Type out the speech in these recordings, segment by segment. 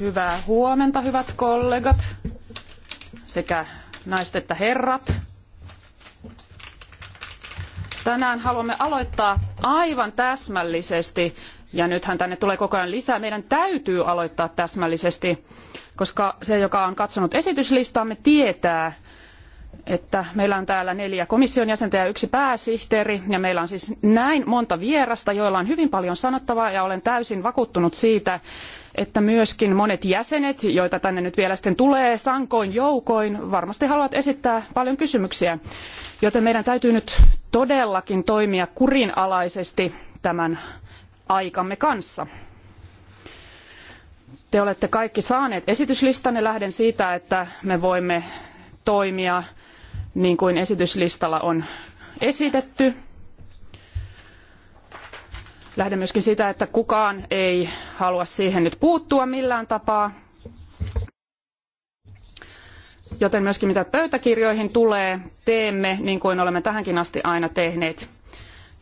Hyvää huomenta, hyvät kollegat, sekä naiset että herrat. Tänään haluamme aloittaa aivan täsmällisesti, ja nythän tänne tulee koko ajan lisää. Meidän täytyy aloittaa täsmällisesti, koska se, joka on katsonut esityslistaamme, tietää, että meillä on täällä neljä komission jäsentä ja yksi pääsihteeri, ja meillä on siis näin monta vierasta, joilla on hyvin paljon sanottavaa, ja olen täysin vakuuttunut siitä, että myöskin monet jäsenet, joita tänne nyt vielä sitten tulee sankoin joukoin, varmasti haluavat esittää paljon kysymyksiä. Joten meidän täytyy nyt todellakin toimia kurinalaisesti tämän aikamme kanssa. Te olette kaikki saaneet esityslistanne. Lähden siitä, että me voimme toimia niin kuin esityslistalla on esitetty. Lähden myöskin sitä, että kukaan ei halua siihen nyt puuttua millään tapaa. Joten myöskin mitä pöytäkirjoihin tulee, teemme niin kuin olemme tähänkin asti aina tehneet.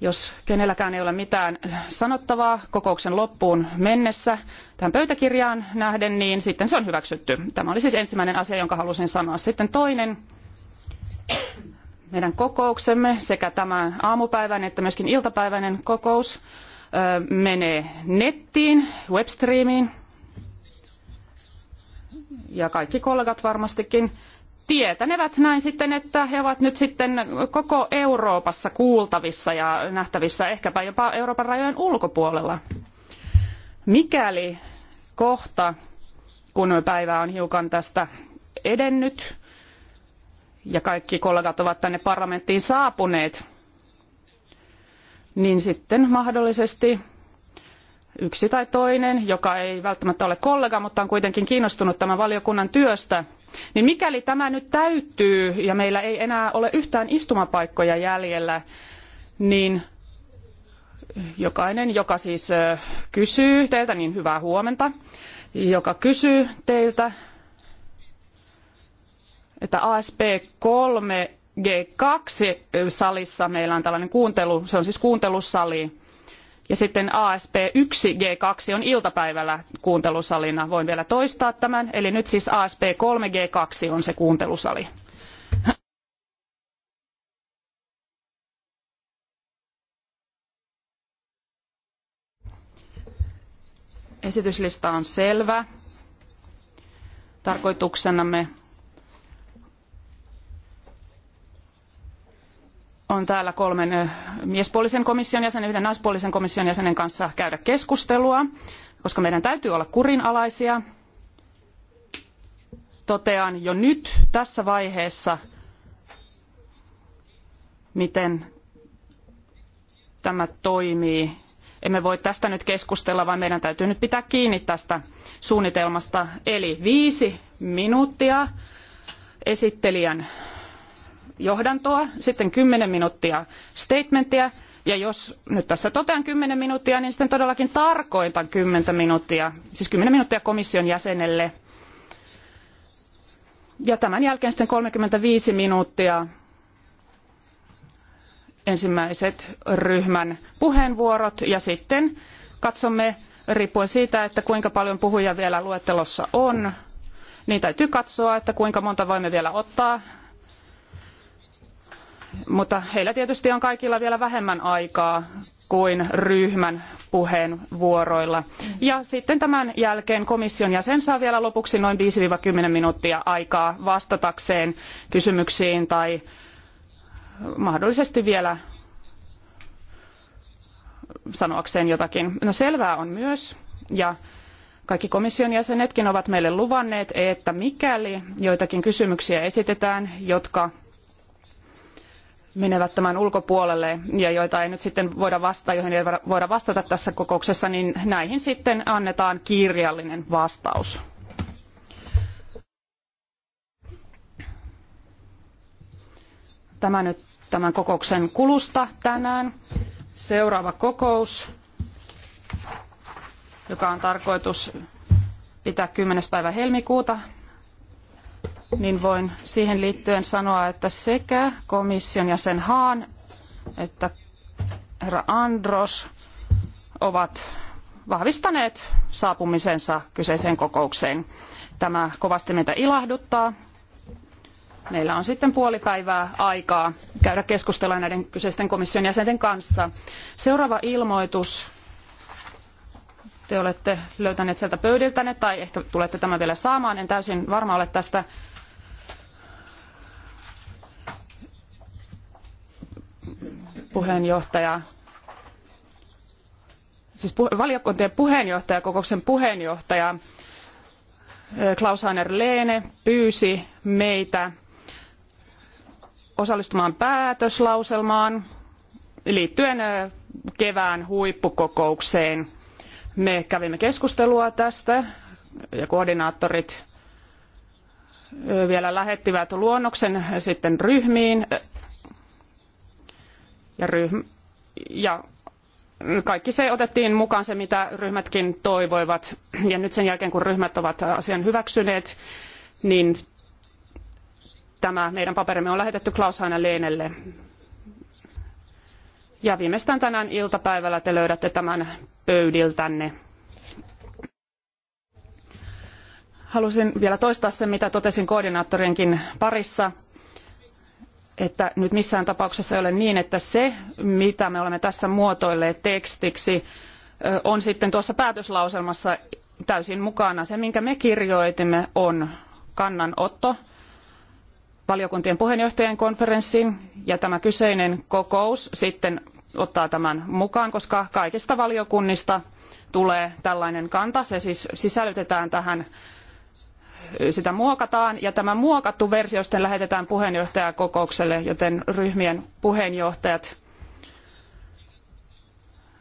Jos kenelläkään ei ole mitään sanottavaa kokouksen loppuun mennessä tähän pöytäkirjaan nähden, niin sitten se on hyväksytty. Tämä oli siis ensimmäinen asia, jonka halusin sanoa. Sitten toinen meidän kokouksemme, sekä tämän aamupäivän että myöskin iltapäiväinen kokous, menee nettiin, webstreamiin. Ja kaikki kollegat varmastikin tietänevät näin sitten, että he ovat nyt sitten koko Euroopassa kuultavissa ja nähtävissä, ehkäpä jopa Euroopan rajojen ulkopuolella. Mikäli kohta, kun päivä on hiukan tästä edennyt, ja kaikki kollegat ovat tänne parlamenttiin saapuneet, niin sitten mahdollisesti yksi tai toinen, joka ei välttämättä ole kollega, mutta on kuitenkin kiinnostunut tämän valiokunnan työstä, niin mikäli tämä nyt täyttyy ja meillä ei enää ole yhtään istumapaikkoja jäljellä, niin jokainen, joka siis kysyy teiltä, niin hyvää huomenta, joka kysyy teiltä että ASP3 G2 salissa meillä on tällainen kuuntelu, se on siis kuuntelusali. Ja sitten ASP1 G2 on iltapäivällä kuuntelusalina. Voin vielä toistaa tämän. Eli nyt siis ASP3 G2 on se kuuntelusali. Esityslista on selvä. Tarkoituksenamme on täällä kolmen miespuolisen komission jäsenen, yhden naispuolisen komission jäsenen kanssa käydä keskustelua, koska meidän täytyy olla kurinalaisia. Totean jo nyt tässä vaiheessa, miten tämä toimii. Emme voi tästä nyt keskustella, vaan meidän täytyy nyt pitää kiinni tästä suunnitelmasta. Eli viisi minuuttia esittelijän johdantoa, sitten 10 minuuttia statementia ja jos nyt tässä totean 10 minuuttia, niin sitten todellakin tarkoitan 10 minuuttia, siis 10 minuuttia komission jäsenelle. Ja tämän jälkeen sitten 35 minuuttia ensimmäiset ryhmän puheenvuorot ja sitten katsomme riippuen siitä, että kuinka paljon puhujia vielä luettelossa on, niin täytyy katsoa, että kuinka monta voimme vielä ottaa mutta heillä tietysti on kaikilla vielä vähemmän aikaa kuin ryhmän puheenvuoroilla. Ja sitten tämän jälkeen komission jäsen saa vielä lopuksi noin 5-10 minuuttia aikaa vastatakseen kysymyksiin tai mahdollisesti vielä sanoakseen jotakin. No selvää on myös, ja kaikki komission jäsenetkin ovat meille luvanneet, että mikäli joitakin kysymyksiä esitetään, jotka menevät tämän ulkopuolelle ja joita ei nyt sitten voida vastata, joihin ei voida vastata tässä kokouksessa, niin näihin sitten annetaan kirjallinen vastaus. Tämä nyt tämän kokouksen kulusta tänään. Seuraava kokous, joka on tarkoitus pitää 10. päivä helmikuuta niin voin siihen liittyen sanoa, että sekä komission jäsen Haan että herra Andros ovat vahvistaneet saapumisensa kyseiseen kokoukseen. Tämä kovasti meitä ilahduttaa. Meillä on sitten puoli päivää aikaa käydä keskustelua näiden kyseisten komission jäsenten kanssa. Seuraava ilmoitus te olette löytäneet sieltä pöydiltänne, tai ehkä tulette tämän vielä saamaan, en täysin varma ole tästä. Puheenjohtaja, siis puhe, valiokuntien puheenjohtaja, kokouksen puheenjohtaja eh, Klaus-Hainer Leene pyysi meitä osallistumaan päätöslauselmaan liittyen eh, kevään huippukokoukseen – me kävimme keskustelua tästä ja koordinaattorit vielä lähettivät luonnoksen sitten ryhmiin ja, ryhm- ja kaikki se otettiin mukaan se, mitä ryhmätkin toivoivat. Ja nyt sen jälkeen, kun ryhmät ovat asian hyväksyneet, niin tämä meidän paperimme on lähetetty Klaus Haina Leenelle. Ja viimeistään tänään iltapäivällä te löydätte tämän pöydiltänne. Halusin vielä toistaa sen, mitä totesin koordinaattorienkin parissa, että nyt missään tapauksessa ei ole niin, että se, mitä me olemme tässä muotoilleet tekstiksi, on sitten tuossa päätöslauselmassa täysin mukana. Se, minkä me kirjoitimme, on kannanotto valiokuntien puheenjohtajien konferenssiin ja tämä kyseinen kokous sitten ottaa tämän mukaan, koska kaikista valiokunnista tulee tällainen kanta. Se siis sisällytetään tähän, sitä muokataan ja tämä muokattu versio sitten lähetetään puheenjohtajakokoukselle, joten ryhmien puheenjohtajat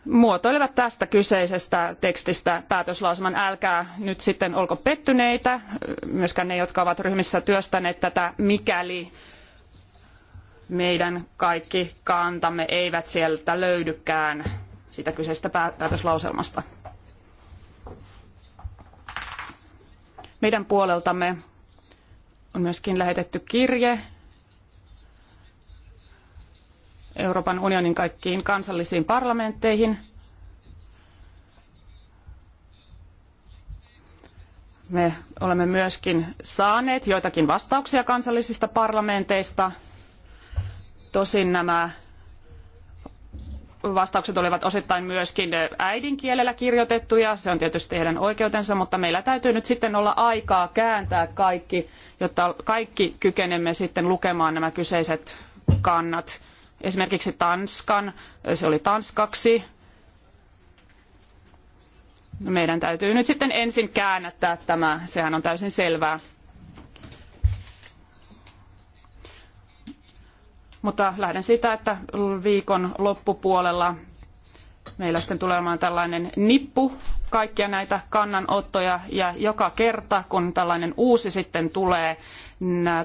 muotoilevat tästä kyseisestä tekstistä päätöslauselman. Älkää nyt sitten olko pettyneitä, myöskään ne, jotka ovat ryhmissä työstäneet tätä, mikäli meidän kaikki kantamme eivät sieltä löydykään sitä kyseistä päätöslauselmasta. Meidän puoleltamme on myöskin lähetetty kirje Euroopan unionin kaikkiin kansallisiin parlamentteihin. Me olemme myöskin saaneet joitakin vastauksia kansallisista parlamenteista – Tosin nämä vastaukset olivat osittain myöskin äidinkielellä kirjoitettuja. Se on tietysti heidän oikeutensa, mutta meillä täytyy nyt sitten olla aikaa kääntää kaikki, jotta kaikki kykenemme sitten lukemaan nämä kyseiset kannat. Esimerkiksi Tanskan, se oli tanskaksi. Meidän täytyy nyt sitten ensin käännättää tämä, sehän on täysin selvää. Mutta lähden siitä, että viikon loppupuolella meillä sitten tulee olemaan tällainen nippu kaikkia näitä kannanottoja ja joka kerta kun tällainen uusi sitten tulee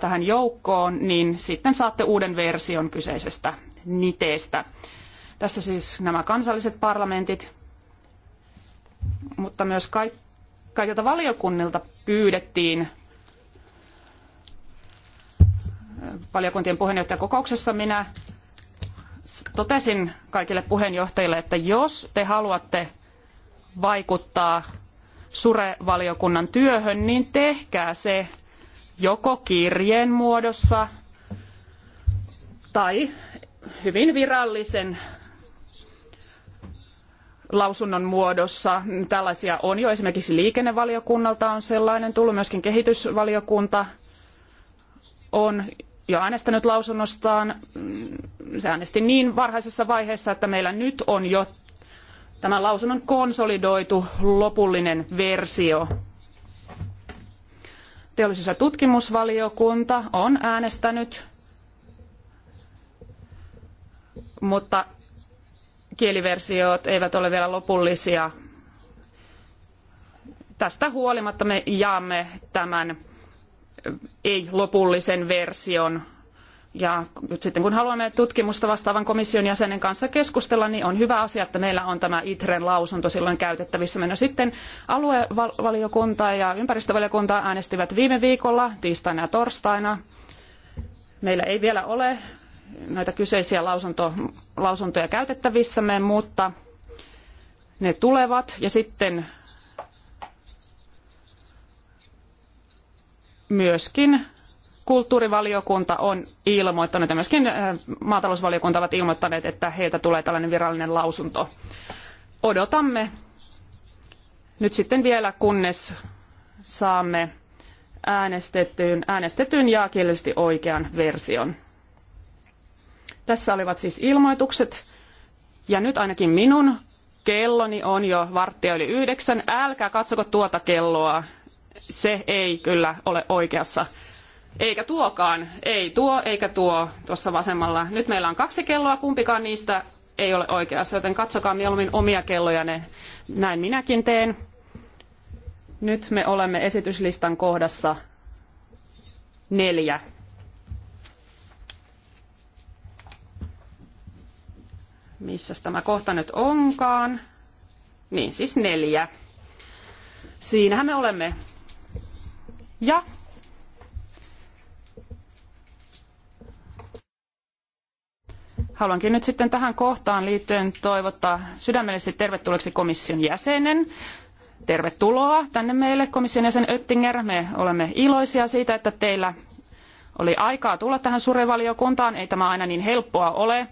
tähän joukkoon, niin sitten saatte uuden version kyseisestä niteestä. Tässä siis nämä kansalliset parlamentit, mutta myös kaikki kaikilta valiokunnilta pyydettiin valiokuntien puheenjohtajakokouksessa minä totesin kaikille puheenjohtajille, että jos te haluatte vaikuttaa SURE-valiokunnan työhön, niin tehkää se joko kirjeen muodossa tai hyvin virallisen lausunnon muodossa. Tällaisia on jo esimerkiksi liikennevaliokunnalta on sellainen tullut, myöskin kehitysvaliokunta on jo äänestänyt lausunnostaan. Se äänesti niin varhaisessa vaiheessa, että meillä nyt on jo tämän lausunnon konsolidoitu lopullinen versio. Teollisuus- ja tutkimusvaliokunta on äänestänyt, mutta kieliversiot eivät ole vielä lopullisia. Tästä huolimatta me jaamme tämän ei lopullisen version. Ja sitten kun haluamme tutkimusta vastaavan komission jäsenen kanssa keskustella, niin on hyvä asia, että meillä on tämä ITREn lausunto silloin käytettävissä. No sitten aluevaliokunta ja ympäristövaliokunta äänestivät viime viikolla, tiistaina ja torstaina. Meillä ei vielä ole näitä kyseisiä lausunto, lausuntoja käytettävissämme, mutta ne tulevat. Ja sitten myöskin kulttuurivaliokunta on ilmoittanut ja myöskin äh, maatalousvaliokunta ovat ilmoittaneet, että heiltä tulee tällainen virallinen lausunto. Odotamme nyt sitten vielä, kunnes saamme äänestettyyn, äänestettyyn ja kielellisesti oikean version. Tässä olivat siis ilmoitukset. Ja nyt ainakin minun kelloni on jo varttia yli yhdeksän. Älkää katsoko tuota kelloa se ei kyllä ole oikeassa. Eikä tuokaan, ei tuo eikä tuo tuossa vasemmalla. Nyt meillä on kaksi kelloa, kumpikaan niistä ei ole oikeassa, joten katsokaa mieluummin omia kellojanne. Näin minäkin teen. Nyt me olemme esityslistan kohdassa neljä. Missäs tämä kohta nyt onkaan? Niin siis neljä. Siinähän me olemme ja haluankin nyt sitten tähän kohtaan liittyen toivottaa sydämellisesti tervetulleeksi komission jäsenen. Tervetuloa tänne meille, komission jäsen Öttinger. Me olemme iloisia siitä, että teillä oli aikaa tulla tähän valiokuntaan. Ei tämä aina niin helppoa ole,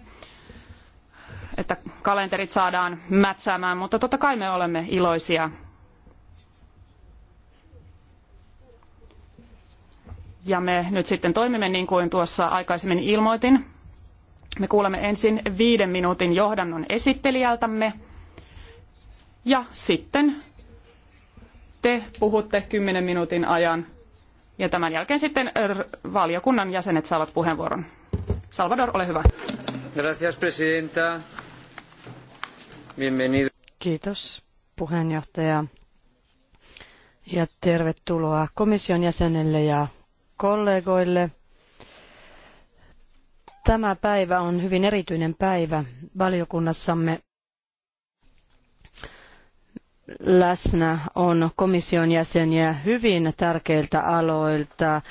että kalenterit saadaan mätsäämään, mutta totta kai me olemme iloisia Ja me nyt sitten toimimme niin kuin tuossa aikaisemmin ilmoitin. Me kuulemme ensin viiden minuutin johdannon esittelijältämme. Ja sitten te puhutte kymmenen minuutin ajan. Ja tämän jälkeen sitten valiokunnan jäsenet saavat puheenvuoron. Salvador, ole hyvä. Gracias, presidenta. Bienvenido. Kiitos, puheenjohtaja. Ja tervetuloa komission jäsenelle ja kollegoille. Tämä päivä on hyvin erityinen päivä valiokunnassamme. Läsnä on komission jäseniä hyvin tärkeiltä aloilta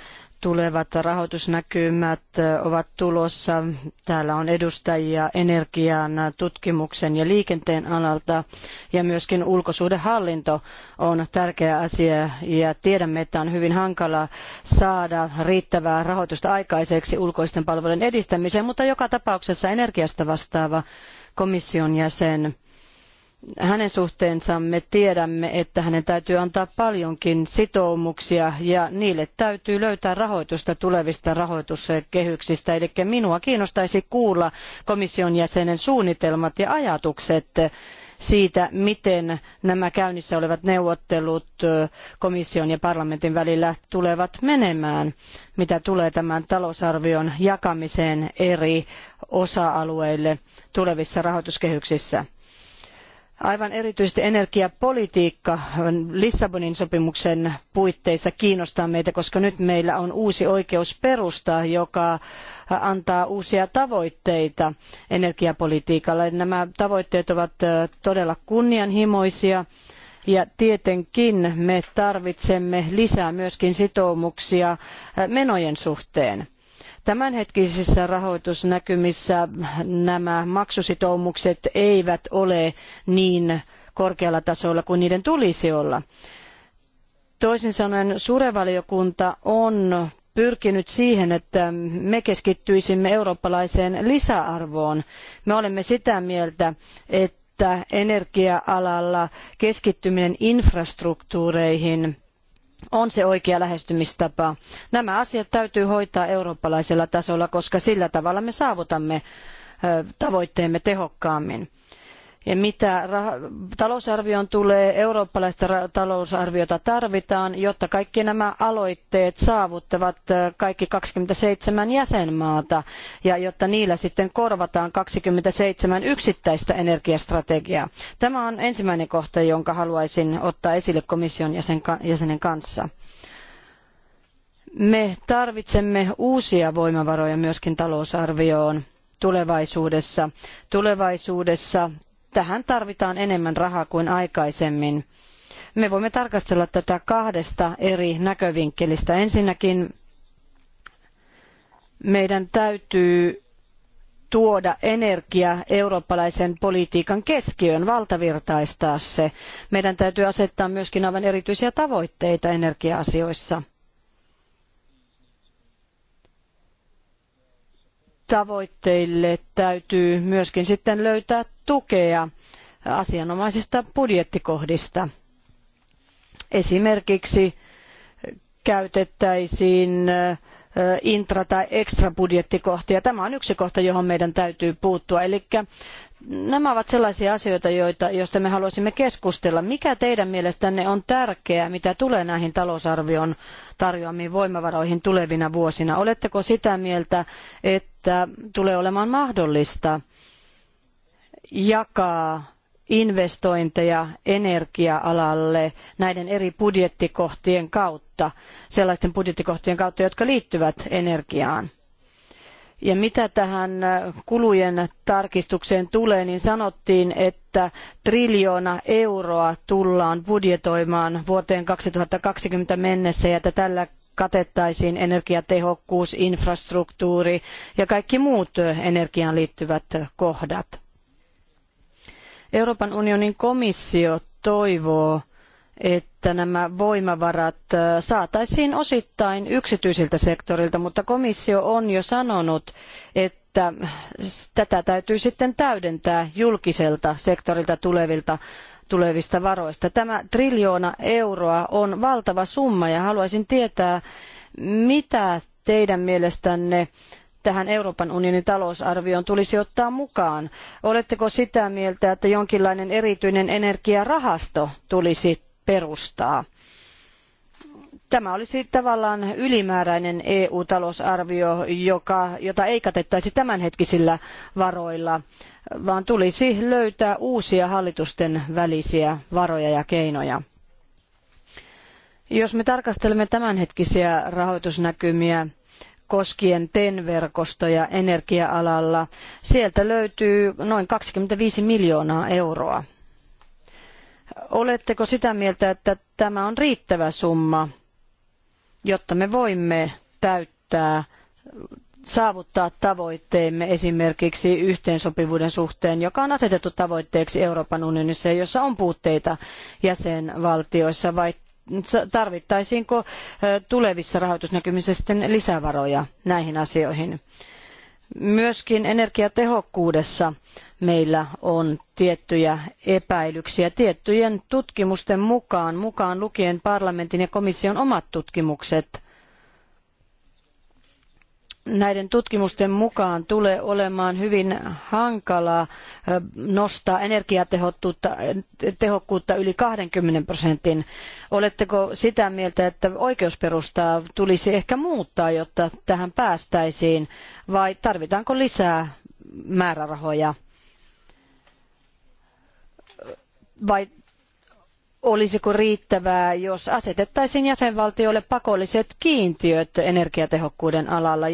tulevat rahoitusnäkymät ovat tulossa. Täällä on edustajia energian, tutkimuksen ja liikenteen alalta ja myöskin ulkosuhdehallinto on tärkeä asia ja tiedämme, että on hyvin hankala saada riittävää rahoitusta aikaiseksi ulkoisten palvelujen edistämiseen, mutta joka tapauksessa energiasta vastaava komission jäsen hänen suhteensa me tiedämme, että hänen täytyy antaa paljonkin sitoumuksia ja niille täytyy löytää rahoitusta tulevista rahoituskehyksistä. Eli minua kiinnostaisi kuulla komission jäsenen suunnitelmat ja ajatukset siitä, miten nämä käynnissä olevat neuvottelut komission ja parlamentin välillä tulevat menemään, mitä tulee tämän talousarvion jakamiseen eri osa-alueille tulevissa rahoituskehyksissä aivan erityisesti energiapolitiikka Lissabonin sopimuksen puitteissa kiinnostaa meitä, koska nyt meillä on uusi oikeusperusta, joka antaa uusia tavoitteita energiapolitiikalle. Nämä tavoitteet ovat todella kunnianhimoisia. Ja tietenkin me tarvitsemme lisää myöskin sitoumuksia menojen suhteen Tämänhetkisissä rahoitusnäkymissä nämä maksusitoumukset eivät ole niin korkealla tasolla kuin niiden tulisi olla. Toisin sanoen suurevaliokunta on pyrkinyt siihen, että me keskittyisimme eurooppalaiseen lisäarvoon. Me olemme sitä mieltä, että energia-alalla keskittyminen infrastruktuureihin – on se oikea lähestymistapa. Nämä asiat täytyy hoitaa eurooppalaisella tasolla, koska sillä tavalla me saavutamme tavoitteemme tehokkaammin mitä talousarvioon tulee, eurooppalaista talousarviota tarvitaan, jotta kaikki nämä aloitteet saavuttavat kaikki 27 jäsenmaata ja jotta niillä sitten korvataan 27 yksittäistä energiastrategiaa. Tämä on ensimmäinen kohta, jonka haluaisin ottaa esille komission jäsenen kanssa. Me tarvitsemme uusia voimavaroja myöskin talousarvioon tulevaisuudessa. Tulevaisuudessa tähän tarvitaan enemmän rahaa kuin aikaisemmin. Me voimme tarkastella tätä kahdesta eri näkövinkkelistä. Ensinnäkin meidän täytyy tuoda energia eurooppalaisen politiikan keskiöön, valtavirtaistaa se. Meidän täytyy asettaa myöskin aivan erityisiä tavoitteita energia-asioissa. Tavoitteille täytyy myöskin sitten löytää tukea asianomaisista budjettikohdista. Esimerkiksi käytettäisiin intra- tai ekstrabudjettikohtia. budjettikohtia Tämä on yksi kohta, johon meidän täytyy puuttua. Eli nämä ovat sellaisia asioita, joita, joista me haluaisimme keskustella. Mikä teidän mielestänne on tärkeää, mitä tulee näihin talousarvion tarjoamiin voimavaroihin tulevina vuosina? Oletteko sitä mieltä, että tulee olemaan mahdollista jakaa investointeja energia-alalle näiden eri budjettikohtien kautta, sellaisten budjettikohtien kautta, jotka liittyvät energiaan. Ja mitä tähän kulujen tarkistukseen tulee, niin sanottiin, että triljoona euroa tullaan budjetoimaan vuoteen 2020 mennessä ja että tällä katettaisiin energiatehokkuus, infrastruktuuri ja kaikki muut energiaan liittyvät kohdat. Euroopan unionin komissio toivoo, että nämä voimavarat äh, saataisiin osittain yksityisiltä sektorilta, mutta komissio on jo sanonut, että tätä täytyy sitten täydentää julkiselta sektorilta tulevilta tulevista varoista. Tämä triljoona euroa on valtava summa ja haluaisin tietää, mitä teidän mielestänne tähän Euroopan unionin talousarvioon tulisi ottaa mukaan? Oletteko sitä mieltä, että jonkinlainen erityinen energiarahasto tulisi perustaa? Tämä olisi tavallaan ylimääräinen EU-talousarvio, joka, jota ei katettaisi tämänhetkisillä varoilla, vaan tulisi löytää uusia hallitusten välisiä varoja ja keinoja. Jos me tarkastelemme tämänhetkisiä rahoitusnäkymiä, koskien TEN-verkostoja energia-alalla. Sieltä löytyy noin 25 miljoonaa euroa. Oletteko sitä mieltä, että tämä on riittävä summa, jotta me voimme täyttää saavuttaa tavoitteemme esimerkiksi yhteensopivuuden suhteen, joka on asetettu tavoitteeksi Euroopan unionissa ja jossa on puutteita jäsenvaltioissa, vai tarvittaisiinko tulevissa rahoitusnäkymissä sitten lisävaroja näihin asioihin. Myöskin energiatehokkuudessa meillä on tiettyjä epäilyksiä tiettyjen tutkimusten mukaan, mukaan lukien parlamentin ja komission omat tutkimukset näiden tutkimusten mukaan tulee olemaan hyvin hankalaa nostaa energiatehokkuutta yli 20 prosentin. Oletteko sitä mieltä, että oikeusperustaa tulisi ehkä muuttaa, jotta tähän päästäisiin, vai tarvitaanko lisää määrärahoja? Vai olisiko riittävää, jos asetettaisiin jäsenvaltioille pakolliset kiintiöt energiatehokkuuden alalla,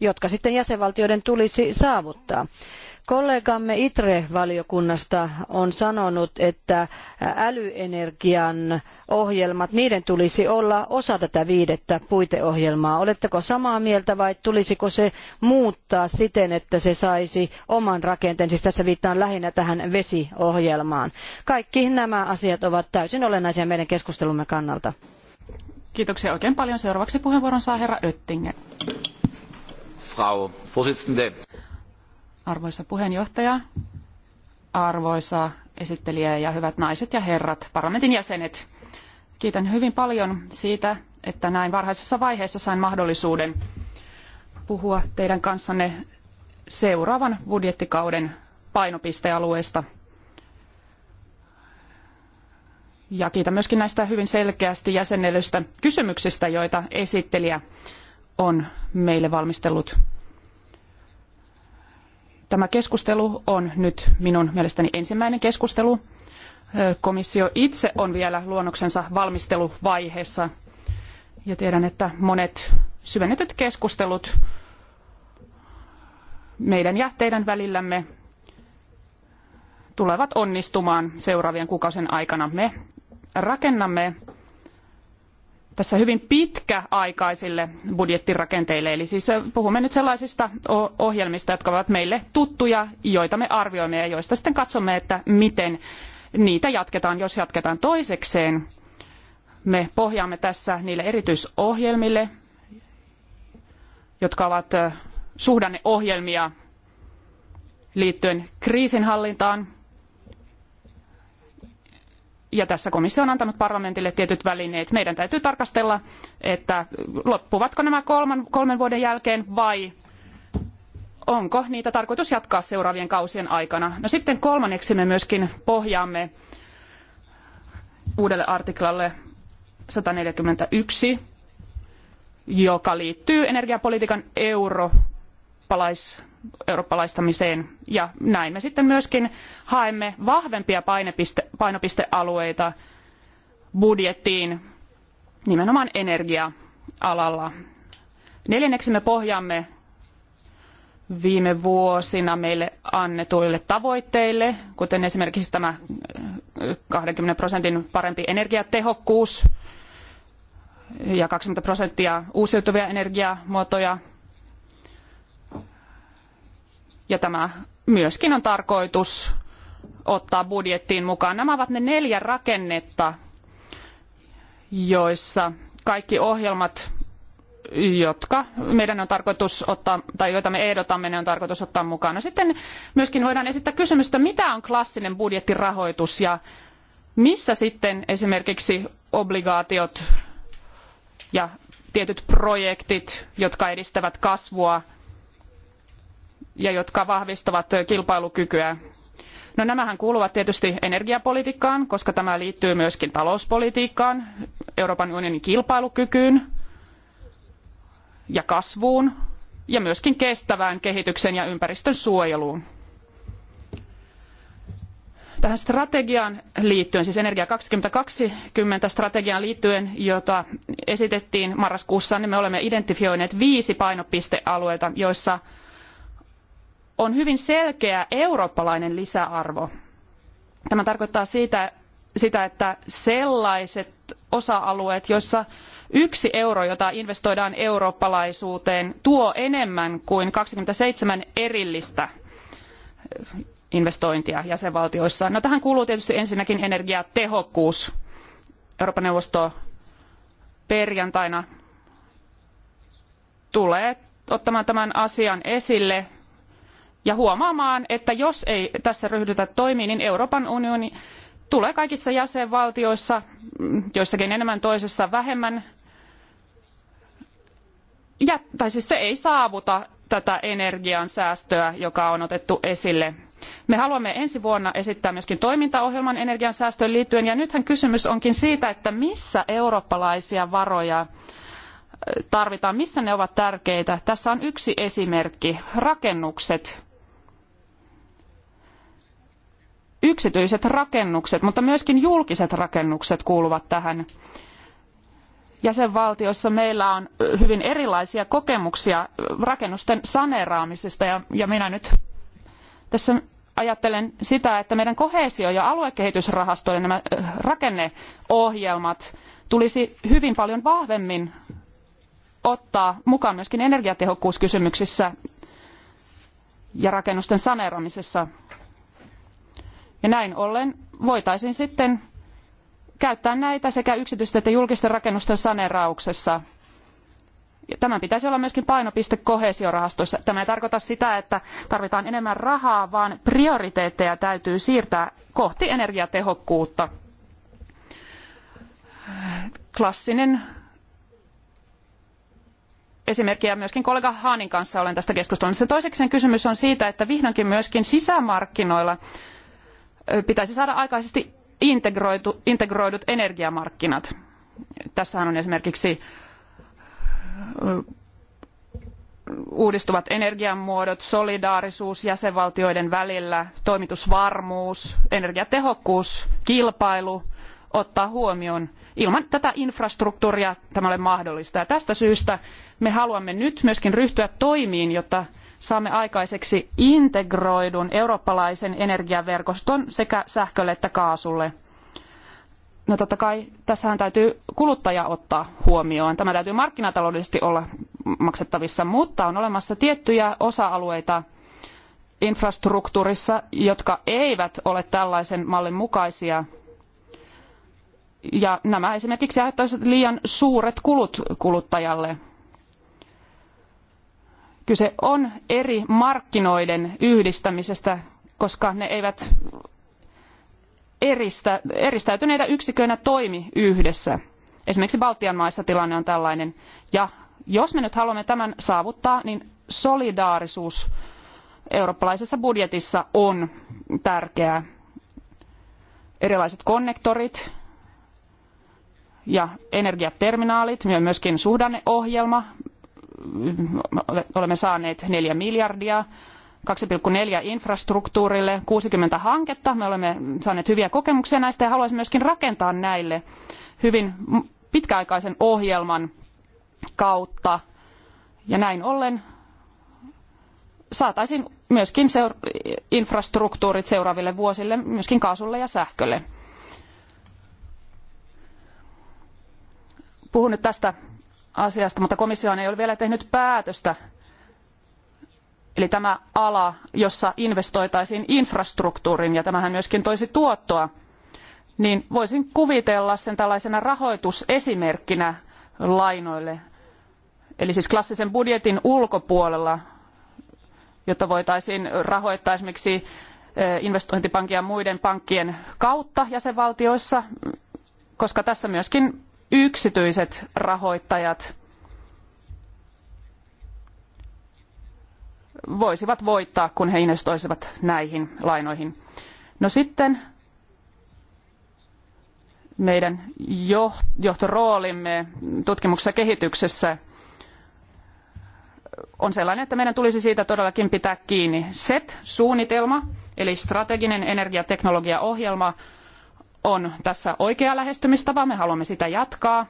jotka sitten jäsenvaltioiden tulisi saavuttaa. Kollegamme ITRE-valiokunnasta on sanonut, että älyenergian ohjelmat, niiden tulisi olla osa tätä viidettä puiteohjelmaa. Oletteko samaa mieltä vai tulisiko se muuttaa siten, että se saisi oman rakenteen, siis tässä viittaan lähinnä tähän vesiohjelmaan. Kaikki nämä asiat ovat täysin olennaisia meidän keskustelumme kannalta. Kiitoksia oikein paljon. Seuraavaksi puheenvuoron saa herra Öttingen. Frau Vorsitzende. Arvoisa puheenjohtaja, arvoisa esittelijä ja hyvät naiset ja herrat, parlamentin jäsenet. Kiitän hyvin paljon siitä, että näin varhaisessa vaiheessa sain mahdollisuuden puhua teidän kanssanne seuraavan budjettikauden painopistealueista. Ja kiitän myöskin näistä hyvin selkeästi jäsennellyistä kysymyksistä, joita esittelijä on meille valmistellut Tämä keskustelu on nyt minun mielestäni ensimmäinen keskustelu. Komissio itse on vielä luonnoksensa valmisteluvaiheessa ja tiedän, että monet syvennetyt keskustelut meidän ja teidän välillämme tulevat onnistumaan seuraavien kuukausien aikana. Me rakennamme tässä hyvin pitkäaikaisille budjettirakenteille. Eli siis äh, puhumme nyt sellaisista ohjelmista, jotka ovat meille tuttuja, joita me arvioimme ja joista sitten katsomme, että miten niitä jatketaan, jos jatketaan toisekseen. Me pohjaamme tässä niille erityisohjelmille, jotka ovat äh, suhdanneohjelmia liittyen kriisinhallintaan, ja tässä komissio on antanut parlamentille tietyt välineet. Meidän täytyy tarkastella, että loppuvatko nämä kolman, kolmen vuoden jälkeen vai onko niitä tarkoitus jatkaa seuraavien kausien aikana. No sitten kolmanneksi me myöskin pohjaamme uudelle artiklalle 141, joka liittyy energiapolitiikan europalais eurooppalaistamiseen. Ja näin me sitten myöskin haemme vahvempia painopistealueita budjettiin nimenomaan energia-alalla. Neljänneksi me pohjaamme viime vuosina meille annetuille tavoitteille, kuten esimerkiksi tämä 20 äh, prosentin parempi energiatehokkuus ja 20 prosenttia uusiutuvia energiamuotoja ja tämä myöskin on tarkoitus ottaa budjettiin mukaan. Nämä ovat ne neljä rakennetta, joissa kaikki ohjelmat, jotka meidän on tarkoitus ottaa, tai joita me ehdotamme, ne on tarkoitus ottaa mukaan. No sitten myöskin voidaan esittää kysymystä, mitä on klassinen budjettirahoitus ja missä sitten esimerkiksi obligaatiot ja tietyt projektit, jotka edistävät kasvua – ja jotka vahvistavat kilpailukykyä. No nämähän kuuluvat tietysti energiapolitiikkaan, koska tämä liittyy myöskin talouspolitiikkaan, Euroopan unionin kilpailukykyyn ja kasvuun ja myöskin kestävään kehitykseen ja ympäristön suojeluun. Tähän strategiaan liittyen, siis Energia 2020 strategiaan liittyen, jota esitettiin marraskuussa, niin me olemme identifioineet viisi painopistealueita, joissa on hyvin selkeä eurooppalainen lisäarvo. Tämä tarkoittaa siitä, sitä, että sellaiset osa-alueet, joissa yksi euro, jota investoidaan eurooppalaisuuteen, tuo enemmän kuin 27 erillistä investointia jäsenvaltioissa. No, tähän kuuluu tietysti ensinnäkin energiatehokkuus. Euroopan neuvosto perjantaina tulee ottamaan tämän asian esille ja huomaamaan, että jos ei tässä ryhdytä toimiin, niin Euroopan unioni tulee kaikissa jäsenvaltioissa, mm, joissakin enemmän toisessa vähemmän, ja, tai siis se ei saavuta tätä energiansäästöä, joka on otettu esille. Me haluamme ensi vuonna esittää myöskin toimintaohjelman energiansäästöön liittyen, ja nythän kysymys onkin siitä, että missä eurooppalaisia varoja äh, tarvitaan, missä ne ovat tärkeitä. Tässä on yksi esimerkki, rakennukset. yksityiset rakennukset, mutta myöskin julkiset rakennukset kuuluvat tähän. Jäsenvaltioissa meillä on hyvin erilaisia kokemuksia rakennusten saneeraamisesta ja, ja minä nyt tässä ajattelen sitä, että meidän kohesio- ja aluekehitysrahastojen nämä rakenneohjelmat tulisi hyvin paljon vahvemmin ottaa mukaan myöskin energiatehokkuuskysymyksissä ja rakennusten saneeraamisessa. Ja näin ollen voitaisiin sitten käyttää näitä sekä yksityisten että julkisten rakennusten saneerauksessa. Tämän pitäisi olla myöskin painopiste koheesiorahastossa. Tämä ei tarkoita sitä, että tarvitaan enemmän rahaa, vaan prioriteetteja täytyy siirtää kohti energiatehokkuutta. Klassinen esimerkki ja myöskin kollega Haanin kanssa olen tästä keskustellut. Toiseksi kysymys on siitä, että vihdoinkin myöskin sisämarkkinoilla pitäisi saada aikaisesti integroidut energiamarkkinat. Tässähän on esimerkiksi uudistuvat energiamuodot, solidaarisuus jäsenvaltioiden välillä, toimitusvarmuus, energiatehokkuus, kilpailu ottaa huomioon. Ilman tätä infrastruktuuria tämä ei ole mahdollista. Ja tästä syystä me haluamme nyt myöskin ryhtyä toimiin, jotta saamme aikaiseksi integroidun eurooppalaisen energiaverkoston sekä sähkölle että kaasulle. No totta kai tässähän täytyy kuluttaja ottaa huomioon. Tämä täytyy markkinataloudellisesti olla maksettavissa, mutta on olemassa tiettyjä osa-alueita infrastruktuurissa, jotka eivät ole tällaisen mallin mukaisia. Ja nämä esimerkiksi aiheuttaisivat liian suuret kulut kuluttajalle. Kyse on eri markkinoiden yhdistämisestä, koska ne eivät eristä, eristäytyneinä yksiköinä toimi yhdessä. Esimerkiksi Baltian maissa tilanne on tällainen. Ja jos me nyt haluamme tämän saavuttaa, niin solidaarisuus eurooppalaisessa budjetissa on tärkeää. Erilaiset konnektorit ja energiaterminaalit ja myöskin suhdanneohjelma olemme saaneet 4 miljardia, 2,4 infrastruktuurille, 60 hanketta. Me olemme saaneet hyviä kokemuksia näistä ja haluaisin myöskin rakentaa näille hyvin pitkäaikaisen ohjelman kautta. Ja näin ollen saataisiin myöskin seur- infrastruktuurit seuraaville vuosille, myöskin kaasulle ja sähkölle. Puhun nyt tästä asiasta, mutta komissio ei ole vielä tehnyt päätöstä. Eli tämä ala, jossa investoitaisiin infrastruktuuriin, ja tämähän myöskin toisi tuottoa, niin voisin kuvitella sen tällaisena rahoitusesimerkkinä lainoille. Eli siis klassisen budjetin ulkopuolella, jotta voitaisiin rahoittaa esimerkiksi e, investointipankin ja muiden pankkien kautta jäsenvaltioissa, koska tässä myöskin yksityiset rahoittajat voisivat voittaa, kun he investoisivat näihin lainoihin. No sitten meidän johtoroolimme tutkimuksessa ja kehityksessä on sellainen, että meidän tulisi siitä todellakin pitää kiinni. SET-suunnitelma, eli strateginen energiateknologiaohjelma, on tässä oikea lähestymistapa, me haluamme sitä jatkaa.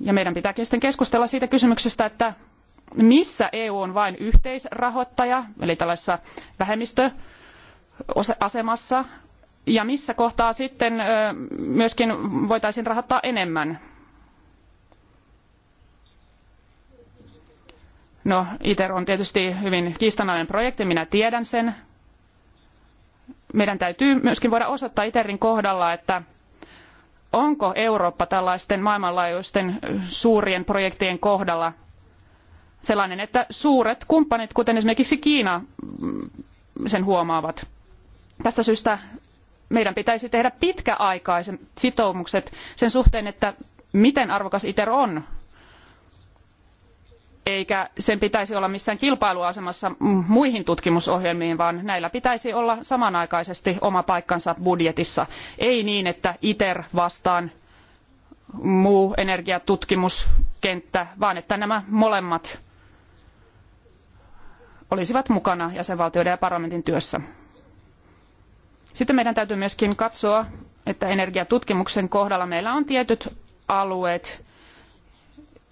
Ja meidän pitääkin sitten keskustella siitä kysymyksestä, että missä EU on vain yhteisrahoittaja, eli tällaisessa vähemmistöasemassa, ja missä kohtaa sitten myöskin voitaisiin rahoittaa enemmän. No, ITER on tietysti hyvin kiistanalainen projekti, minä tiedän sen, meidän täytyy myöskin voida osoittaa ITERin kohdalla, että onko Eurooppa tällaisten maailmanlaajuisten suurien projektien kohdalla sellainen, että suuret kumppanit, kuten esimerkiksi Kiina, mm, sen huomaavat. Tästä syystä meidän pitäisi tehdä pitkäaikaiset sitoumukset sen suhteen, että miten arvokas ITER on eikä sen pitäisi olla missään kilpailuasemassa muihin tutkimusohjelmiin, vaan näillä pitäisi olla samanaikaisesti oma paikkansa budjetissa. Ei niin, että ITER vastaan muu energiatutkimuskenttä, vaan että nämä molemmat olisivat mukana jäsenvaltioiden ja parlamentin työssä. Sitten meidän täytyy myöskin katsoa, että energiatutkimuksen kohdalla meillä on tietyt alueet,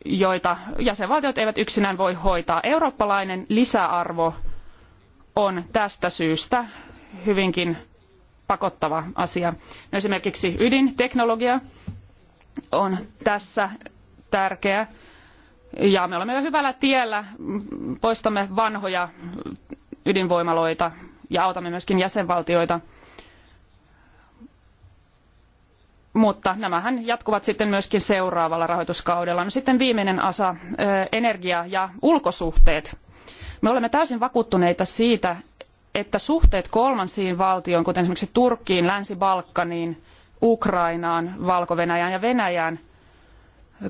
joita jäsenvaltiot eivät yksinään voi hoitaa. Eurooppalainen lisäarvo on tästä syystä hyvinkin pakottava asia. No esimerkiksi ydinteknologia on tässä tärkeä. Ja me olemme jo hyvällä tiellä, poistamme vanhoja ydinvoimaloita ja autamme myöskin jäsenvaltioita – mutta nämähän jatkuvat sitten myöskin seuraavalla rahoituskaudella. No sitten viimeinen asa, energia ja ulkosuhteet. Me olemme täysin vakuuttuneita siitä, että suhteet kolmansiin valtioihin, kuten esimerkiksi Turkkiin, Länsi-Balkaniin, Ukrainaan, Valko-Venäjään ja Venäjään,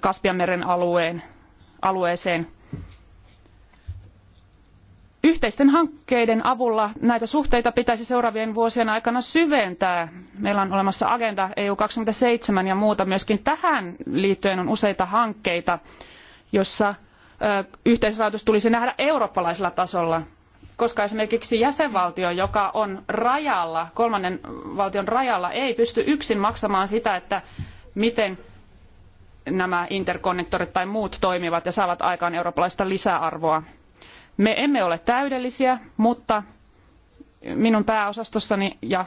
Kaspianmeren alueen, alueeseen – Yhteisten hankkeiden avulla näitä suhteita pitäisi seuraavien vuosien aikana syventää. Meillä on olemassa Agenda EU27 ja muuta. Myöskin tähän liittyen on useita hankkeita, jossa yhteisrahoitus tulisi nähdä eurooppalaisella tasolla koska esimerkiksi jäsenvaltio, joka on rajalla, kolmannen valtion rajalla, ei pysty yksin maksamaan sitä, että miten nämä interkonnektorit tai muut toimivat ja saavat aikaan eurooppalaista lisäarvoa. Me emme ole täydellisiä, mutta minun pääosastossani ja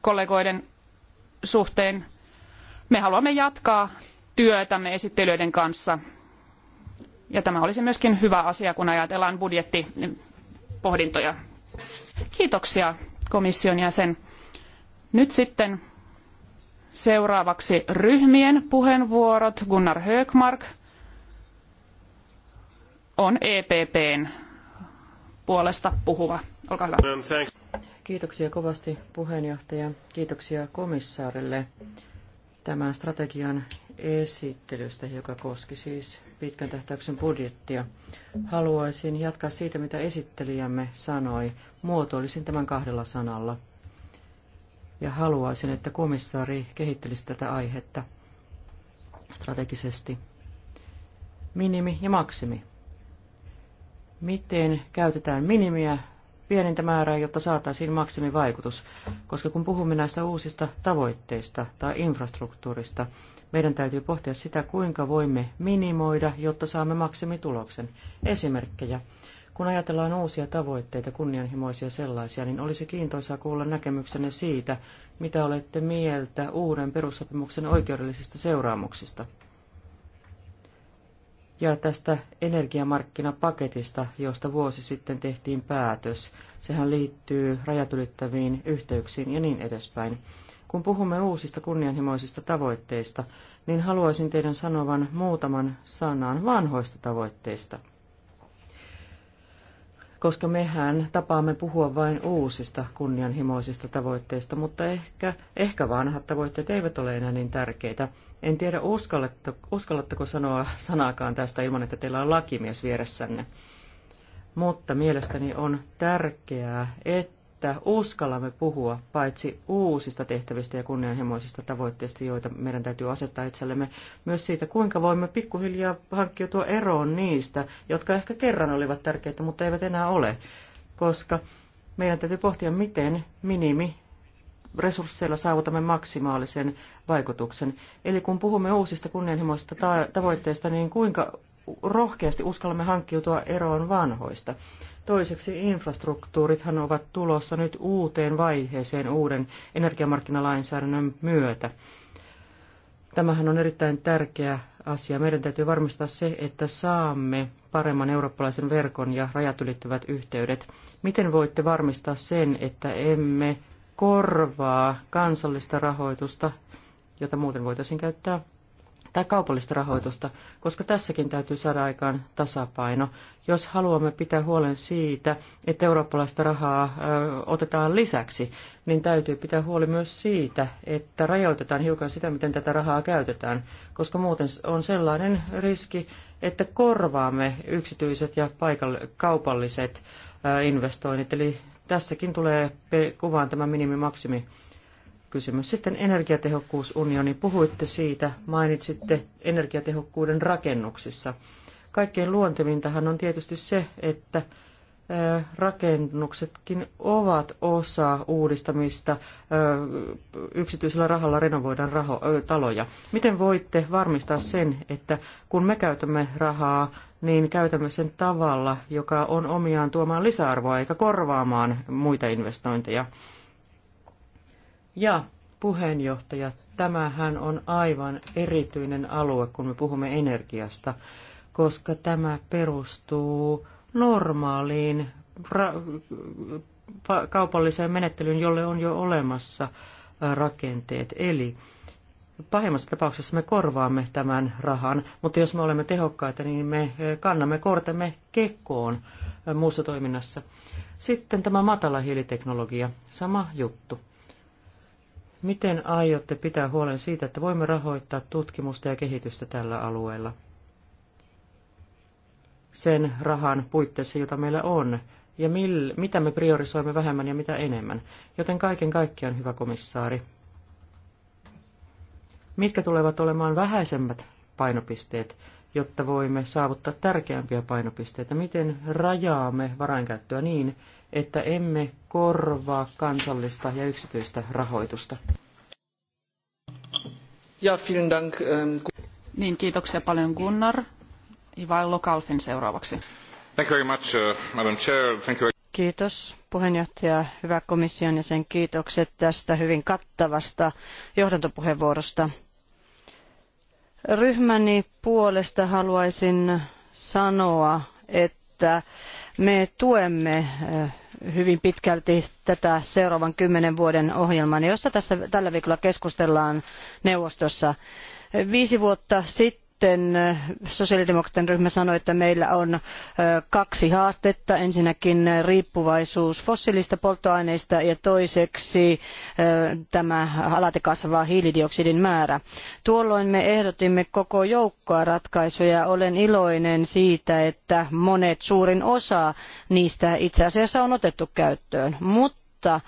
kollegoiden suhteen me haluamme jatkaa työtämme esittelyiden kanssa. Ja tämä olisi myöskin hyvä asia, kun ajatellaan budjettipohdintoja. Kiitoksia komission jäsen. Nyt sitten seuraavaksi ryhmien puheenvuorot. Gunnar Högmark, on EPPn puolesta puhuva. Olkaa hyvä. Kiitoksia kovasti puheenjohtaja. Kiitoksia komissaarille tämän strategian esittelystä, joka koski siis pitkän tähtäyksen budjettia. Haluaisin jatkaa siitä, mitä esittelijämme sanoi. Muotoilisin tämän kahdella sanalla. Ja haluaisin, että komissaari kehittelisi tätä aihetta strategisesti. Minimi ja maksimi miten käytetään minimiä pienintä määrää, jotta saataisiin maksimivaikutus, koska kun puhumme näistä uusista tavoitteista tai infrastruktuurista, meidän täytyy pohtia sitä, kuinka voimme minimoida, jotta saamme maksimituloksen. Esimerkkejä. Kun ajatellaan uusia tavoitteita, kunnianhimoisia sellaisia, niin olisi kiintoisaa kuulla näkemyksenne siitä, mitä olette mieltä uuden perussopimuksen oikeudellisista seuraamuksista ja tästä energiamarkkinapaketista, josta vuosi sitten tehtiin päätös. Sehän liittyy rajat ylittäviin yhteyksiin ja niin edespäin. Kun puhumme uusista kunnianhimoisista tavoitteista, niin haluaisin teidän sanovan muutaman sanan vanhoista tavoitteista. Koska mehän tapaamme puhua vain uusista kunnianhimoisista tavoitteista, mutta ehkä, ehkä vanhat tavoitteet eivät ole enää niin tärkeitä. En tiedä, uskallatteko sanoa sanaakaan tästä ilman, että teillä on lakimies vieressänne. Mutta mielestäni on tärkeää, että uskallamme puhua paitsi uusista tehtävistä ja kunnianhimoisista tavoitteista, joita meidän täytyy asettaa itsellemme, myös siitä, kuinka voimme pikkuhiljaa hankkiutua eroon niistä, jotka ehkä kerran olivat tärkeitä, mutta eivät enää ole. Koska meidän täytyy pohtia, miten minimi resursseilla saavutamme maksimaalisen vaikutuksen. Eli kun puhumme uusista kunnianhimoisista tavoitteista, niin kuinka rohkeasti uskallamme hankkiutua eroon vanhoista? Toiseksi infrastruktuurithan ovat tulossa nyt uuteen vaiheeseen uuden energiamarkkinalainsäädännön myötä. Tämähän on erittäin tärkeä asia. Meidän täytyy varmistaa se, että saamme paremman eurooppalaisen verkon ja rajat ylittävät yhteydet. Miten voitte varmistaa sen, että emme korvaa kansallista rahoitusta, jota muuten voitaisiin käyttää, tai kaupallista rahoitusta, koska tässäkin täytyy saada aikaan tasapaino. Jos haluamme pitää huolen siitä, että eurooppalaista rahaa otetaan lisäksi, niin täytyy pitää huoli myös siitä, että rajoitetaan hiukan sitä, miten tätä rahaa käytetään, koska muuten on sellainen riski, että korvaamme yksityiset ja paikall- kaupalliset investoinnit, eli tässäkin tulee kuvaan tämä minimi-maksimi kysymys. Sitten energiatehokkuusunioni. Puhuitte siitä, mainitsitte energiatehokkuuden rakennuksissa. Kaikkein luontevintahan on tietysti se, että rakennuksetkin ovat osa uudistamista. Yksityisellä rahalla renovoidaan raho, taloja. Miten voitte varmistaa sen, että kun me käytämme rahaa niin käytämme sen tavalla, joka on omiaan tuomaan lisäarvoa eikä korvaamaan muita investointeja. Ja puheenjohtajat, tämähän on aivan erityinen alue, kun me puhumme energiasta, koska tämä perustuu normaaliin kaupalliseen menettelyyn, jolle on jo olemassa rakenteet. Eli Pahimmassa tapauksessa me korvaamme tämän rahan, mutta jos me olemme tehokkaita, niin me eh, kannamme kortemme kekoon eh, muussa toiminnassa. Sitten tämä matala hiiliteknologia, sama juttu. Miten aiotte pitää huolen siitä, että voimme rahoittaa tutkimusta ja kehitystä tällä alueella? Sen rahan puitteissa, jota meillä on, ja mil, mitä me priorisoimme vähemmän ja mitä enemmän. Joten kaiken kaikkiaan, hyvä komissaari, mitkä tulevat olemaan vähäisemmät painopisteet, jotta voimme saavuttaa tärkeämpiä painopisteitä? Miten rajaamme varainkäyttöä niin, että emme korvaa kansallista ja yksityistä rahoitusta? Ja, vielen dank. Ähm, niin, kiitoksia paljon Gunnar. Ivailo Kalfin seuraavaksi. Thank you very much, uh, Madam Chair. Thank you. Kiitos puheenjohtaja, hyvä komission ja sen kiitokset tästä hyvin kattavasta johdantopuheenvuorosta. Ryhmäni puolesta haluaisin sanoa, että me tuemme eh, hyvin pitkälti tätä seuraavan kymmenen vuoden ohjelmaa, josta tässä tällä viikolla keskustellaan neuvostossa. Viisi vuotta sitten sitten sosiaalidemokraattien ryhmä sanoi, että meillä on kaksi haastetta. Ensinnäkin riippuvaisuus fossiilista polttoaineista ja toiseksi tämä alati kasvava hiilidioksidin määrä. Tuolloin me ehdotimme koko joukkoa ratkaisuja. Olen iloinen siitä, että monet suurin osa niistä itse asiassa on otettu käyttöön. Mutta mutta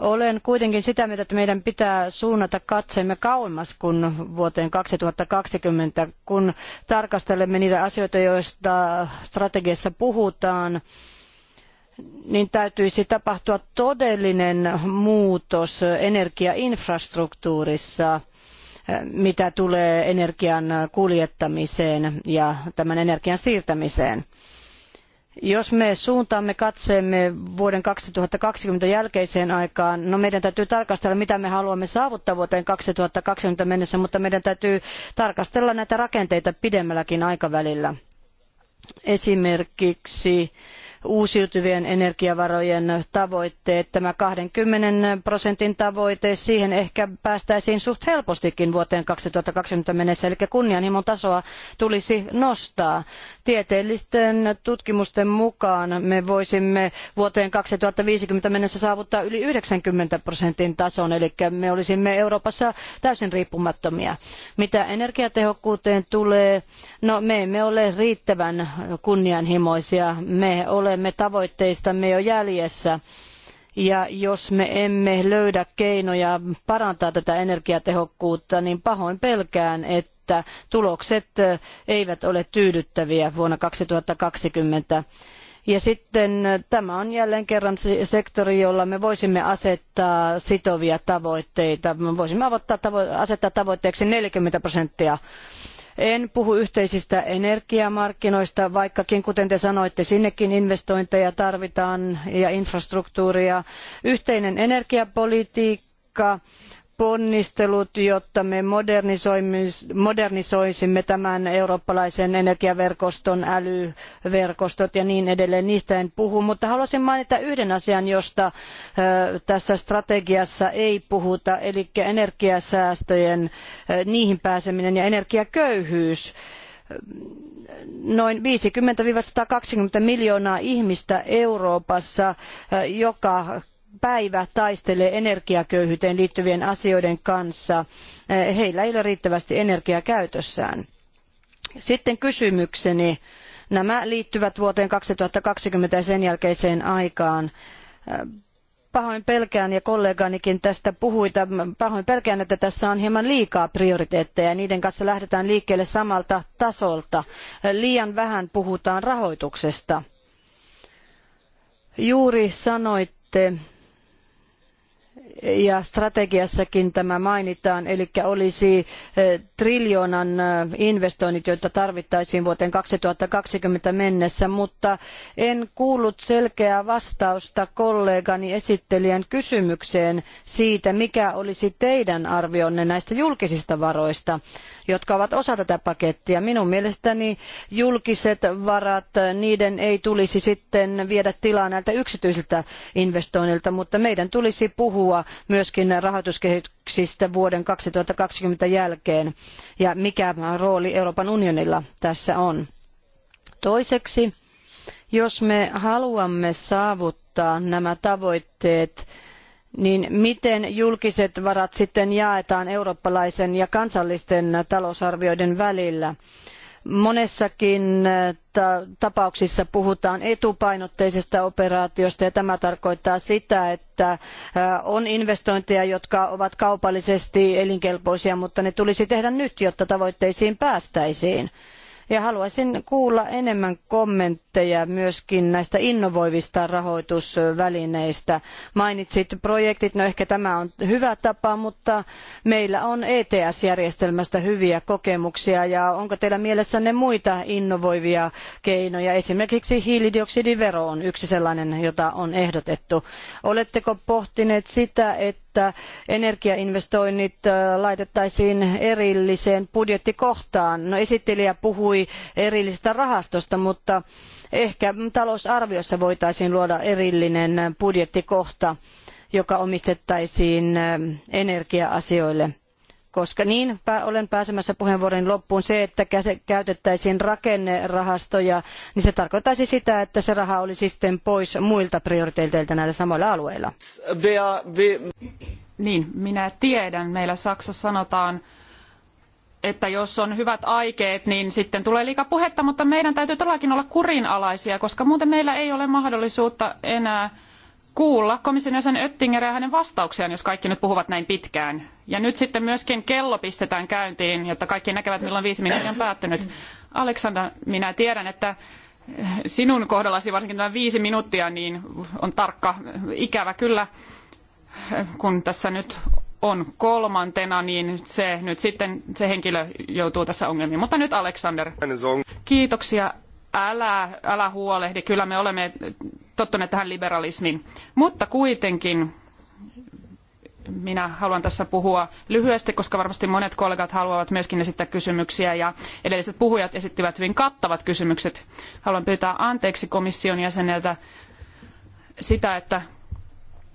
olen kuitenkin sitä mieltä, että meidän pitää suunnata katseemme kauemmas kuin vuoteen 2020, kun tarkastelemme niitä asioita, joista strategiassa puhutaan niin täytyisi tapahtua todellinen muutos energiainfrastruktuurissa, mitä tulee energian kuljettamiseen ja tämän energian siirtämiseen. Jos me suuntaamme katseemme vuoden 2020 jälkeiseen aikaan, no meidän täytyy tarkastella, mitä me haluamme saavuttaa vuoteen 2020 mennessä, mutta meidän täytyy tarkastella näitä rakenteita pidemmälläkin aikavälillä. Esimerkiksi uusiutuvien energiavarojen tavoitteet. Tämä 20 prosentin tavoite, siihen ehkä päästäisiin suht helpostikin vuoteen 2020 mennessä, eli kunnianhimon tasoa tulisi nostaa. Tieteellisten tutkimusten mukaan me voisimme vuoteen 2050 mennessä saavuttaa yli 90 prosentin tason, eli me olisimme Euroopassa täysin riippumattomia. Mitä energiatehokkuuteen tulee, no me emme ole riittävän kunnianhimoisia. Me olemme olemme tavoitteistamme jo jäljessä. Ja jos me emme löydä keinoja parantaa tätä energiatehokkuutta, niin pahoin pelkään, että tulokset eivät ole tyydyttäviä vuonna 2020. Ja sitten tämä on jälleen kerran sektori, jolla me voisimme asettaa sitovia tavoitteita. Me voisimme asettaa tavoitteeksi 40 prosenttia en puhu yhteisistä energiamarkkinoista, vaikkakin kuten te sanoitte, sinnekin investointeja tarvitaan ja infrastruktuuria. Yhteinen energiapolitiikka ponnistelut, jotta me modernisoisimme tämän eurooppalaisen energiaverkoston, älyverkostot ja niin edelleen. Niistä en puhu, mutta haluaisin mainita yhden asian, josta tässä strategiassa ei puhuta, eli energiasäästöjen niihin pääseminen ja energiaköyhyys noin 50-120 miljoonaa ihmistä Euroopassa, joka päivä taistelee energiaköyhyyteen liittyvien asioiden kanssa. Eh, heillä ei ole riittävästi energiaa käytössään. Sitten kysymykseni. Nämä liittyvät vuoteen 2020 ja sen jälkeiseen aikaan eh, pahoin pelkään ja kolleganikin tästä puhui, pahoin pelkään, että tässä on hieman liikaa prioriteetteja ja niiden kanssa lähdetään liikkeelle samalta tasolta. Eh, liian vähän puhutaan rahoituksesta. Juuri sanoitte, ja strategiassakin tämä mainitaan, eli olisi eh, triljoonan eh, investoinnit, joita tarvittaisiin vuoteen 2020 mennessä, mutta en kuullut selkeää vastausta kollegani esittelijän kysymykseen siitä, mikä olisi teidän arvionne näistä julkisista varoista, jotka ovat osa tätä pakettia. Minun mielestäni julkiset varat, eh, niiden ei tulisi sitten viedä tilaa näiltä yksityisiltä investoinneilta, mutta meidän tulisi puhua myöskin rahoituskehyksistä vuoden 2020 jälkeen ja mikä rooli Euroopan unionilla tässä on. Toiseksi, jos me haluamme saavuttaa nämä tavoitteet, niin miten julkiset varat sitten jaetaan eurooppalaisen ja kansallisten talousarvioiden välillä? Monessakin äh, tapauksessa puhutaan etupainotteisesta operaatiosta ja tämä tarkoittaa sitä, että äh, on investointeja, jotka ovat kaupallisesti elinkelpoisia, mutta ne tulisi tehdä nyt, jotta tavoitteisiin päästäisiin. Ja haluaisin kuulla enemmän kommentteja myöskin näistä innovoivista rahoitusvälineistä. Mainitsit projektit, no ehkä tämä on hyvä tapa, mutta meillä on ETS-järjestelmästä hyviä kokemuksia ja onko teillä mielessänne muita innovoivia keinoja? Esimerkiksi hiilidioksidivero on yksi sellainen, jota on ehdotettu. Oletteko pohtineet sitä, että että energiainvestoinnit laitettaisiin erilliseen budjettikohtaan. No, esittelijä puhui erillisestä rahastosta, mutta ehkä talousarviossa voitaisiin luoda erillinen budjettikohta, joka omistettaisiin energia-asioille koska niin olen pääsemässä puheenvuoron loppuun se, että käytettäisiin rakennerahastoja, niin se tarkoittaisi sitä, että se raha olisi sitten pois muilta prioriteeteilta näillä samoilla alueilla. Niin, minä tiedän. Meillä Saksassa sanotaan, että jos on hyvät aikeet, niin sitten tulee liika puhetta, mutta meidän täytyy todellakin olla kurinalaisia, koska muuten meillä ei ole mahdollisuutta enää kuulla komission jäsen Öttinger ja hänen vastauksiaan, jos kaikki nyt puhuvat näin pitkään. Ja nyt sitten myöskin kello pistetään käyntiin, jotta kaikki näkevät, milloin viisi minuuttia on päättynyt. Aleksander, minä tiedän, että sinun kohdallasi varsinkin tämä viisi minuuttia niin on tarkka ikävä kyllä, kun tässä nyt on kolmantena, niin se nyt sitten se henkilö joutuu tässä ongelmiin. Mutta nyt Aleksander, kiitoksia. Älä, älä huolehdi, kyllä me olemme tottuneet tähän liberalismiin. Mutta kuitenkin minä haluan tässä puhua lyhyesti, koska varmasti monet kollegat haluavat myöskin esittää kysymyksiä ja edelliset puhujat esittivät hyvin kattavat kysymykset. Haluan pyytää anteeksi komission jäseneltä sitä, että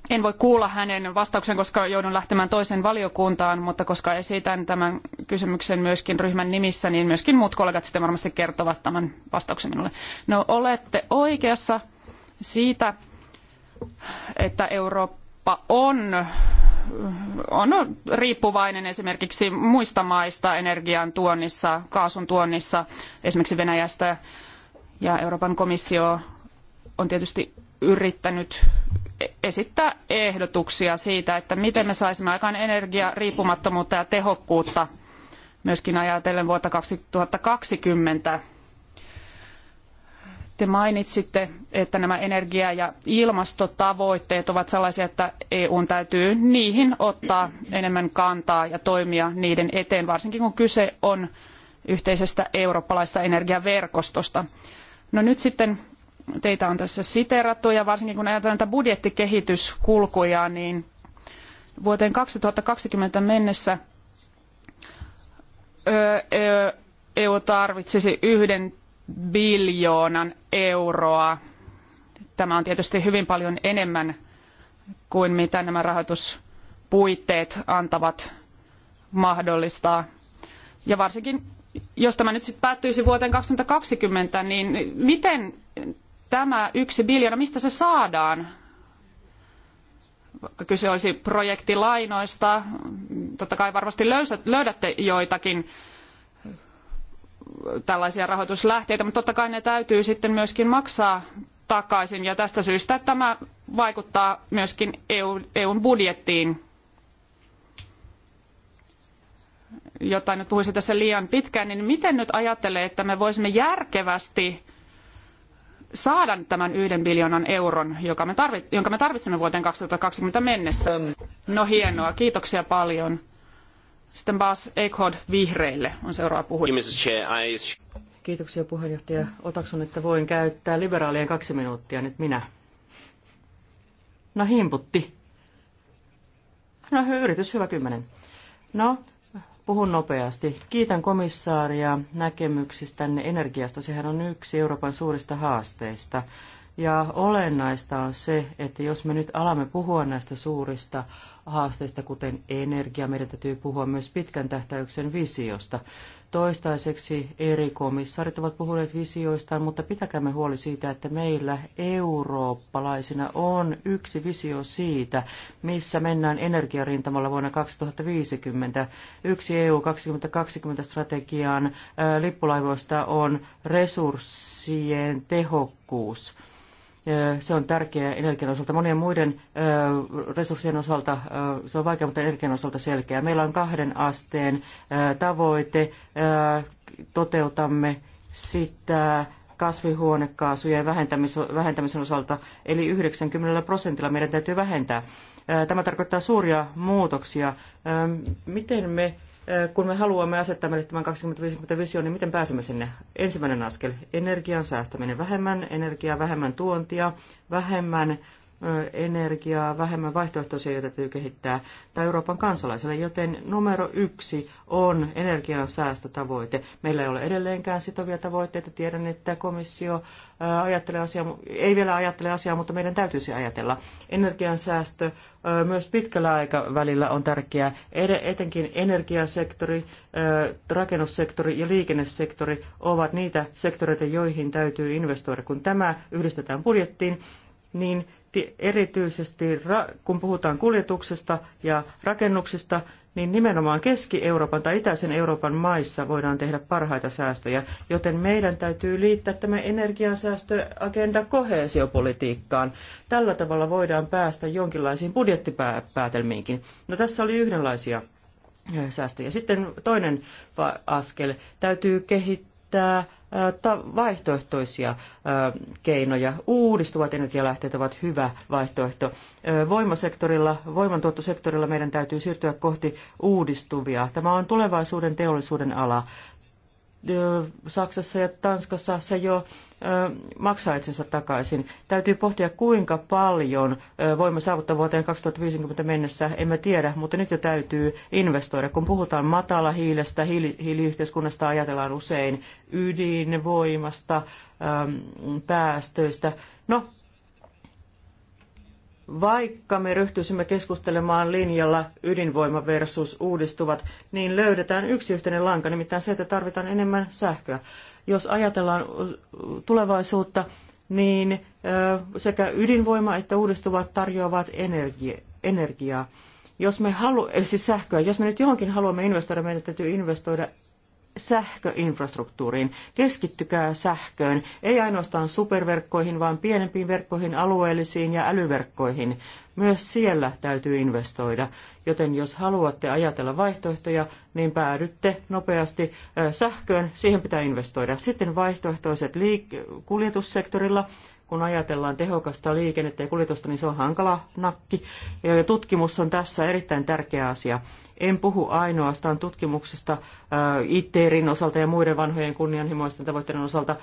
en voi kuulla hänen vastauksen, koska joudun lähtemään toiseen valiokuntaan, mutta koska esitän tämän kysymyksen myöskin ryhmän nimissä, niin myöskin muut kollegat sitten varmasti kertovat tämän vastauksen minulle. No olette oikeassa siitä, että Eurooppa on, on riippuvainen esimerkiksi muista maista energian tuonnissa, kaasun tuonnissa, esimerkiksi Venäjästä. Ja Euroopan komissio on tietysti yrittänyt esittää ehdotuksia siitä, että miten me saisimme aikaan energiariippumattomuutta ja tehokkuutta myöskin ajatellen vuotta 2020 te mainitsitte, että nämä energia- ja ilmastotavoitteet ovat sellaisia, että EUn täytyy niihin ottaa enemmän kantaa ja toimia niiden eteen, varsinkin kun kyse on yhteisestä eurooppalaista energiaverkostosta. No nyt sitten teitä on tässä siterattu ja varsinkin kun ajatellaan näitä budjettikehityskulkuja, niin vuoteen 2020 mennessä EU tarvitsisi yhden biljoonan euroa. Tämä on tietysti hyvin paljon enemmän kuin mitä nämä rahoituspuitteet antavat mahdollistaa. Ja varsinkin, jos tämä nyt sitten päättyisi vuoteen 2020, niin miten tämä yksi biljoona, mistä se saadaan? Vaikka kyse olisi projektilainoista, totta kai varmasti löysät, löydätte joitakin tällaisia rahoituslähteitä, mutta totta kai ne täytyy sitten myöskin maksaa takaisin ja tästä syystä tämä vaikuttaa myöskin EU, EUn budjettiin. Jotta nyt puhuisin tässä liian pitkään, niin miten nyt ajattelee, että me voisimme järkevästi saada tämän yhden biljoonan euron, joka me jonka me tarvitsemme vuoteen 2020 mennessä? No hienoa, kiitoksia paljon. Sitten Bas Eichhod vihreille on seuraava puhuja. Kiitoksia puheenjohtaja. Otaksun, että voin käyttää liberaalien kaksi minuuttia nyt minä. No himputti. No yritys hyvä kymmenen. No, puhun nopeasti. Kiitän komissaaria näkemyksistänne energiasta. Sehän on yksi Euroopan suurista haasteista. Ja olennaista on se, että jos me nyt alamme puhua näistä suurista haasteista, kuten energia. Meidän täytyy puhua myös pitkän tähtäyksen visiosta. Toistaiseksi eri komissarit ovat puhuneet visioistaan, mutta pitäkäämme huoli siitä, että meillä eurooppalaisina on yksi visio siitä, missä mennään energiarintamalla vuonna 2050. Yksi EU 2020-strategian lippulaivoista on resurssien tehokkuus se on tärkeää energian osalta. Monien muiden resurssien osalta se on vaikea, mutta energian osalta selkeä. Meillä on kahden asteen tavoite. Toteutamme sitä kasvihuonekaasujen vähentämisen osalta, eli 90 prosentilla meidän täytyy vähentää. Tämä tarkoittaa suuria muutoksia. Miten me kun me haluamme asettaa meille tämän 2050 vision, niin miten pääsemme sinne? Ensimmäinen askel, energian säästäminen. Vähemmän energiaa, vähemmän tuontia, vähemmän energiaa, vähemmän vaihtoehtoisia, joita täytyy kehittää, tai Euroopan kansalaisille. Joten numero yksi on energian säästötavoite. Meillä ei ole edelleenkään sitovia tavoitteita. Tiedän, että komissio ajattelee asiaa, ei vielä ajattele asiaa, mutta meidän täytyisi ajatella. Energian säästö myös pitkällä aikavälillä on tärkeää. Etenkin energiasektori, rakennussektori ja liikennesektori ovat niitä sektoreita, joihin täytyy investoida. Kun tämä yhdistetään budjettiin, niin erityisesti kun puhutaan kuljetuksesta ja rakennuksista, niin nimenomaan Keski-Euroopan tai Itäisen Euroopan maissa voidaan tehdä parhaita säästöjä, joten meidän täytyy liittää tämä energiansäästöagenda koheesiopolitiikkaan. Tällä tavalla voidaan päästä jonkinlaisiin budjettipäätelmiinkin. No tässä oli yhdenlaisia eh, säästöjä. Sitten toinen askel. Täytyy kehittää käyttää vaihtoehtoisia keinoja. Uudistuvat energialähteet ovat hyvä vaihtoehto. Voimasektorilla, voimantuottosektorilla meidän täytyy siirtyä kohti uudistuvia. Tämä on tulevaisuuden teollisuuden ala. Saksassa ja Tanskassa se jo maksaa itsensä takaisin. Täytyy pohtia, kuinka paljon voimme saavuttaa vuoteen 2050 mennessä, emme tiedä, mutta nyt jo täytyy investoida. Kun puhutaan matala hiilestä, hiili- hiiliyhteiskunnasta ajatellaan usein ydinvoimasta, päästöistä. No, vaikka me ryhtyisimme keskustelemaan linjalla ydinvoima versus uudistuvat, niin löydetään yksi yhteinen lanka, nimittäin se, että tarvitaan enemmän sähköä. Jos ajatellaan tulevaisuutta, niin sekä ydinvoima että uudistuvat tarjoavat energiaa. Jos me halu, siis sähköä, jos me nyt johonkin haluamme investoida, meidän täytyy investoida sähköinfrastruktuuriin. Keskittykää sähköön, ei ainoastaan superverkkoihin, vaan pienempiin verkkoihin, alueellisiin ja älyverkkoihin. Myös siellä täytyy investoida, joten jos haluatte ajatella vaihtoehtoja, niin päädytte nopeasti sähköön, siihen pitää investoida. Sitten vaihtoehtoiset liik- kuljetussektorilla, kun ajatellaan tehokasta liikennettä ja kuljetusta, niin se on hankala nakki. Ja tutkimus on tässä erittäin tärkeä asia. En puhu ainoastaan tutkimuksesta ITERin osalta ja muiden vanhojen kunnianhimoisten tavoitteiden osalta.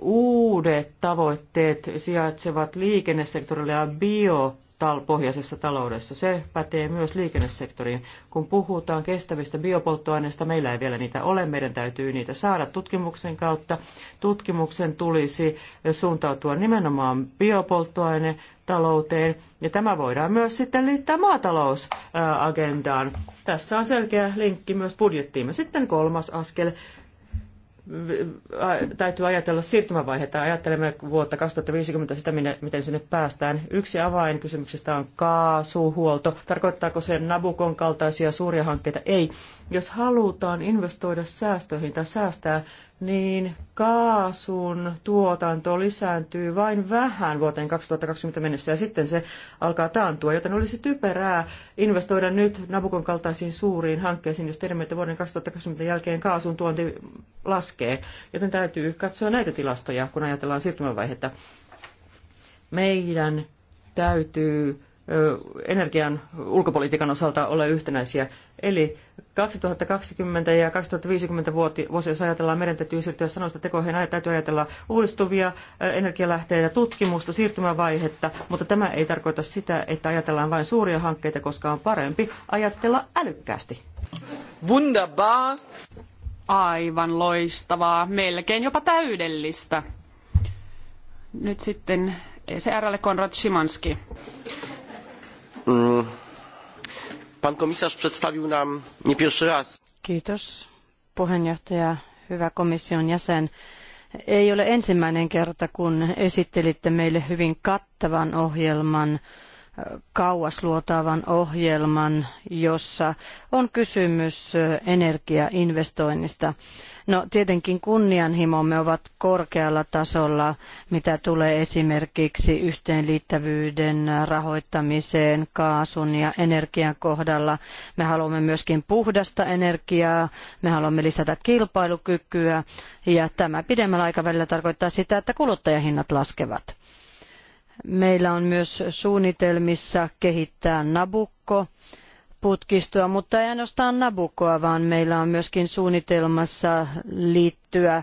Uudet tavoitteet sijaitsevat liikennesektorilla ja bio tal- pohjaisessa taloudessa. Se pätee myös liikennesektoriin. Kun puhutaan kestävistä biopolttoaineista, meillä ei vielä niitä ole, meidän täytyy niitä saada tutkimuksen kautta. Tutkimuksen tulisi suuntautua nimenomaan biopolttoaine talouteen, ja tämä voidaan myös sitten liittää maatalousagendaan. Tässä on selkeä linkki myös budjettiimme. Sitten kolmas askel, täytyy ajatella siirtymävaihetta. Ajattelemme vuotta 2050 sitä, miten sinne päästään. Yksi avainkysymyksestä on kaasuhuolto. Tarkoittaako se Nabukon kaltaisia suuria hankkeita? Ei. Jos halutaan investoida säästöihin tai säästää niin kaasun tuotanto lisääntyy vain vähän vuoteen 2020 mennessä ja sitten se alkaa taantua, joten olisi typerää investoida nyt Nabukon kaltaisiin suuriin hankkeisiin, jos tiedämme, että vuoden 2020 jälkeen kaasun tuonti laskee, joten täytyy katsoa näitä tilastoja, kun ajatellaan siirtymävaihetta. Meidän täytyy energian ulkopolitiikan osalta ole yhtenäisiä. Eli 2020 ja 2050 vuosi, jos ajatellaan, meidän täytyy siirtyä sanoista tekoihin, täytyy ajatella uudistuvia energialähteitä, tutkimusta, siirtymävaihetta, mutta tämä ei tarkoita sitä, että ajatellaan vain suuria hankkeita, koska on parempi ajatella älykkäästi. Wunderbar! Aivan loistavaa, melkein jopa täydellistä. Nyt sitten ECRlle Konrad Szymanski. Mm. Pan komisarz przedstawił nam nie pierwszy raz. Kiitos puheenjohtaja, hyvä komission jäsen. Ei ole ensimmäinen kerta, kun esittelitte meille hyvin kattavan ohjelman, kauasluotaavan ohjelman, jossa on kysymys energiainvestoinnista. No tietenkin kunnianhimomme ovat korkealla tasolla, mitä tulee esimerkiksi yhteenliittävyyden rahoittamiseen kaasun ja energian kohdalla. Me haluamme myöskin puhdasta energiaa, me haluamme lisätä kilpailukykyä ja tämä pidemmällä aikavälillä tarkoittaa sitä, että kuluttajahinnat laskevat. Meillä on myös suunnitelmissa kehittää Nabukko putkistoa, mutta ei ainoastaan Nabukoa, vaan meillä on myöskin suunnitelmassa liittyä äh,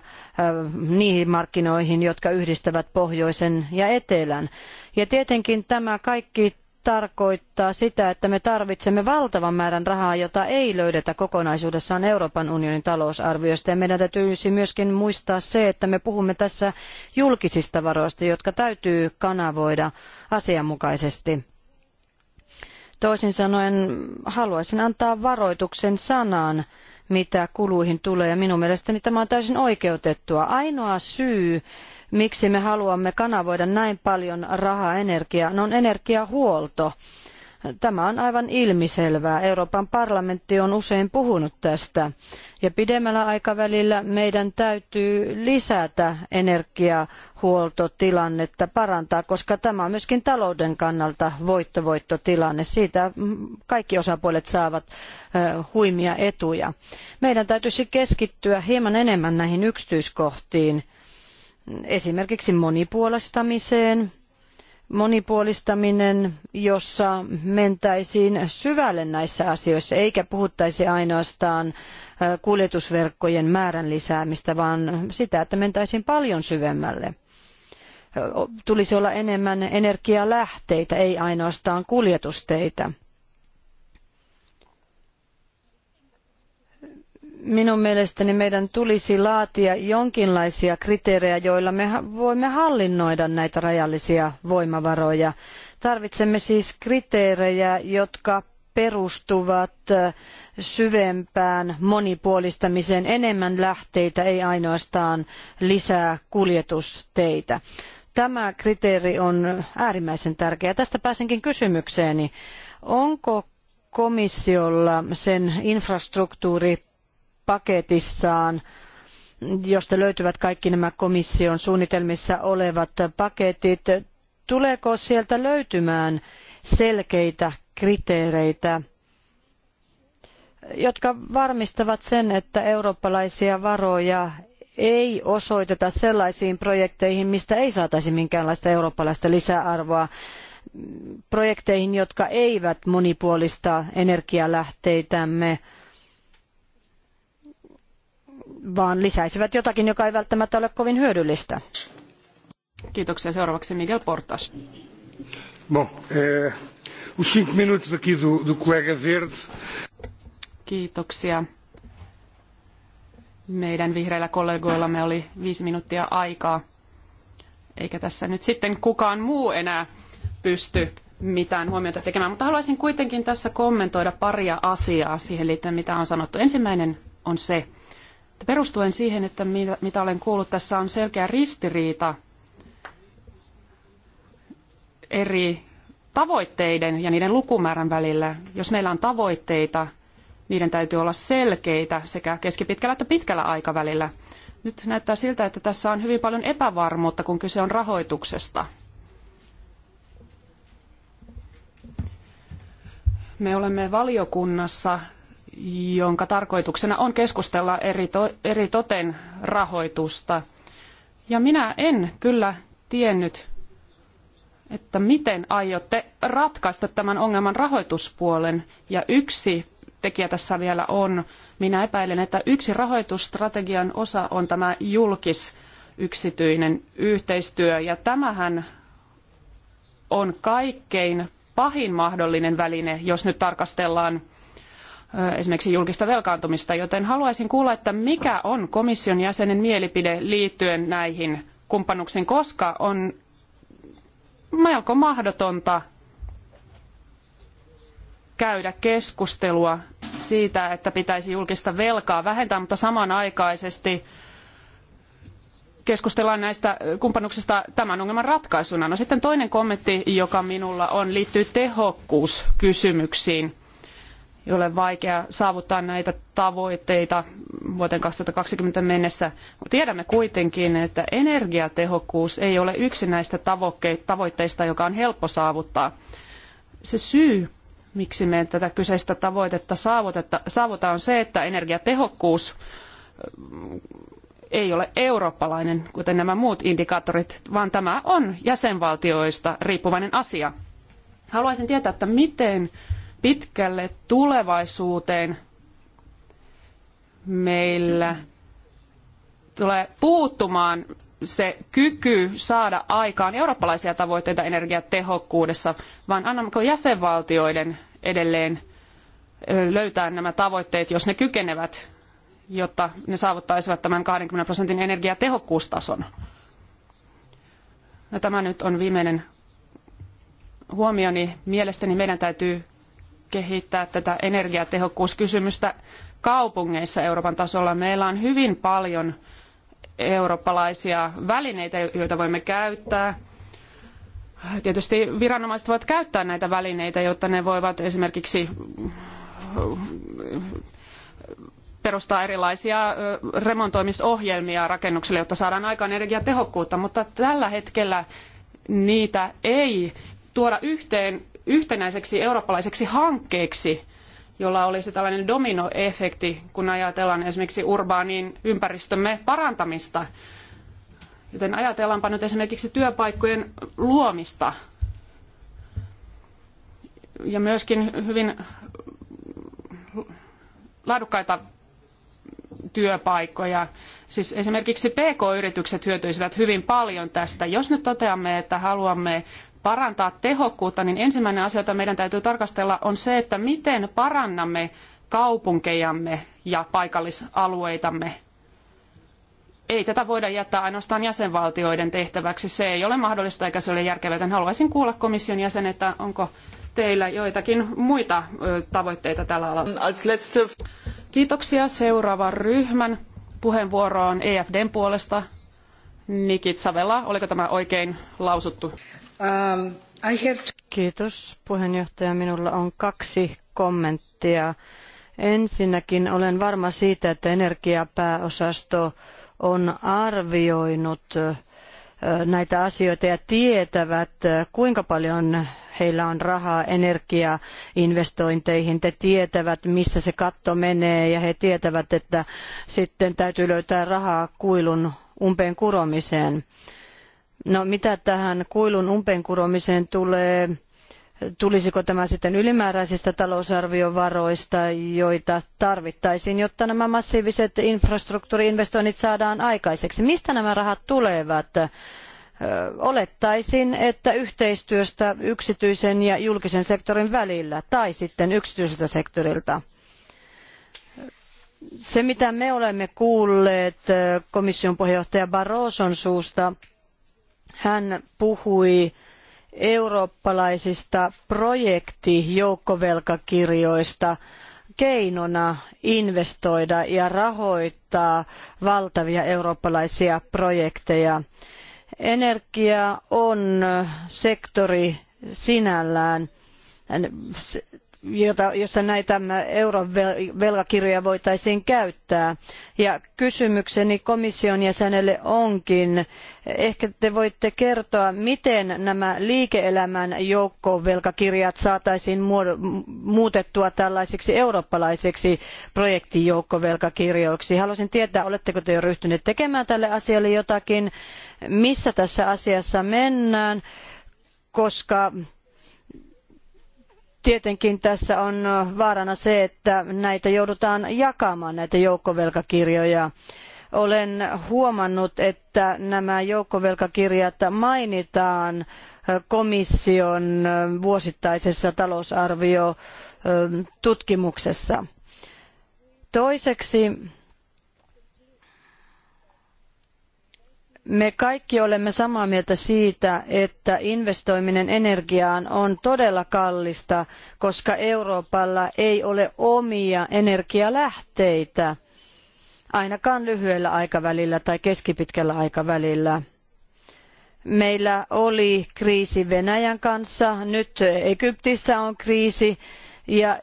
niihin markkinoihin, jotka yhdistävät pohjoisen ja etelän. Ja tietenkin tämä kaikki tarkoittaa sitä, että me tarvitsemme valtavan määrän rahaa, jota ei löydetä kokonaisuudessaan Euroopan unionin talousarviosta. Ja meidän täytyy myöskin muistaa se, että me puhumme tässä julkisista varoista, jotka täytyy kanavoida asianmukaisesti. Toisin sanoen haluaisin antaa varoituksen sanan, mitä kuluihin tulee. Ja minun mielestäni tämä on täysin oikeutettua. Ainoa syy, miksi me haluamme kanavoida näin paljon rahaa energiaan, on energiahuolto. Tämä on aivan ilmiselvää. Euroopan parlamentti on usein puhunut tästä. Ja pidemmällä aikavälillä meidän täytyy lisätä energiahuoltotilannetta, parantaa, koska tämä on myöskin talouden kannalta voittovoittotilanne. Siitä kaikki osapuolet saavat huimia etuja. Meidän täytyisi keskittyä hieman enemmän näihin yksityiskohtiin, esimerkiksi monipuolistamiseen, monipuolistaminen, jossa mentäisiin syvälle näissä asioissa, eikä puhuttaisi ainoastaan kuljetusverkkojen määrän lisäämistä, vaan sitä, että mentäisiin paljon syvemmälle. Tulisi olla enemmän energialähteitä, ei ainoastaan kuljetusteitä. minun mielestäni meidän tulisi laatia jonkinlaisia kriteerejä, joilla me voimme hallinnoida näitä rajallisia voimavaroja. Tarvitsemme siis kriteerejä, jotka perustuvat äh, syvempään monipuolistamiseen, enemmän lähteitä, ei ainoastaan lisää kuljetusteitä. Tämä kriteeri on äärimmäisen tärkeä. Tästä pääsenkin kysymykseeni. Onko komissiolla sen infrastruktuuri paketissaan josta löytyvät kaikki nämä komission suunnitelmissa olevat paketit. Tuleeko sieltä löytymään selkeitä kriteereitä, jotka varmistavat sen, että eurooppalaisia varoja ei osoiteta sellaisiin projekteihin, mistä ei saataisi minkäänlaista eurooppalaista lisäarvoa, projekteihin, jotka eivät monipuolista energialähteitämme, vaan lisäisivät jotakin, joka ei välttämättä ole kovin hyödyllistä. Kiitoksia. Seuraavaksi Miguel Portas. Bom, eh, os cinco minutos aqui do, do colega verde. Kiitoksia. Meidän vihreillä kollegoillamme oli viisi minuuttia aikaa, eikä tässä nyt sitten kukaan muu enää pysty mitään huomiota tekemään, mutta haluaisin kuitenkin tässä kommentoida paria asiaa siihen liittyen, mitä on sanottu. Ensimmäinen on se, perustuen siihen, että mitä olen kuullut, tässä on selkeä ristiriita eri tavoitteiden ja niiden lukumäärän välillä. Jos meillä on tavoitteita, niiden täytyy olla selkeitä sekä keskipitkällä että pitkällä aikavälillä. Nyt näyttää siltä, että tässä on hyvin paljon epävarmuutta, kun kyse on rahoituksesta. Me olemme valiokunnassa jonka tarkoituksena on keskustella eri, to, eri toten rahoitusta. Ja minä en kyllä tiennyt, että miten aiotte ratkaista tämän ongelman rahoituspuolen. Ja yksi tekijä tässä vielä on, minä epäilen, että yksi rahoitusstrategian osa on tämä julkis-yksityinen yhteistyö. Ja tämähän on kaikkein pahin mahdollinen väline, jos nyt tarkastellaan esimerkiksi julkista velkaantumista, joten haluaisin kuulla, että mikä on komission jäsenen mielipide liittyen näihin kumppanuksiin, koska on melko mahdotonta käydä keskustelua siitä, että pitäisi julkista velkaa vähentää, mutta samanaikaisesti keskustellaan näistä kumppanuksista tämän ongelman ratkaisuna. No sitten toinen kommentti, joka minulla on, liittyy tehokkuuskysymyksiin Jolle ole vaikea saavuttaa näitä tavoitteita vuoteen 2020 mennessä. Tiedämme kuitenkin, että energiatehokkuus ei ole yksi näistä tavoitteista, joka on helppo saavuttaa. Se syy, miksi me tätä kyseistä tavoitetta saavutaan, on se, että energiatehokkuus ei ole eurooppalainen, kuten nämä muut indikaattorit, vaan tämä on jäsenvaltioista riippuvainen asia. Haluaisin tietää, että miten pitkälle tulevaisuuteen meillä tulee puuttumaan se kyky saada aikaan eurooppalaisia tavoitteita energiatehokkuudessa, vaan annammeko jäsenvaltioiden edelleen löytää nämä tavoitteet, jos ne kykenevät, jotta ne saavuttaisivat tämän 20 prosentin energiatehokkuustason. No, tämä nyt on viimeinen huomioni. Mielestäni meidän täytyy kehittää tätä energiatehokkuuskysymystä kaupungeissa Euroopan tasolla. Meillä on hyvin paljon eurooppalaisia välineitä, joita voimme käyttää. Tietysti viranomaiset voivat käyttää näitä välineitä, jotta ne voivat esimerkiksi perustaa erilaisia remontoimisohjelmia rakennuksille, jotta saadaan aikaan energiatehokkuutta, mutta tällä hetkellä niitä ei tuoda yhteen yhtenäiseksi eurooppalaiseksi hankkeeksi, jolla olisi tällainen dominoefekti, kun ajatellaan esimerkiksi urbaanin ympäristömme parantamista. Joten ajatellaanpa nyt esimerkiksi työpaikkojen luomista ja myöskin hyvin laadukkaita työpaikkoja. Siis esimerkiksi PK-yritykset hyötyisivät hyvin paljon tästä. Jos nyt toteamme, että haluamme parantaa tehokkuutta, niin ensimmäinen asia, jota meidän täytyy tarkastella, on se, että miten parannamme kaupunkejamme ja paikallisalueitamme. Ei tätä voida jättää ainoastaan jäsenvaltioiden tehtäväksi. Se ei ole mahdollista eikä se ole järkevää, joten haluaisin kuulla komission jäsen, että onko teillä joitakin muita tavoitteita tällä alalla. Kiitoksia. Seuraavan ryhmän puheenvuoroon EFDn puolesta. Nikit Savela, oliko tämä oikein lausuttu? Um, Kiitos puheenjohtaja. Minulla on kaksi kommenttia. Ensinnäkin olen varma siitä, että energiapääosasto on arvioinut näitä asioita ja tietävät, kuinka paljon heillä on rahaa energiainvestointeihin. Te tietävät, missä se katto menee ja he tietävät, että sitten täytyy löytää rahaa kuilun umpeen kuromiseen. No mitä tähän kuilun kuromiseen tulee, tulisiko tämä sitten ylimääräisistä talousarviovaroista, joita tarvittaisiin, jotta nämä massiiviset infrastruktuuriinvestoinnit saadaan aikaiseksi? Mistä nämä rahat tulevat? Olettaisin, että yhteistyöstä yksityisen ja julkisen sektorin välillä tai sitten yksityiseltä sektorilta se mitä me olemme kuulleet komission puheenjohtaja Barroson suusta hän puhui eurooppalaisista projektijoukkovelkakirjoista keinona investoida ja rahoittaa valtavia eurooppalaisia projekteja. Energia on sektori sinällään jota, jossa näitä euron velkakirjoja voitaisiin käyttää. Ja kysymykseni komission jäsenelle onkin, ehkä te voitte kertoa, miten nämä liike-elämän joukkovelkakirjat saataisiin muutettua tällaisiksi eurooppalaisiksi projektijoukkovelkakirjoiksi. Haluaisin tietää, oletteko te jo ryhtyneet tekemään tälle asialle jotakin, missä tässä asiassa mennään, koska Tietenkin tässä on vaarana se, että näitä joudutaan jakamaan, näitä joukkovelkakirjoja. Olen huomannut, että nämä joukkovelkakirjat mainitaan komission vuosittaisessa talousarviotutkimuksessa. Toiseksi Me kaikki olemme samaa mieltä siitä, että investoiminen energiaan on todella kallista, koska Euroopalla ei ole omia energialähteitä, ainakaan lyhyellä aikavälillä tai keskipitkällä aikavälillä. Meillä oli kriisi Venäjän kanssa, nyt Egyptissä on kriisi ja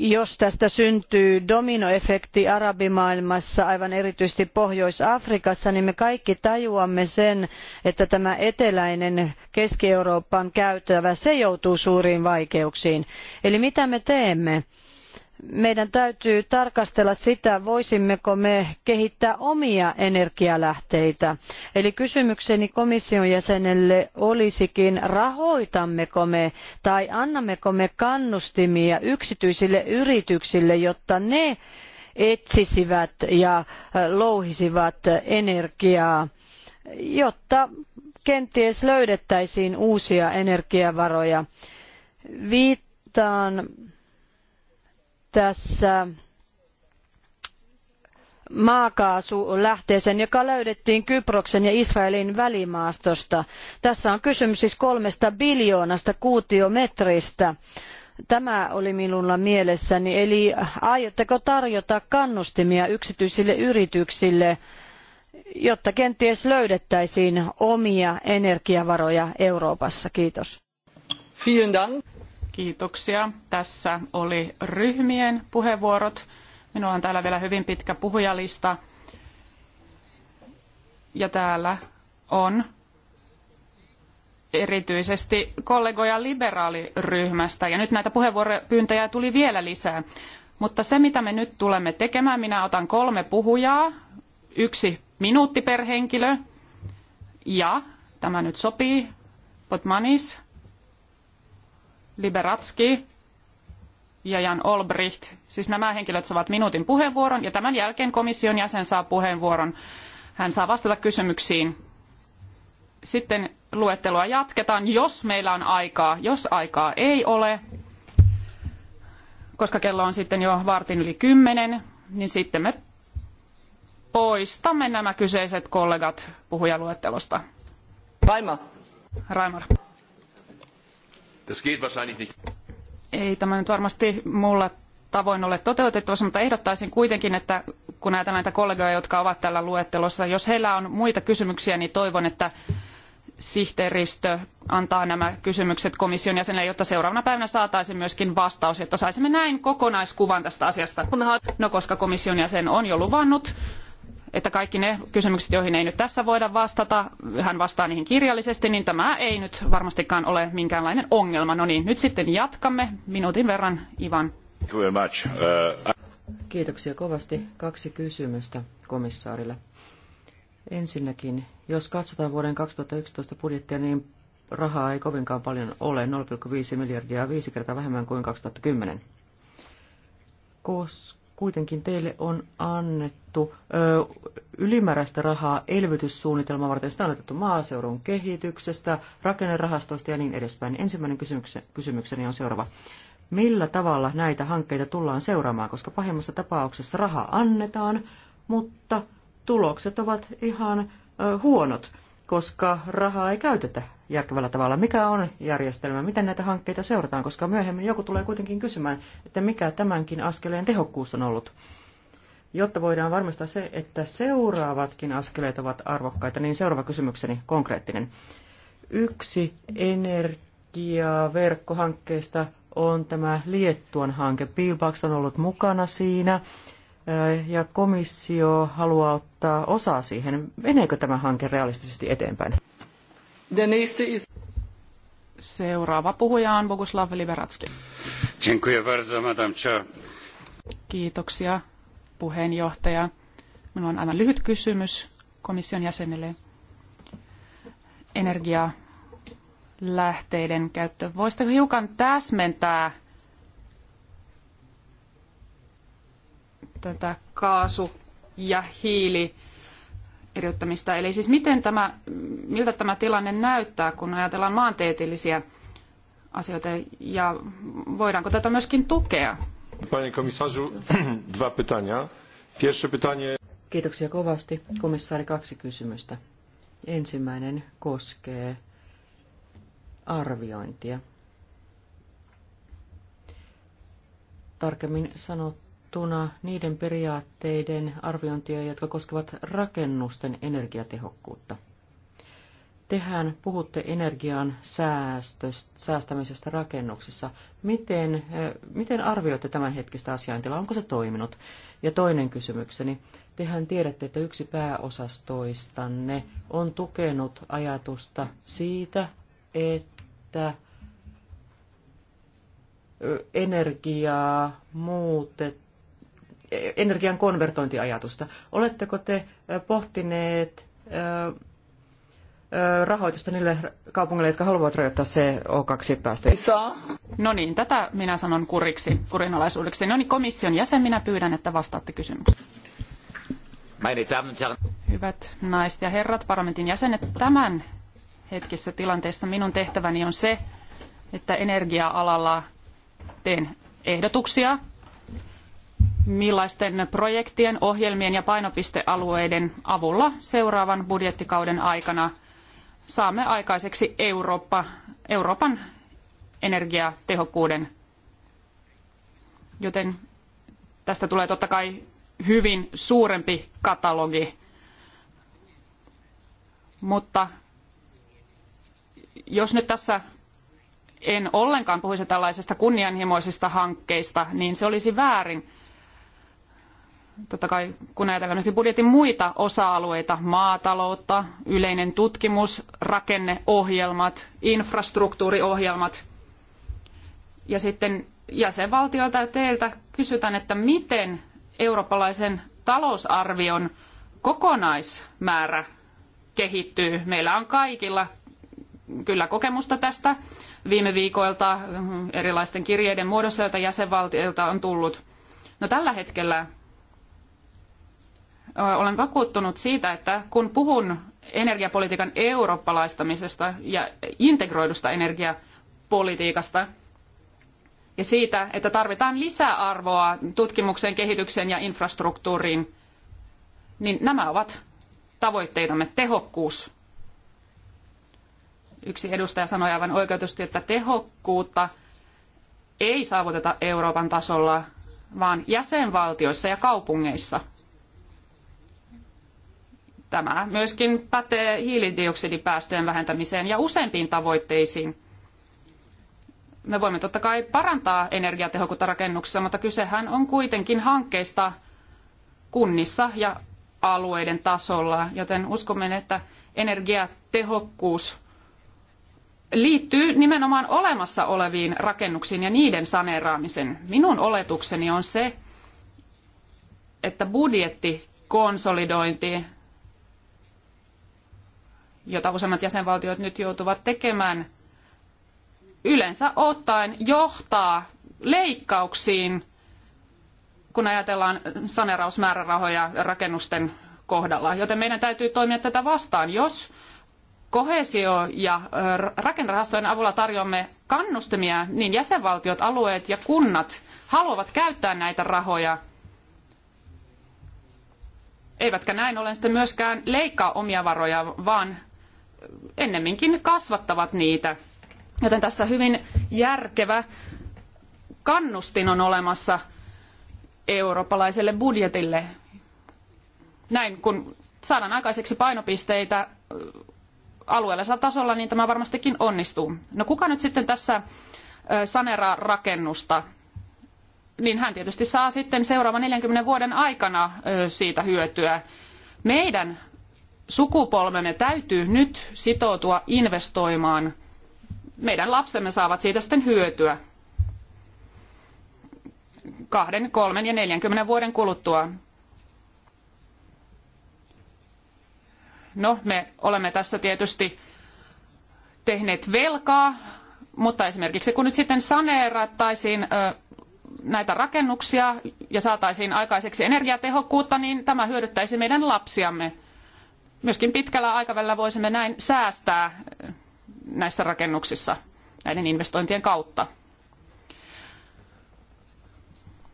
jos tästä syntyy dominoefekti arabimaailmassa, aivan erityisesti Pohjois-Afrikassa, niin me kaikki tajuamme sen, että tämä eteläinen Keski-Euroopan käytävä, joutuu suuriin vaikeuksiin. Eli mitä me teemme? meidän täytyy tarkastella sitä, voisimmeko me kehittää omia energialähteitä. Eli kysymykseni komission jäsenelle olisikin, rahoitammeko me tai annammeko me kannustimia yksityisille yrityksille, jotta ne etsisivät ja louhisivat energiaa, jotta kenties löydettäisiin uusia energiavaroja. Viittaan tässä maakaasulähteeseen, joka löydettiin Kyproksen ja Israelin välimaastosta. Tässä on kysymys siis kolmesta biljoonasta kuutiometristä. Tämä oli minulla mielessäni. Eli aiotteko tarjota kannustimia yksityisille yrityksille, jotta kenties löydettäisiin omia energiavaroja Euroopassa? Kiitos. Vielen Dank. Kiitoksia. Tässä oli ryhmien puheenvuorot. Minulla on täällä vielä hyvin pitkä puhujalista. Ja täällä on erityisesti kollegoja liberaaliryhmästä. Ja nyt näitä puheenvuoropyyntöjä tuli vielä lisää. Mutta se, mitä me nyt tulemme tekemään, minä otan kolme puhujaa, yksi minuutti per henkilö. Ja tämä nyt sopii, Potmanis, Liberatski ja Jan Olbricht. Siis nämä henkilöt saavat minuutin puheenvuoron ja tämän jälkeen komission jäsen saa puheenvuoron. Hän saa vastata kysymyksiin. Sitten luettelua jatketaan, jos meillä on aikaa. Jos aikaa ei ole, koska kello on sitten jo vartin yli kymmenen, niin sitten me poistamme nämä kyseiset kollegat puhujaluettelosta. Raimar. Raimar. Das geht wahrscheinlich nicht. Ei tämä nyt varmasti muulla tavoin ole toteutettavissa, mutta ehdottaisin kuitenkin, että kun näitä näitä kollegoja, jotka ovat tällä luettelossa, jos heillä on muita kysymyksiä, niin toivon, että sihteeristö antaa nämä kysymykset komission jäsenille, jotta seuraavana päivänä saataisiin myöskin vastaus, jotta saisimme näin kokonaiskuvan tästä asiasta. No koska komission jäsen on jo luvannut että kaikki ne kysymykset, joihin ei nyt tässä voida vastata, hän vastaa niihin kirjallisesti, niin tämä ei nyt varmastikaan ole minkäänlainen ongelma. No niin, nyt sitten jatkamme minuutin verran, Ivan. Uh, Kiitoksia kovasti. Kaksi kysymystä komissaarille. Ensinnäkin, jos katsotaan vuoden 2011 budjettia, niin rahaa ei kovinkaan paljon ole, 0,5 miljardia, viisi kertaa vähemmän kuin 2010. Koska kuitenkin teille on annettu ö, ylimääräistä rahaa elvytyssuunnitelmaa varten. Sitä on annettu maaseudun kehityksestä, rakennerahastoista ja niin edespäin. Ensimmäinen kysymykseni on seuraava. Millä tavalla näitä hankkeita tullaan seuraamaan, koska pahimmassa tapauksessa raha annetaan, mutta tulokset ovat ihan ö, huonot koska rahaa ei käytetä järkevällä tavalla. Mikä on järjestelmä? Miten näitä hankkeita seurataan? Koska myöhemmin joku tulee kuitenkin kysymään, että mikä tämänkin askeleen tehokkuus on ollut. Jotta voidaan varmistaa se, että seuraavatkin askeleet ovat arvokkaita, niin seuraava kysymykseni konkreettinen. Yksi energiaverkkohankkeista on tämä Liettuan hanke. Pilbax on ollut mukana siinä ja komissio haluaa ottaa osaa siihen. Meneekö tämä hanke realistisesti eteenpäin? Seuraava puhuja on Boguslav Liberatski. Kiitoksia puheenjohtaja. Minulla on aivan lyhyt kysymys komission jäsenelle. Energialähteiden käyttö. Voisitteko hiukan täsmentää tätä kaasu- ja hiili eriyttämistä. Eli siis miten tämä, miltä tämä tilanne näyttää, kun ajatellaan maantieteellisiä asioita ja voidaanko tätä myöskin tukea? Panie komisarzu, dwa pytania. Pierwsze pytanie. Kiitoksia kovasti. Komissaari, kaksi kysymystä. Ensimmäinen koskee arviointia. Tarkemmin sanottuna verrattuna niiden periaatteiden arviointia, jotka koskevat rakennusten energiatehokkuutta. Tehän puhutte energian säästöstä, säästämisestä rakennuksissa. Miten, eh, miten arvioitte hetkistä asiantilaa? Onko se toiminut? Ja toinen kysymykseni. Tehän tiedätte, että yksi pääosastoistanne on tukenut ajatusta siitä, että eh, energiaa muutet, energian konvertointiajatusta. Oletteko te pohtineet rahoitusta niille kaupungeille, jotka haluavat rajoittaa CO2-päästöjä? No niin, tätä minä sanon kuriksi, kurinalaisuudeksi. No niin, komission jäsen, minä pyydän, että vastaatte kysymykseen. Hyvät naiset ja herrat, parlamentin jäsenet, tämän hetkessä tilanteessa minun tehtäväni on se, että energia-alalla teen ehdotuksia millaisten projektien, ohjelmien ja painopistealueiden avulla seuraavan budjettikauden aikana saamme aikaiseksi Eurooppa, Euroopan energiatehokkuuden. Joten tästä tulee totta kai hyvin suurempi katalogi. Mutta jos nyt tässä en ollenkaan puhuisi tällaisesta kunnianhimoisista hankkeista, niin se olisi väärin totta kai kun ajatellaan myöskin budjetin muita osa-alueita, maataloutta, yleinen tutkimus, rakenneohjelmat, infrastruktuuriohjelmat, ja sitten jäsenvaltioilta ja teiltä kysytään, että miten eurooppalaisen talousarvion kokonaismäärä kehittyy. Meillä on kaikilla kyllä kokemusta tästä viime viikoilta erilaisten kirjeiden muodossa, joita jäsenvaltioilta on tullut. No tällä hetkellä olen vakuuttunut siitä, että kun puhun energiapolitiikan eurooppalaistamisesta ja integroidusta energiapolitiikasta ja siitä, että tarvitaan lisäarvoa tutkimukseen, kehitykseen ja infrastruktuuriin, niin nämä ovat tavoitteitamme tehokkuus. Yksi edustaja sanoi aivan oikeutusti, että tehokkuutta ei saavuteta Euroopan tasolla, vaan jäsenvaltioissa ja kaupungeissa – Tämä myöskin pätee hiilidioksidipäästöjen vähentämiseen ja useimpiin tavoitteisiin. Me voimme totta kai parantaa energiatehokkuutta rakennuksissa, mutta kysehän on kuitenkin hankkeista kunnissa ja alueiden tasolla, joten uskomme, että energiatehokkuus liittyy nimenomaan olemassa oleviin rakennuksiin ja niiden saneeraamisen. Minun oletukseni on se, että budjettikonsolidointi jota useimmat jäsenvaltiot nyt joutuvat tekemään, yleensä ottaen johtaa leikkauksiin, kun ajatellaan sanerausmäärärahoja rakennusten kohdalla. Joten meidän täytyy toimia tätä vastaan. Jos kohesio- ja rakennerahastojen avulla tarjoamme kannustimia, niin jäsenvaltiot, alueet ja kunnat haluavat käyttää näitä rahoja, eivätkä näin ollen sitten myöskään leikkaa omia varoja, vaan ennemminkin kasvattavat niitä. Joten tässä hyvin järkevä kannustin on olemassa eurooppalaiselle budjetille. Näin kun saadaan aikaiseksi painopisteitä alueellisella tasolla, niin tämä varmastikin onnistuu. No kuka nyt sitten tässä saneraa rakennusta? Niin hän tietysti saa sitten seuraavan 40 vuoden aikana siitä hyötyä. Meidän sukupolvemme täytyy nyt sitoutua investoimaan. Meidän lapsemme saavat siitä sitten hyötyä kahden, kolmen ja neljänkymmenen vuoden kuluttua. No, me olemme tässä tietysti tehneet velkaa, mutta esimerkiksi kun nyt sitten saneerattaisiin näitä rakennuksia ja saataisiin aikaiseksi energiatehokkuutta, niin tämä hyödyttäisi meidän lapsiamme – myöskin pitkällä aikavälillä voisimme näin säästää näissä rakennuksissa näiden investointien kautta.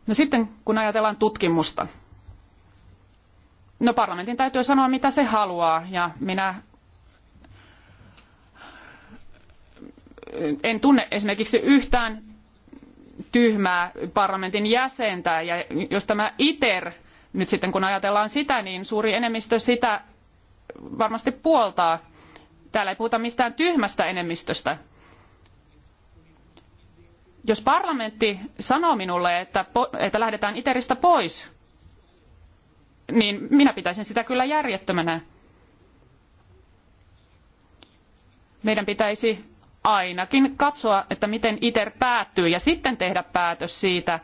No sitten kun ajatellaan tutkimusta. No parlamentin täytyy sanoa mitä se haluaa ja minä en tunne esimerkiksi yhtään tyhmää parlamentin jäsentä ja jos tämä ITER nyt sitten kun ajatellaan sitä, niin suuri enemmistö sitä varmasti puoltaa. Täällä ei puhuta mistään tyhmästä enemmistöstä. Jos parlamentti sanoo minulle, että, että lähdetään ITERistä pois, niin minä pitäisin sitä kyllä järjettömänä. Meidän pitäisi ainakin katsoa, että miten ITER päättyy ja sitten tehdä päätös siitä,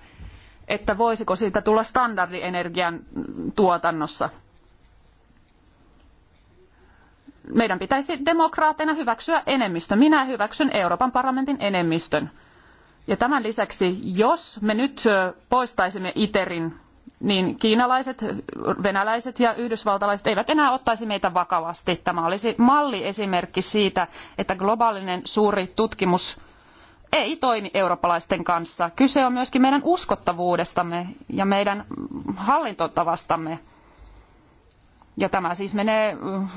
että voisiko siitä tulla standardienergian tuotannossa meidän pitäisi demokraatteina hyväksyä enemmistö. Minä hyväksyn Euroopan parlamentin enemmistön. Ja tämän lisäksi, jos me nyt poistaisimme ITERin, niin kiinalaiset, venäläiset ja yhdysvaltalaiset eivät enää ottaisi meitä vakavasti. Tämä olisi malliesimerkki siitä, että globaalinen suuri tutkimus ei toimi eurooppalaisten kanssa. Kyse on myöskin meidän uskottavuudestamme ja meidän hallintotavastamme. Ja tämä siis menee mm,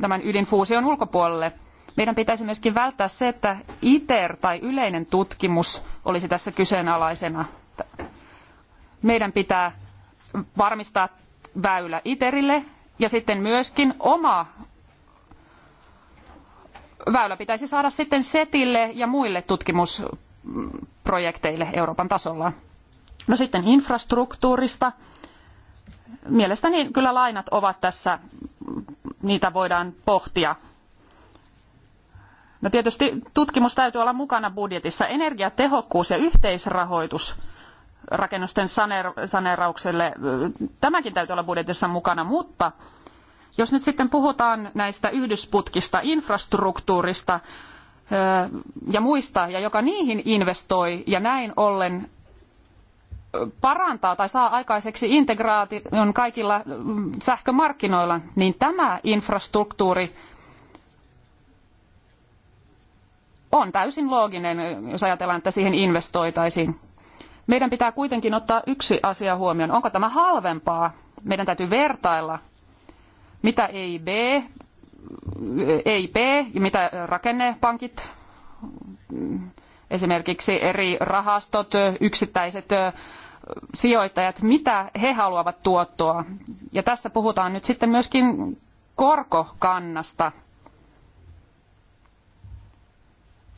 tämän ydinfuusion ulkopuolelle. Meidän pitäisi myöskin välttää se, että ITER tai yleinen tutkimus olisi tässä kyseenalaisena. Meidän pitää varmistaa väylä ITERille ja sitten myöskin oma väylä pitäisi saada sitten SETille ja muille tutkimusprojekteille Euroopan tasolla. No sitten infrastruktuurista mielestäni kyllä lainat ovat tässä, niitä voidaan pohtia. No tietysti tutkimus täytyy olla mukana budjetissa. Energiatehokkuus ja yhteisrahoitus rakennusten saneeraukselle, tämäkin täytyy olla budjetissa mukana, mutta jos nyt sitten puhutaan näistä yhdysputkista, infrastruktuurista ja muista, ja joka niihin investoi, ja näin ollen parantaa tai saa aikaiseksi integraation kaikilla mm, sähkömarkkinoilla, niin tämä infrastruktuuri on täysin looginen, jos ajatellaan, että siihen investoitaisiin. Meidän pitää kuitenkin ottaa yksi asia huomioon. Onko tämä halvempaa? Meidän täytyy vertailla, mitä EIB, EIP ja mitä rakennepankit, mm, esimerkiksi eri rahastot, yksittäiset sijoittajat, mitä he haluavat tuottoa. Ja tässä puhutaan nyt sitten myöskin korkokannasta.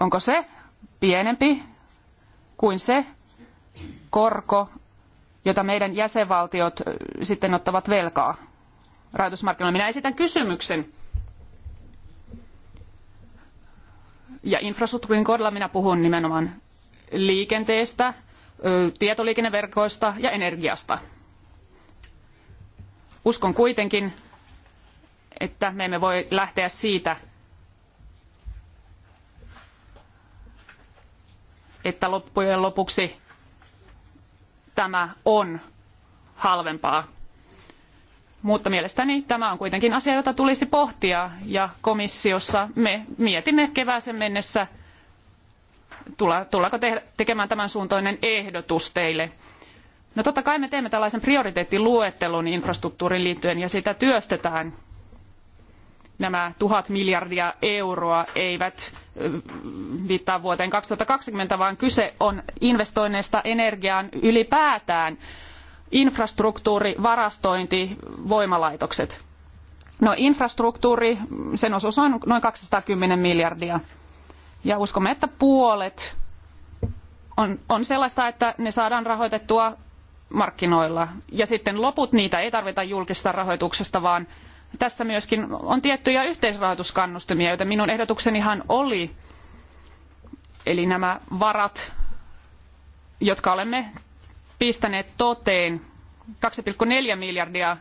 Onko se pienempi kuin se korko, jota meidän jäsenvaltiot sitten ottavat velkaa rahoitusmarkkinoilla? Minä esitän kysymyksen. Ja infrastruktuurin kohdalla minä puhun nimenomaan liikenteestä, tietoliikenneverkoista ja energiasta. Uskon kuitenkin, että me emme voi lähteä siitä, että loppujen lopuksi tämä on halvempaa. Mutta mielestäni tämä on kuitenkin asia, jota tulisi pohtia ja komissiossa me mietimme kevääseen mennessä – tulla, tullaanko te, tekemään tämän suuntainen ehdotus teille? No totta kai me teemme tällaisen prioriteettiluettelun infrastruktuuriin liittyen ja sitä työstetään. Nämä tuhat miljardia euroa eivät viittaa vuoteen 2020, vaan kyse on investoinneista energiaan ylipäätään. Infrastruktuuri, varastointi, voimalaitokset. No infrastruktuuri, sen osuus on noin 210 miljardia. Ja uskomme, että puolet on, on sellaista, että ne saadaan rahoitettua markkinoilla. Ja sitten loput niitä ei tarvita julkista rahoituksesta, vaan tässä myöskin on tiettyjä yhteisrahoituskannustimia, joita minun ehdotuksenihan oli, eli nämä varat, jotka olemme pistäneet toteen, 2,4 miljardia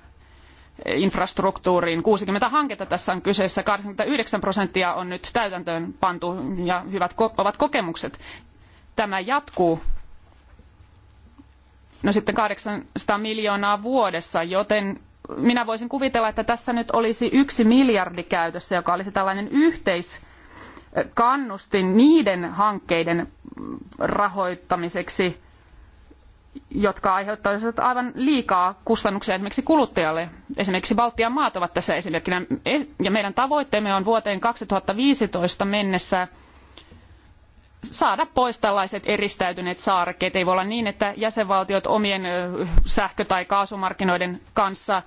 infrastruktuuriin. 60 hanketta tässä on kyseessä, 89 prosenttia on nyt täytäntöön pantu ja hyvät ovat kokemukset. Tämä jatkuu no sitten 800 miljoonaa vuodessa, joten minä voisin kuvitella, että tässä nyt olisi yksi miljardi käytössä, joka olisi tällainen yhteiskannustin niiden hankkeiden rahoittamiseksi, jotka aiheuttaisivat aivan liikaa kustannuksia esimerkiksi kuluttajalle. Esimerkiksi Baltian maat ovat tässä esimerkkinä. E, ja meidän tavoitteemme on vuoteen 2015 mennessä saada pois tällaiset eristäytyneet saarekkeet. Ei voi olla niin, että jäsenvaltiot omien sähkö- tai kaasumarkkinoiden kanssa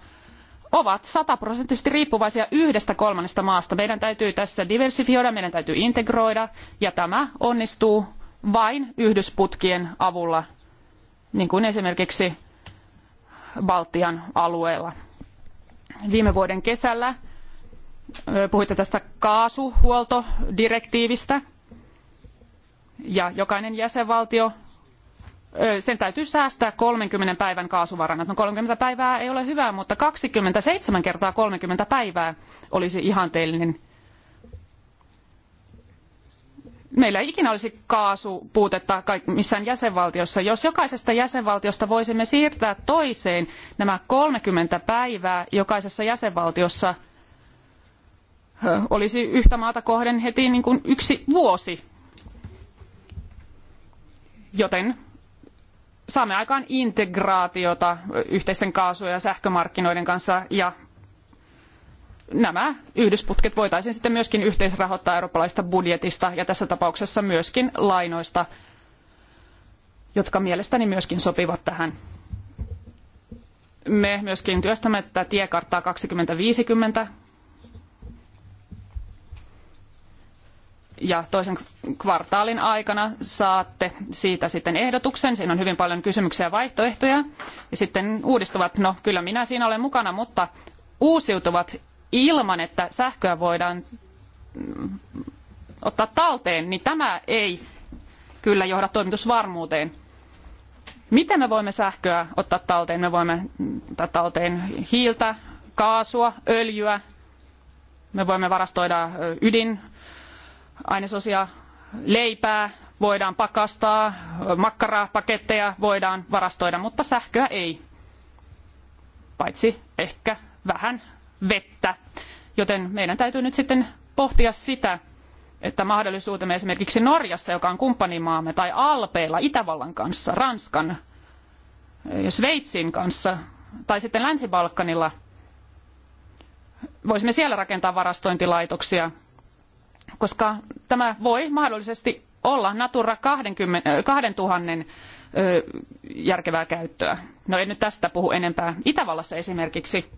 ovat sataprosenttisesti riippuvaisia yhdestä kolmannesta maasta. Meidän täytyy tässä diversifioida, meidän täytyy integroida ja tämä onnistuu vain yhdysputkien avulla – niin kuin esimerkiksi Baltian alueella. Viime vuoden kesällä puhuitte tästä kaasuhuoltodirektiivistä ja jokainen jäsenvaltio sen täytyy säästää 30 päivän kaasuvarannot. No 30 päivää ei ole hyvä, mutta 27 kertaa 30 päivää olisi ihanteellinen meillä ei ikinä olisi kaasupuutetta missään jäsenvaltiossa. Jos jokaisesta jäsenvaltiosta voisimme siirtää toiseen nämä 30 päivää jokaisessa jäsenvaltiossa, olisi yhtä maata kohden heti niin kuin yksi vuosi. Joten saamme aikaan integraatiota yhteisten kaasu- ja sähkömarkkinoiden kanssa ja nämä yhdysputket voitaisiin sitten myöskin yhteisrahoittaa eurooppalaisesta budjetista ja tässä tapauksessa myöskin lainoista, jotka mielestäni myöskin sopivat tähän. Me myöskin työstämme tätä tiekarttaa 2050 ja toisen kvartaalin aikana saatte siitä sitten ehdotuksen. Siinä on hyvin paljon kysymyksiä ja vaihtoehtoja. Ja sitten uudistuvat, no kyllä minä siinä olen mukana, mutta uusiutuvat ilman, että sähköä voidaan ottaa talteen, niin tämä ei kyllä johda toimitusvarmuuteen. Miten me voimme sähköä ottaa talteen? Me voimme ottaa talteen hiiltä, kaasua, öljyä. Me voimme varastoida ydin, ainesosia, leipää, voidaan pakastaa, makkarapaketteja voidaan varastoida, mutta sähköä ei. Paitsi ehkä vähän vettä. Joten meidän täytyy nyt sitten pohtia sitä, että mahdollisuutemme esimerkiksi Norjassa, joka on kumppanimaamme, tai Alpeilla, Itävallan kanssa, Ranskan ja Sveitsin kanssa, tai sitten Länsi-Balkanilla, voisimme siellä rakentaa varastointilaitoksia, koska tämä voi mahdollisesti olla Natura 20, 2000 järkevää käyttöä. No en nyt tästä puhu enempää. Itävallassa esimerkiksi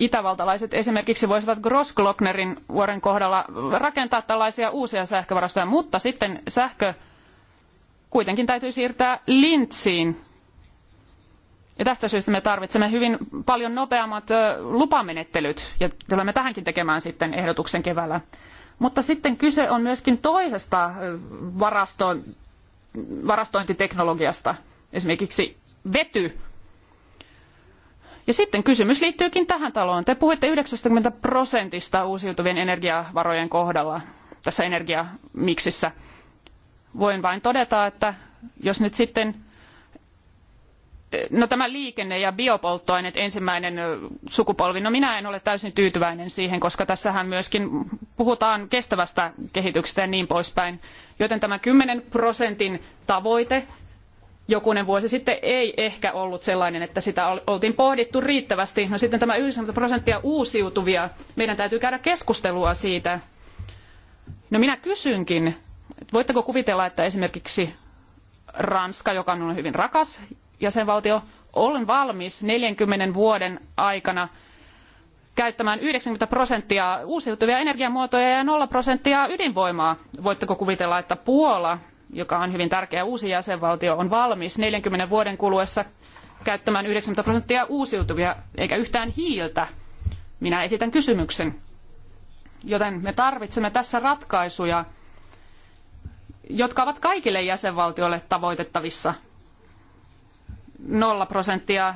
itävaltalaiset esimerkiksi voisivat Grossglocknerin vuoren kohdalla rakentaa tällaisia uusia sähkövarastoja, mutta sitten sähkö kuitenkin täytyy siirtää Lintsiin. Ja tästä syystä me tarvitsemme hyvin paljon nopeammat lupamenettelyt, ja tulemme tähänkin tekemään sitten ehdotuksen keväällä. Mutta sitten kyse on myöskin toisesta varasto, varastointiteknologiasta, esimerkiksi vety ja sitten kysymys liittyykin tähän taloon. Te puhuitte 90 prosentista uusiutuvien energiavarojen kohdalla tässä energiamiksissä. Voin vain todeta, että jos nyt sitten no tämä liikenne ja biopolttoaineet ensimmäinen sukupolvi, no minä en ole täysin tyytyväinen siihen, koska tässähän myöskin puhutaan kestävästä kehityksestä ja niin poispäin. Joten tämä kymmenen prosentin tavoite jokunen vuosi sitten ei ehkä ollut sellainen, että sitä oltiin pohdittu riittävästi. No sitten tämä 90 prosenttia uusiutuvia, meidän täytyy käydä keskustelua siitä. No minä kysynkin, voitteko kuvitella, että esimerkiksi Ranska, joka on minulle hyvin rakas jäsenvaltio, olen valmis 40 vuoden aikana käyttämään 90 prosenttia uusiutuvia energiamuotoja ja 0 prosenttia ydinvoimaa. Voitteko kuvitella, että Puola, joka on hyvin tärkeä uusi jäsenvaltio, on valmis 40 vuoden kuluessa käyttämään 90 prosenttia uusiutuvia eikä yhtään hiiltä. Minä esitän kysymyksen. Joten me tarvitsemme tässä ratkaisuja, jotka ovat kaikille jäsenvaltioille tavoitettavissa. Nolla prosenttia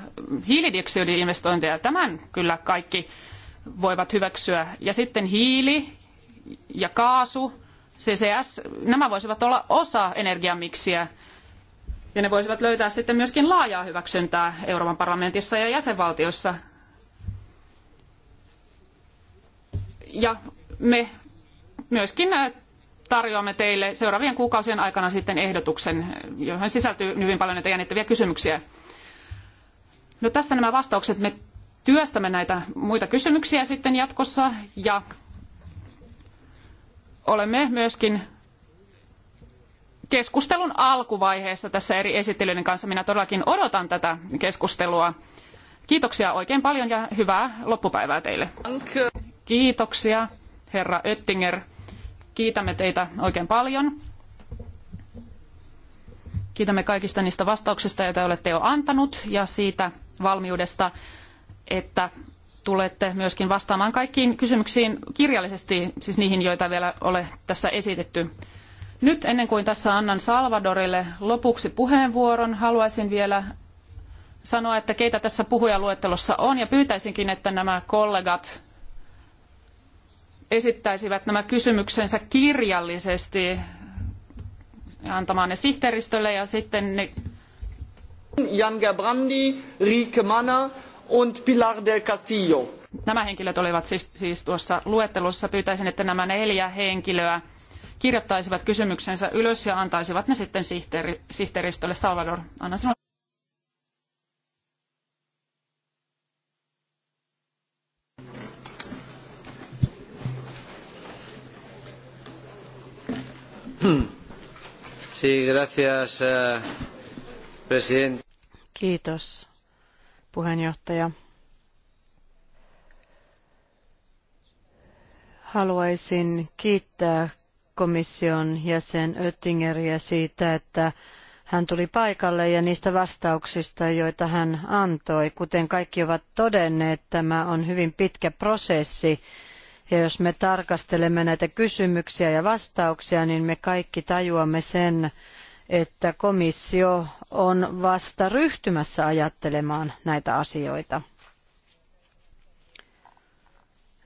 hiilidioksidiinvestointeja, tämän kyllä kaikki voivat hyväksyä. Ja sitten hiili ja kaasu, CCS, nämä voisivat olla osa energiamiksiä. Ja ne voisivat löytää sitten myöskin laajaa hyväksyntää Euroopan parlamentissa ja jäsenvaltioissa. Ja me myöskin äh, tarjoamme teille seuraavien kuukausien aikana sitten ehdotuksen, johon sisältyy hyvin paljon näitä jännittäviä kysymyksiä. No tässä nämä vastaukset. Me työstämme näitä muita kysymyksiä sitten jatkossa ja olemme myöskin keskustelun alkuvaiheessa tässä eri esittelyiden kanssa. Minä todellakin odotan tätä keskustelua. Kiitoksia oikein paljon ja hyvää loppupäivää teille. Kiitoksia, herra Öttinger. Kiitämme teitä oikein paljon. Kiitämme kaikista niistä vastauksista, joita olette jo antanut ja siitä valmiudesta, että tulette myöskin vastaamaan kaikkiin kysymyksiin kirjallisesti, siis niihin, joita vielä ole tässä esitetty. Nyt ennen kuin tässä annan Salvadorille lopuksi puheenvuoron, haluaisin vielä sanoa, että keitä tässä puhujaluettelossa on, ja pyytäisinkin, että nämä kollegat esittäisivät nämä kysymyksensä kirjallisesti antamaan ne sihteeristölle ja sitten ne... Jan Gerbrandi, Riike Manna, und Pilar del Castillo. Nämä henkilöt olivat siis, siis tuossa luettelossa. Pyytäisin, että nämä neljä henkilöä kirjoittaisivat kysymyksensä ylös ja antaisivat ne sitten sihteeri, sihteeristölle. Salvador, anna sinulle. Sí, gracias, eh, presidente. Kiitos puheenjohtaja. Haluaisin kiittää komission jäsen Oettingeriä siitä, että hän tuli paikalle ja niistä vastauksista, joita hän antoi. Kuten kaikki ovat todenneet, tämä on hyvin pitkä prosessi. Ja jos me tarkastelemme näitä kysymyksiä ja vastauksia, niin me kaikki tajuamme sen, että komissio on vasta ryhtymässä ajattelemaan näitä asioita.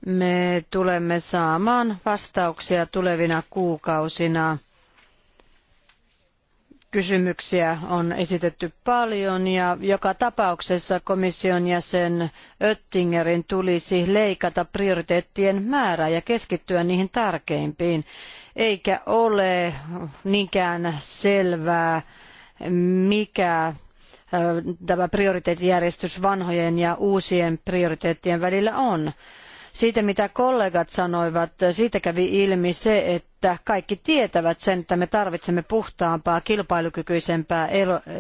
Me tulemme saamaan vastauksia tulevina kuukausina. Kysymyksiä on esitetty paljon ja joka tapauksessa komission jäsen Öttingerin tulisi leikata prioriteettien määrää ja keskittyä niihin tärkeimpiin, eikä ole niinkään selvää, mikä tämä prioriteettijärjestys vanhojen ja uusien prioriteettien välillä on. Siitä mitä kollegat sanoivat, siitä kävi ilmi se, että kaikki tietävät sen, että me tarvitsemme puhtaampaa, kilpailukykyisempää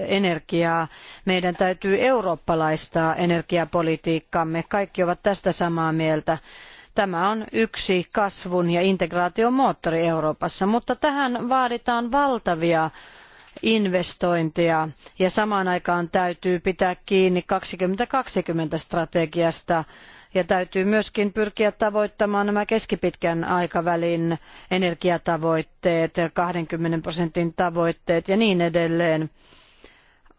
energiaa. Meidän täytyy eurooppalaistaa energiapolitiikkaamme. Kaikki ovat tästä samaa mieltä. Tämä on yksi kasvun ja integraation moottori Euroopassa, mutta tähän vaaditaan valtavia investointeja ja samaan aikaan täytyy pitää kiinni 2020 strategiasta ja täytyy myöskin pyrkiä tavoittamaan nämä keskipitkän aikavälin energiatavoitteet, 20 prosentin tavoitteet ja niin edelleen.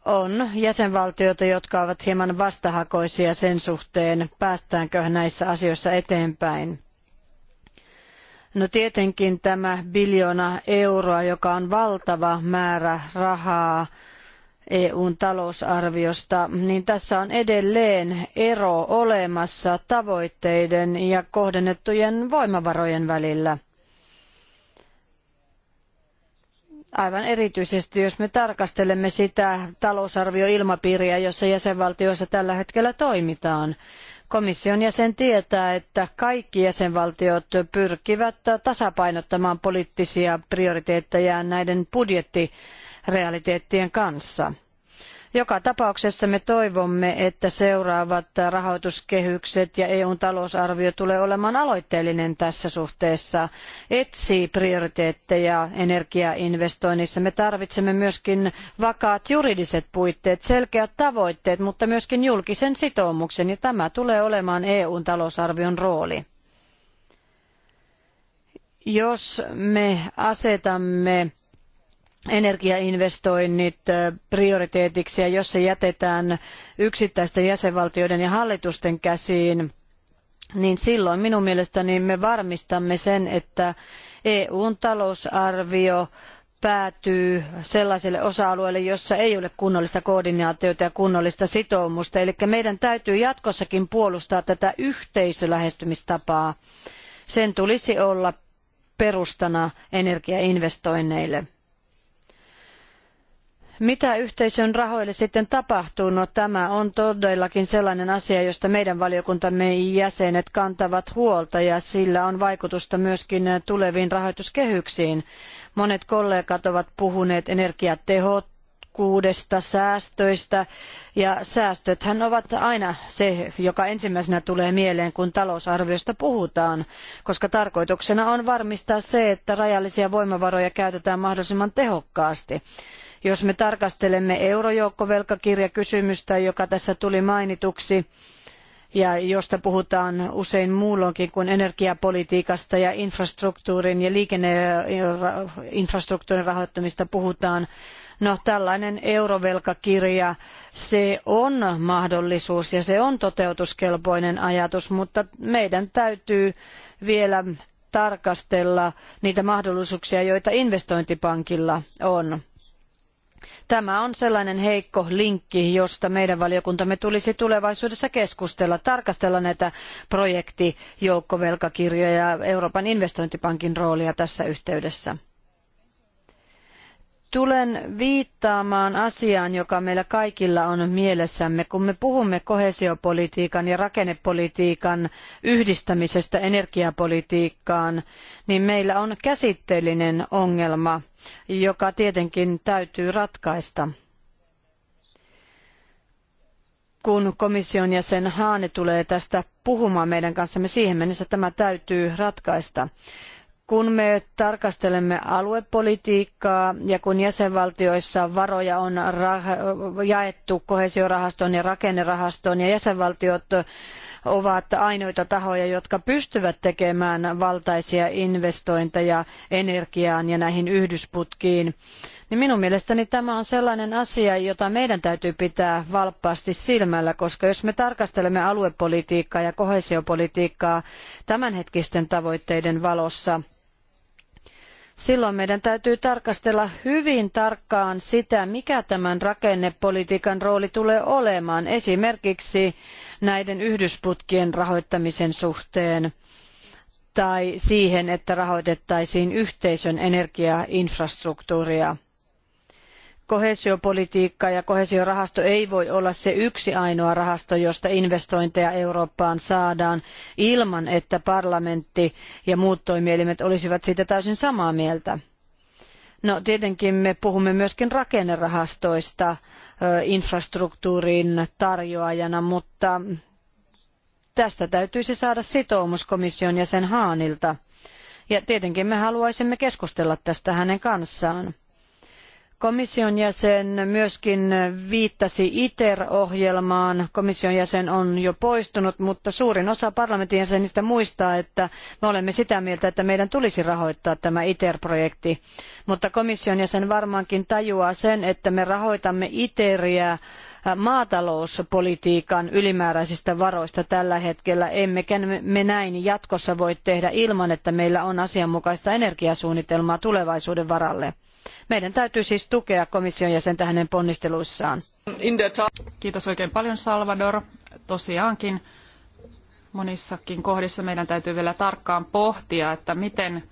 On jäsenvaltioita, jotka ovat hieman vastahakoisia sen suhteen, päästäänkö näissä asioissa eteenpäin. No tietenkin tämä biljoona euroa, joka on valtava määrä rahaa EUn talousarviosta, niin tässä on edelleen ero olemassa tavoitteiden ja kohdennettujen voimavarojen välillä. Aivan erityisesti, jos me tarkastelemme sitä talousarvioilmapiiriä, jossa jäsenvaltioissa tällä hetkellä toimitaan. Komission jäsen tietää, että kaikki jäsenvaltiot pyrkivät tasapainottamaan poliittisia prioriteettejaan näiden budjettirealiteettien kanssa. Joka tapauksessa me toivomme, että seuraavat rahoituskehykset ja EUn talousarvio tulee olemaan aloitteellinen tässä suhteessa, etsii prioriteetteja energiainvestoinnissa. Me tarvitsemme myöskin vakaat juridiset puitteet, selkeät tavoitteet, mutta myöskin julkisen sitoumuksen ja tämä tulee olemaan EUn talousarvion rooli jos me asetamme energiainvestoinnit prioriteetiksi ja jos se jätetään yksittäisten jäsenvaltioiden ja hallitusten käsiin, niin silloin minun mielestäni me varmistamme sen, että EUn talousarvio päätyy sellaiselle osa-alueelle, jossa ei ole kunnollista koordinaatiota ja kunnollista sitoumusta. Eli meidän täytyy jatkossakin puolustaa tätä yhteisölähestymistapaa. Sen tulisi olla perustana energiainvestoinneille. Mitä yhteisön rahoille sitten tapahtuu? No tämä on todellakin sellainen asia, josta meidän valiokuntamme jäsenet kantavat huolta ja sillä on vaikutusta myöskin tuleviin rahoituskehyksiin. Monet kollegat ovat puhuneet energiatehot tehokkuudesta, säästöistä. Ja säästöthän ovat aina se, joka ensimmäisenä tulee mieleen, kun talousarviosta puhutaan, koska tarkoituksena on varmistaa se, että rajallisia voimavaroja käytetään mahdollisimman tehokkaasti. Jos me tarkastelemme eurojoukkovelkakirjakysymystä, joka tässä tuli mainituksi, ja josta puhutaan usein muulloinkin kuin energiapolitiikasta ja infrastruktuurin ja liikenneinfrastruktuurin rahoittamista puhutaan. No tällainen eurovelkakirja, se on mahdollisuus ja se on toteutuskelpoinen ajatus, mutta meidän täytyy vielä tarkastella niitä mahdollisuuksia, joita investointipankilla on Tämä on sellainen heikko linkki, josta meidän valiokuntamme tulisi tulevaisuudessa keskustella, tarkastella näitä projektijoukkovelkakirjoja ja Euroopan investointipankin roolia tässä yhteydessä. Tulen viittaamaan asiaan, joka meillä kaikilla on mielessämme, kun me puhumme koheesiopolitiikan ja rakennepolitiikan yhdistämisestä energiapolitiikkaan, niin meillä on käsitteellinen ongelma, joka tietenkin täytyy ratkaista. Kun komission jäsen Haane tulee tästä puhumaan meidän kanssamme, siihen mennessä tämä täytyy ratkaista kun me tarkastelemme aluepolitiikkaa ja kun jäsenvaltioissa varoja on jaettu koheesiorahaston ja rakennerahastoon ja jäsenvaltiot ovat ainoita tahoja, jotka pystyvät tekemään valtaisia investointeja energiaan ja näihin yhdysputkiin, niin minun mielestäni tämä on sellainen asia, jota meidän täytyy pitää valppaasti silmällä, koska jos me tarkastelemme aluepolitiikkaa ja koheesiopolitiikkaa tämänhetkisten tavoitteiden valossa, silloin meidän täytyy tarkastella hyvin tarkkaan sitä, mikä tämän rakennepolitiikan rooli tulee olemaan, esimerkiksi näiden yhdysputkien rahoittamisen suhteen tai siihen, että rahoitettaisiin yhteisön energiainfrastruktuuria koheesiopolitiikka ja koheesiorahasto ei voi olla se yksi ainoa rahasto, josta investointeja Eurooppaan saadaan ilman, että parlamentti ja muut toimielimet olisivat siitä täysin samaa mieltä. No tietenkin me puhumme myöskin rakennerahastoista infrastruktuurin tarjoajana, mutta tästä täytyisi saada sitoumus komission jäsen Haanilta. Ja tietenkin me haluaisimme keskustella tästä hänen kanssaan. Komission jäsen myöskin viittasi ITER-ohjelmaan. Komission jäsen on jo poistunut, mutta suurin osa parlamentin jäsenistä muistaa, että me olemme sitä mieltä, että meidän tulisi rahoittaa tämä ITER-projekti. Mutta komission jäsen varmaankin tajuaa sen, että me rahoitamme ITERiä äh, maatalouspolitiikan ylimääräisistä varoista tällä hetkellä, emmekä me näin jatkossa voi tehdä ilman, että meillä on asianmukaista energiasuunnitelmaa tulevaisuuden varalle meidän täytyy siis tukea komission jäsentä hänen ponnisteluissaan. Kiitos oikein paljon Salvador. Tosiaankin monissakin kohdissa meidän täytyy vielä tarkkaan pohtia, että miten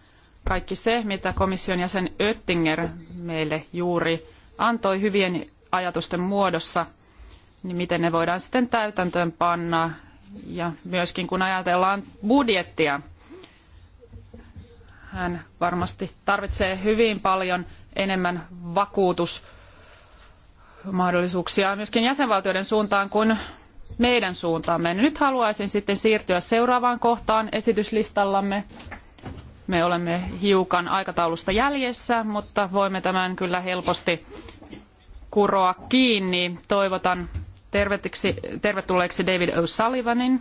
kaikki se, mitä komission jäsen Oettinger meille juuri antoi hyvien ajatusten muodossa, niin miten ne voidaan sitten täytäntöön panna. Ja myöskin kun ajatellaan budjettia, hän varmasti tarvitsee hyvin paljon enemmän vakuutusmahdollisuuksia myöskin jäsenvaltioiden suuntaan kuin meidän suuntaamme. Nyt haluaisin sitten siirtyä seuraavaan kohtaan esityslistallamme. Me olemme hiukan aikataulusta jäljessä, mutta voimme tämän kyllä helposti kuroa kiinni. Toivotan tervetulleeksi David O'Sullivanin.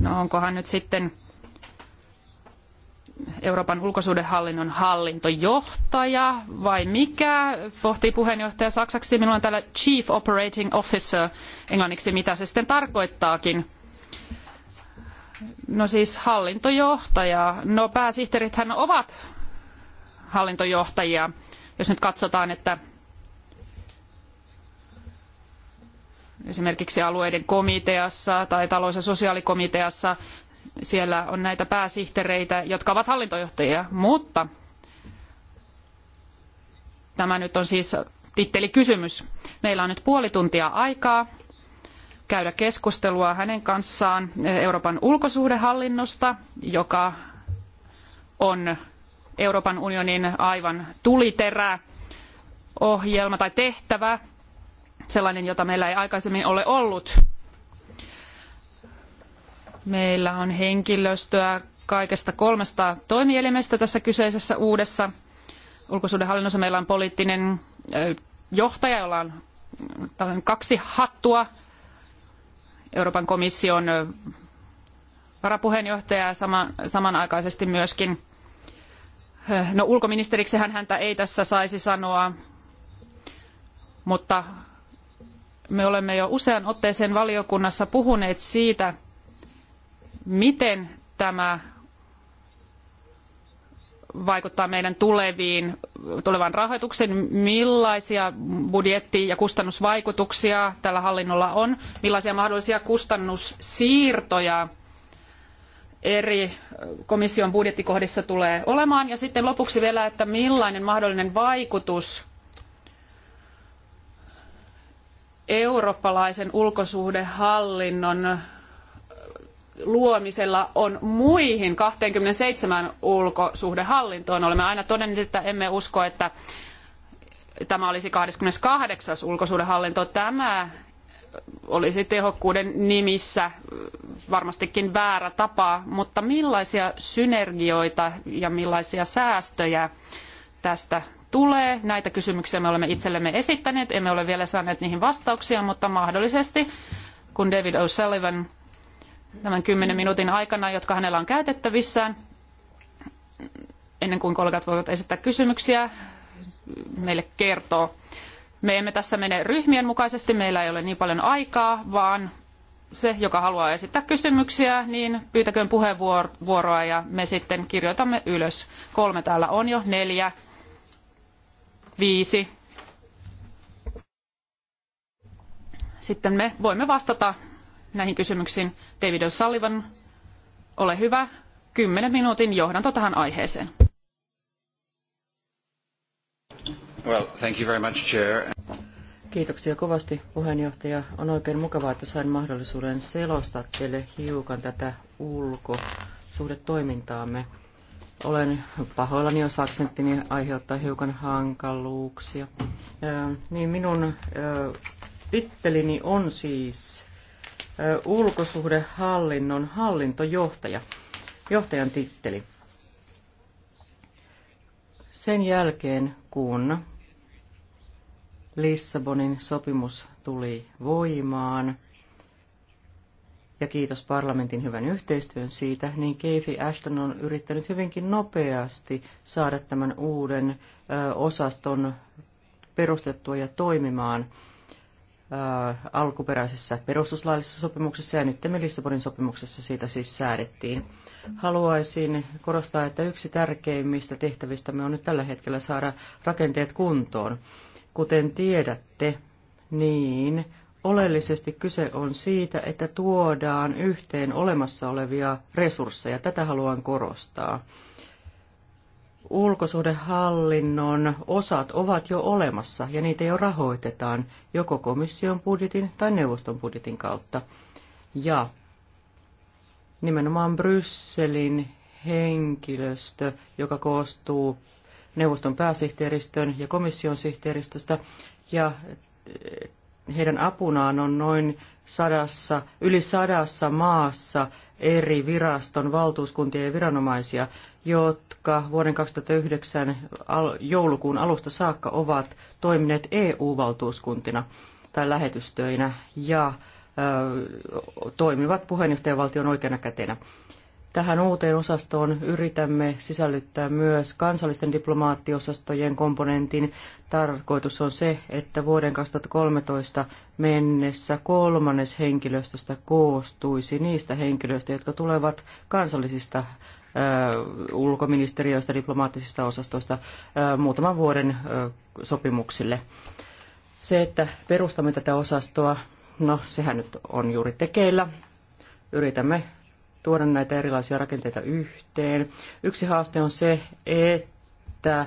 No onkohan nyt sitten Euroopan ulkosuudenhallinnon hallintojohtaja vai mikä, pohtii puheenjohtaja saksaksi. Minulla on täällä Chief Operating Officer englanniksi, mitä se sitten tarkoittaakin. No siis hallintojohtaja. No pääsihteerithän ovat hallintojohtajia. Jos nyt katsotaan, että esimerkiksi alueiden komiteassa tai talous- ja sosiaalikomiteassa siellä on näitä pääsihteereitä, jotka ovat hallintojohtajia, mutta tämä nyt on siis tittelikysymys. Meillä on nyt puoli tuntia aikaa käydä keskustelua hänen kanssaan Euroopan ulkosuhdehallinnosta, joka on Euroopan unionin aivan tuliterä ohjelma tai tehtävä, sellainen, jota meillä ei aikaisemmin ole ollut. Meillä on henkilöstöä kaikesta kolmesta toimielimestä tässä kyseisessä uudessa ulkosuudenhallinnossa. Meillä on poliittinen johtaja, jolla on kaksi hattua. Euroopan komission varapuheenjohtaja ja sama, samanaikaisesti myöskin no ulkoministeriksihän häntä ei tässä saisi sanoa, mutta me olemme jo usean otteeseen valiokunnassa puhuneet siitä, miten tämä vaikuttaa meidän tuleviin, tulevaan rahoitukseen, millaisia budjetti- ja kustannusvaikutuksia tällä hallinnolla on, millaisia mahdollisia kustannussiirtoja eri komission budjettikohdissa tulee olemaan. Ja sitten lopuksi vielä, että millainen mahdollinen vaikutus eurooppalaisen ulkosuhdehallinnon luomisella on muihin 27 ulkosuhdehallintoon. Olemme aina todenneet, että emme usko, että tämä olisi 28. ulkosuhdehallinto. Tämä olisi tehokkuuden nimissä varmastikin väärä tapa, mutta millaisia synergioita ja millaisia säästöjä tästä tulee? Näitä kysymyksiä me olemme itsellemme esittäneet, emme ole vielä saaneet niihin vastauksia, mutta mahdollisesti kun David O'Sullivan tämän kymmenen minuutin aikana, jotka hänellä on käytettävissään, ennen kuin kollegat voivat esittää kysymyksiä, meille kertoo. Me emme tässä mene ryhmien mukaisesti, meillä ei ole niin paljon aikaa, vaan se, joka haluaa esittää kysymyksiä, niin pyytäköön puheenvuoroa ja me sitten kirjoitamme ylös. Kolme täällä on jo, neljä, viisi. Sitten me voimme vastata näihin kysymyksiin. David O'Sullivan, ole hyvä. Kymmenen minuutin johdanto tähän aiheeseen. Well, thank you very much, Chair. Kiitoksia kovasti puheenjohtaja. On oikein mukavaa, että sain mahdollisuuden selostaa teille hiukan tätä ulkosuhdetoimintaamme. Olen pahoillani, jos aksenttini aiheuttaa hiukan hankaluuksia. Niin minun tittelini on siis ulkosuhdehallinnon hallintojohtaja, johtajan titteli. Sen jälkeen, kun Lissabonin sopimus tuli voimaan, ja kiitos parlamentin hyvän yhteistyön siitä, niin Keithy Ashton on yrittänyt hyvinkin nopeasti saada tämän uuden osaston perustettua ja toimimaan – Äh, alkuperäisessä perustuslaillisessa sopimuksessa ja nyt Lissabonin sopimuksessa siitä siis säädettiin. Haluaisin korostaa, että yksi tärkeimmistä tehtävistämme on nyt tällä hetkellä saada rakenteet kuntoon. Kuten tiedätte, niin oleellisesti kyse on siitä, että tuodaan yhteen olemassa olevia resursseja. Tätä haluan korostaa ulkosuhdehallinnon osat ovat jo olemassa ja niitä jo rahoitetaan joko komission budjetin tai neuvoston budjetin kautta. Ja nimenomaan Brysselin henkilöstö, joka koostuu neuvoston pääsihteeristön ja komission sihteeristöstä, ja eh, heidän apunaan on noin sadassa, yli sadassa maassa eri viraston valtuuskuntia ja viranomaisia, jotka vuoden 2009 joulukuun alusta saakka ovat toimineet EU-valtuuskuntina tai lähetystöinä ja toimivat puheenjohtajavaltion oikeana kätenä. Tähän uuteen osastoon yritämme sisällyttää myös kansallisten diplomaattiosastojen komponentin. Tarkoitus on se, että vuoden 2013 mennessä kolmannes henkilöstöstä koostuisi niistä henkilöistä, jotka tulevat kansallisista ulkoministeriöistä, diplomaattisista osastoista muutaman vuoden sopimuksille. Se, että perustamme tätä osastoa, no sehän nyt on juuri tekeillä. Yritämme tuoda näitä erilaisia rakenteita yhteen. Yksi haaste on se, että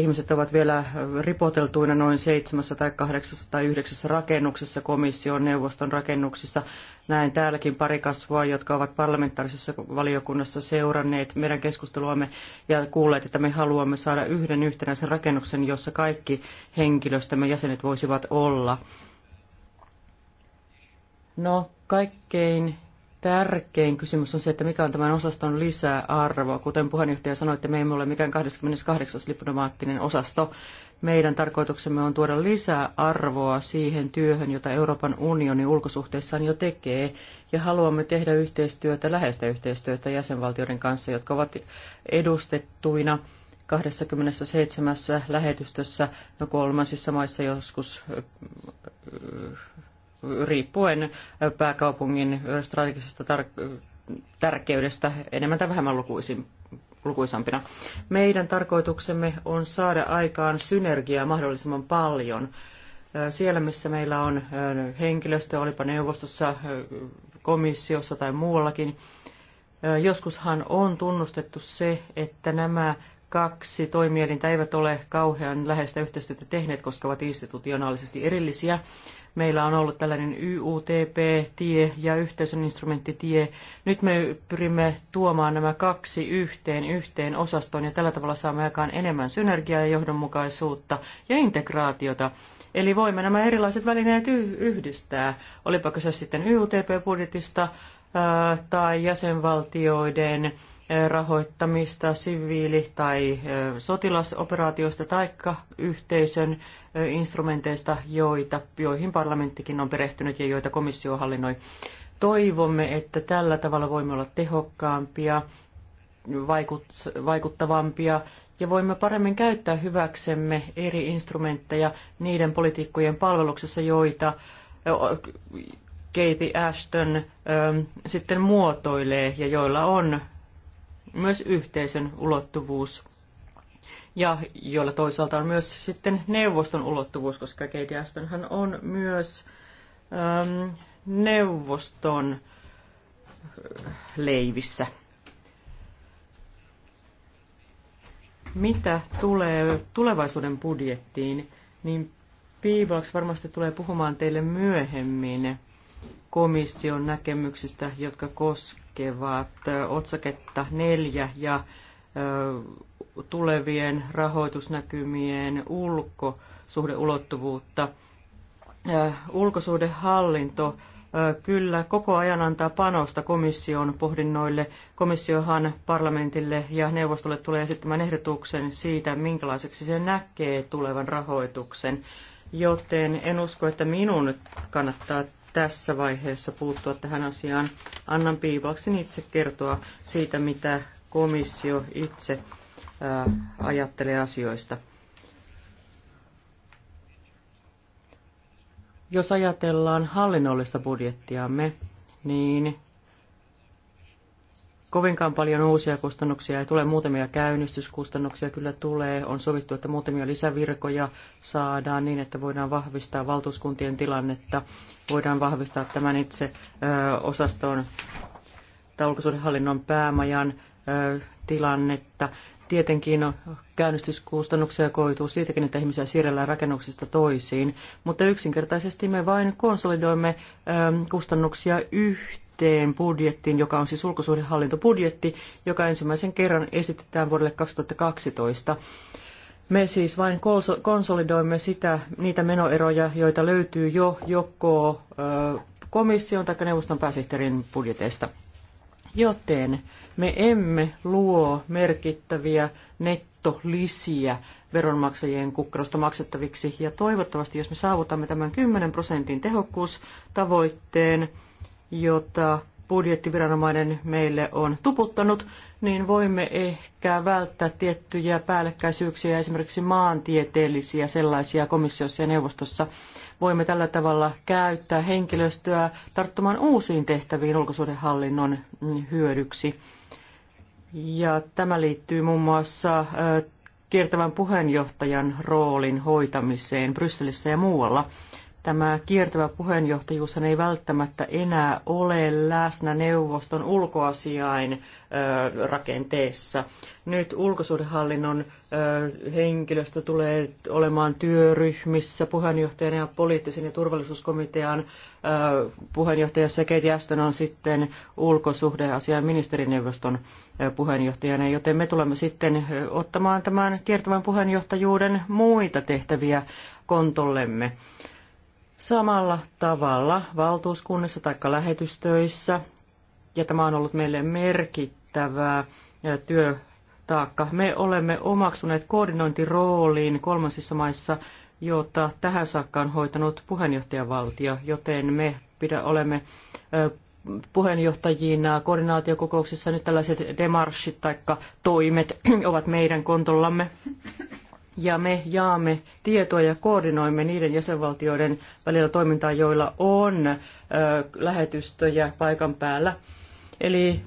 ihmiset ovat vielä ripoteltuina noin seitsemässä tai kahdeksassa tai yhdeksässä rakennuksessa, komission, neuvoston rakennuksissa. Näin täälläkin pari kasvua, jotka ovat parlamentaarisessa valiokunnassa seuranneet meidän keskusteluamme ja kuulleet, että me haluamme saada yhden yhtenäisen rakennuksen, jossa kaikki henkilöstömme jäsenet voisivat olla. No, kaikkein tärkein kysymys on se, että mikä on tämän osaston lisäarvo. Kuten puheenjohtaja sanoi, että me emme ole mikään 28. diplomaattinen osasto. Meidän tarkoituksemme on tuoda lisäarvoa siihen työhön, jota Euroopan unioni ulkosuhteissaan jo tekee, ja haluamme tehdä yhteistyötä, läheistä yhteistyötä jäsenvaltioiden kanssa, jotka ovat edustettuina 27 lähetystössä, no kolmansissa maissa joskus riippuen pääkaupungin strategisesta tärkeydestä enemmän tai vähemmän lukuisin, lukuisampina. Meidän tarkoituksemme on saada aikaan synergiaa mahdollisimman paljon. Siellä, missä meillä on henkilöstö, olipa neuvostossa, komissiossa tai muuallakin, joskushan on tunnustettu se, että nämä kaksi toimielintä eivät ole kauhean läheistä yhteistyötä tehneet, koska ovat institutionaalisesti erillisiä. Meillä on ollut tällainen YUTP-tie ja yhteisön instrumenttitie. Nyt me pyrimme tuomaan nämä kaksi yhteen yhteen osastoon ja tällä tavalla saamme aikaan enemmän synergiaa ja johdonmukaisuutta ja integraatiota. Eli voimme nämä erilaiset välineet yhdistää, olipa kyse sitten YUTP-budjetista tai jäsenvaltioiden rahoittamista siviili- tai sotilasoperaatioista taikka yhteisön instrumenteista, joita, joihin parlamenttikin on perehtynyt ja joita komissio hallinnoi. Toivomme, että tällä tavalla voimme olla tehokkaampia, vaikuttavampia ja voimme paremmin käyttää hyväksemme eri instrumentteja niiden politiikkojen palveluksessa, joita Katie Ashton sitten muotoilee ja joilla on myös yhteisön ulottuvuus, ja joilla toisaalta on myös sitten neuvoston ulottuvuus, koska gds hän on myös äm, neuvoston äh, leivissä. Mitä tulee tulevaisuuden budjettiin, niin Piibox varmasti tulee puhumaan teille myöhemmin komission näkemyksistä, jotka koskevat koskevat otsaketta neljä ja tulevien rahoitusnäkymien ulkosuhdeulottuvuutta. Ulkosuhdehallinto kyllä koko ajan antaa panosta komission pohdinnoille. Komissiohan parlamentille ja neuvostolle tulee esittämään ehdotuksen siitä, minkälaiseksi se näkee tulevan rahoituksen. Joten en usko, että minun kannattaa tässä vaiheessa puuttua tähän asiaan. Annan piivauksen itse kertoa siitä, mitä komissio itse äh, ajattelee asioista. Jos ajatellaan hallinnollista budjettiamme, niin kovinkaan paljon uusia kustannuksia ei tule. Muutamia käynnistyskustannuksia kyllä tulee. On sovittu, että muutamia lisävirkoja saadaan niin, että voidaan vahvistaa valtuuskuntien tilannetta. Voidaan vahvistaa tämän itse ö, osaston taulukosuudenhallinnon päämajan ö, tilannetta. Tietenkin käynnistyskustannuksia koituu siitäkin, että ihmisiä siirrellään rakennuksista toisiin, mutta yksinkertaisesti me vain konsolidoimme kustannuksia yhteen yhteen budjettiin, joka on siis ulkosuhdehallintobudjetti, joka ensimmäisen kerran esitetään vuodelle 2012. Me siis vain konsolidoimme sitä, niitä menoeroja, joita löytyy jo joko komission tai neuvoston pääsihteerin budjeteista. Joten me emme luo merkittäviä nettolisiä veronmaksajien kukkarosta maksettaviksi. Ja toivottavasti, jos me saavutamme tämän 10 prosentin tehokkuustavoitteen, jota budjettiviranomainen meille on tuputtanut, niin voimme ehkä välttää tiettyjä päällekkäisyyksiä, esimerkiksi maantieteellisiä sellaisia komissiossa ja neuvostossa. Voimme tällä tavalla käyttää henkilöstöä tarttumaan uusiin tehtäviin ulkosuhdehallinnon hyödyksi. Ja tämä liittyy muun muassa kiertävän puheenjohtajan roolin hoitamiseen Brysselissä ja muualla tämä kiertävä puheenjohtajuus ei välttämättä enää ole läsnä neuvoston ulkoasiain rakenteessa. Nyt ulkosuhdehallinnon henkilöstö tulee olemaan työryhmissä puheenjohtajana ja poliittisen ja turvallisuuskomitean puheenjohtaja Seketi Aston on sitten ulkosuhdeasian ministerineuvoston puheenjohtajana, joten me tulemme sitten ottamaan tämän kiertävän puheenjohtajuuden muita tehtäviä kontollemme samalla tavalla valtuuskunnissa tai lähetystöissä, ja tämä on ollut meille merkittävää työtaakka. Me olemme omaksuneet koordinointirooliin kolmansissa maissa, jota tähän saakka on hoitanut puheenjohtajavaltio, joten me pidä, olemme puheenjohtajina koordinaatiokokouksissa nyt tällaiset demarssit tai toimet ovat meidän kontollamme ja me jaamme tietoa ja koordinoimme niiden jäsenvaltioiden välillä toimintaa, joilla on ö, lähetystöjä paikan päällä. Eli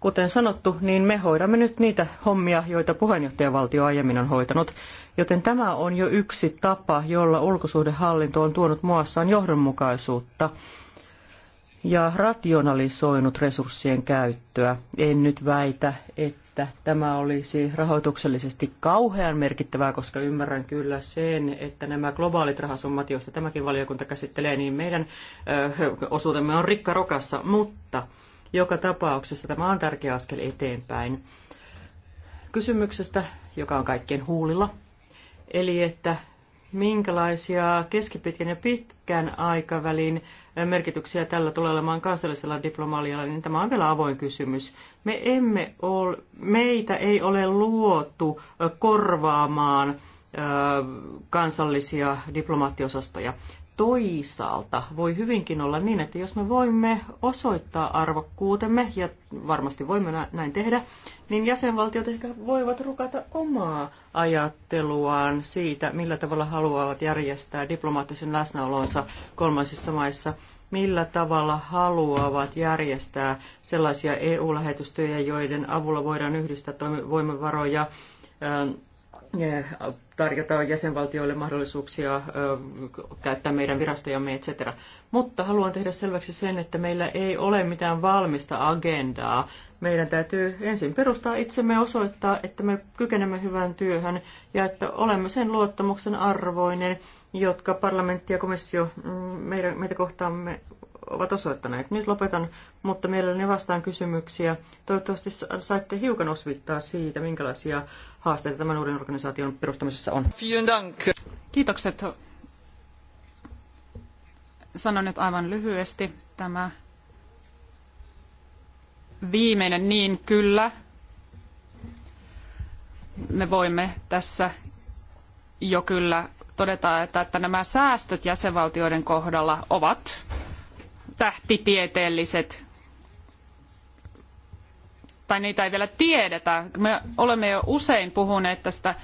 kuten sanottu, niin me hoidamme nyt niitä hommia, joita puheenjohtajavaltio aiemmin on hoitanut. Joten tämä on jo yksi tapa, jolla ulkosuhdehallinto on tuonut muassaan johdonmukaisuutta ja rationalisoinut resurssien käyttöä. En nyt väitä, että että tämä olisi rahoituksellisesti kauhean merkittävää, koska ymmärrän kyllä sen, että nämä globaalit rahasummat, joista tämäkin valiokunta käsittelee, niin meidän osuutemme on rikkarokassa, mutta joka tapauksessa tämä on tärkeä askel eteenpäin. Kysymyksestä, joka on kaikkien huulilla, eli että minkälaisia keskipitkän ja pitkän aikavälin merkityksiä tällä tulee olemaan kansallisella diplomatialla, niin tämä on vielä avoin kysymys. Me emme ole, meitä ei ole luotu korvaamaan kansallisia diplomaattiosastoja toisaalta voi hyvinkin olla niin, että jos me voimme osoittaa arvokkuutemme, ja varmasti voimme näin tehdä, niin jäsenvaltiot ehkä voivat rukata omaa ajatteluaan siitä, millä tavalla haluavat järjestää diplomaattisen läsnäolonsa kolmansissa maissa, millä tavalla haluavat järjestää sellaisia EU-lähetystöjä, joiden avulla voidaan yhdistää voimavaroja tarjota jäsenvaltioille mahdollisuuksia käyttää meidän virastojamme, etc. Mutta haluan tehdä selväksi sen, että meillä ei ole mitään valmista agendaa. Meidän täytyy ensin perustaa itsemme osoittaa, että me kykenemme hyvään työhön ja että olemme sen luottamuksen arvoinen, jotka parlamentti ja komissio mm, meidän, meitä kohtaamme ovat osoittaneet. Nyt lopetan, mutta mielelläni vastaan kysymyksiä. Toivottavasti saitte hiukan osvittaa siitä, minkälaisia haasteita tämän uuden organisaation perustamisessa on. Kiitokset. Sanon nyt aivan lyhyesti tämä viimeinen niin kyllä. Me voimme tässä jo kyllä todeta, että, että nämä säästöt jäsenvaltioiden kohdalla ovat tähtitieteelliset tai niitä ei vielä tiedetä. Me olemme jo usein puhuneet tästä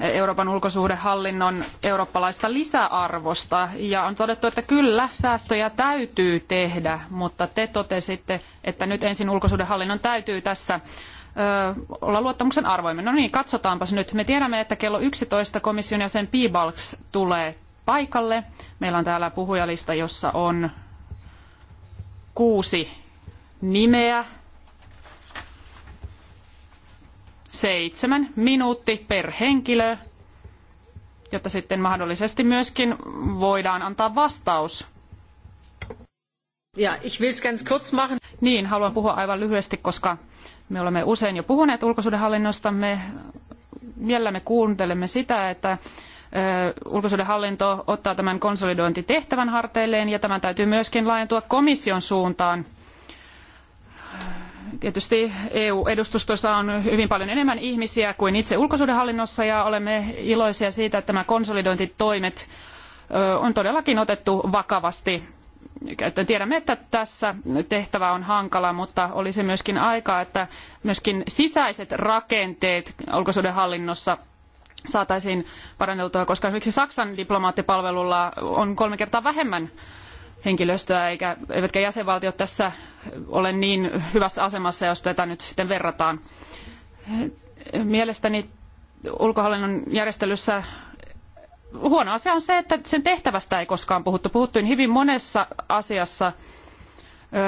Euroopan ulkosuhdehallinnon eurooppalaista lisäarvosta ja on todettu, että kyllä säästöjä täytyy tehdä, mutta te totesitte, että nyt ensin ulkosuhdehallinnon täytyy tässä olla luottamuksen arvoimme. No niin, katsotaanpas nyt. Me tiedämme, että kello 11 komission jäsen Piibalks tulee paikalle. Meillä on täällä puhujalista, jossa on kuusi nimeä. seitsemän minuutti per henkilö, jotta sitten mahdollisesti myöskin voidaan antaa vastaus. Ja, ich will's ganz kurz machen. Niin, haluan puhua aivan lyhyesti, koska me olemme usein jo puhuneet ulkosuudenhallinnosta. Me vielä kuuntelemme sitä, että ulkosuudenhallinto ottaa tämän konsolidointitehtävän harteilleen ja tämän täytyy myöskin laajentua komission suuntaan – Tietysti EU-edustustossa on hyvin paljon enemmän ihmisiä kuin itse ulkosuudenhallinnossa ja olemme iloisia siitä, että nämä konsolidointitoimet on todellakin otettu vakavasti. Tiedämme, että tässä tehtävä on hankala, mutta olisi myöskin aika, että myöskin sisäiset rakenteet ulkosuudenhallinnossa saataisiin paranneltua, koska esimerkiksi Saksan diplomaattipalvelulla on kolme kertaa vähemmän henkilöstöä, eikä, eivätkä jäsenvaltiot tässä ole niin hyvässä asemassa, jos tätä nyt sitten verrataan. Mielestäni ulkohallinnon järjestelyssä huono asia on se, että sen tehtävästä ei koskaan puhuttu. Puhuttiin hyvin monessa asiassa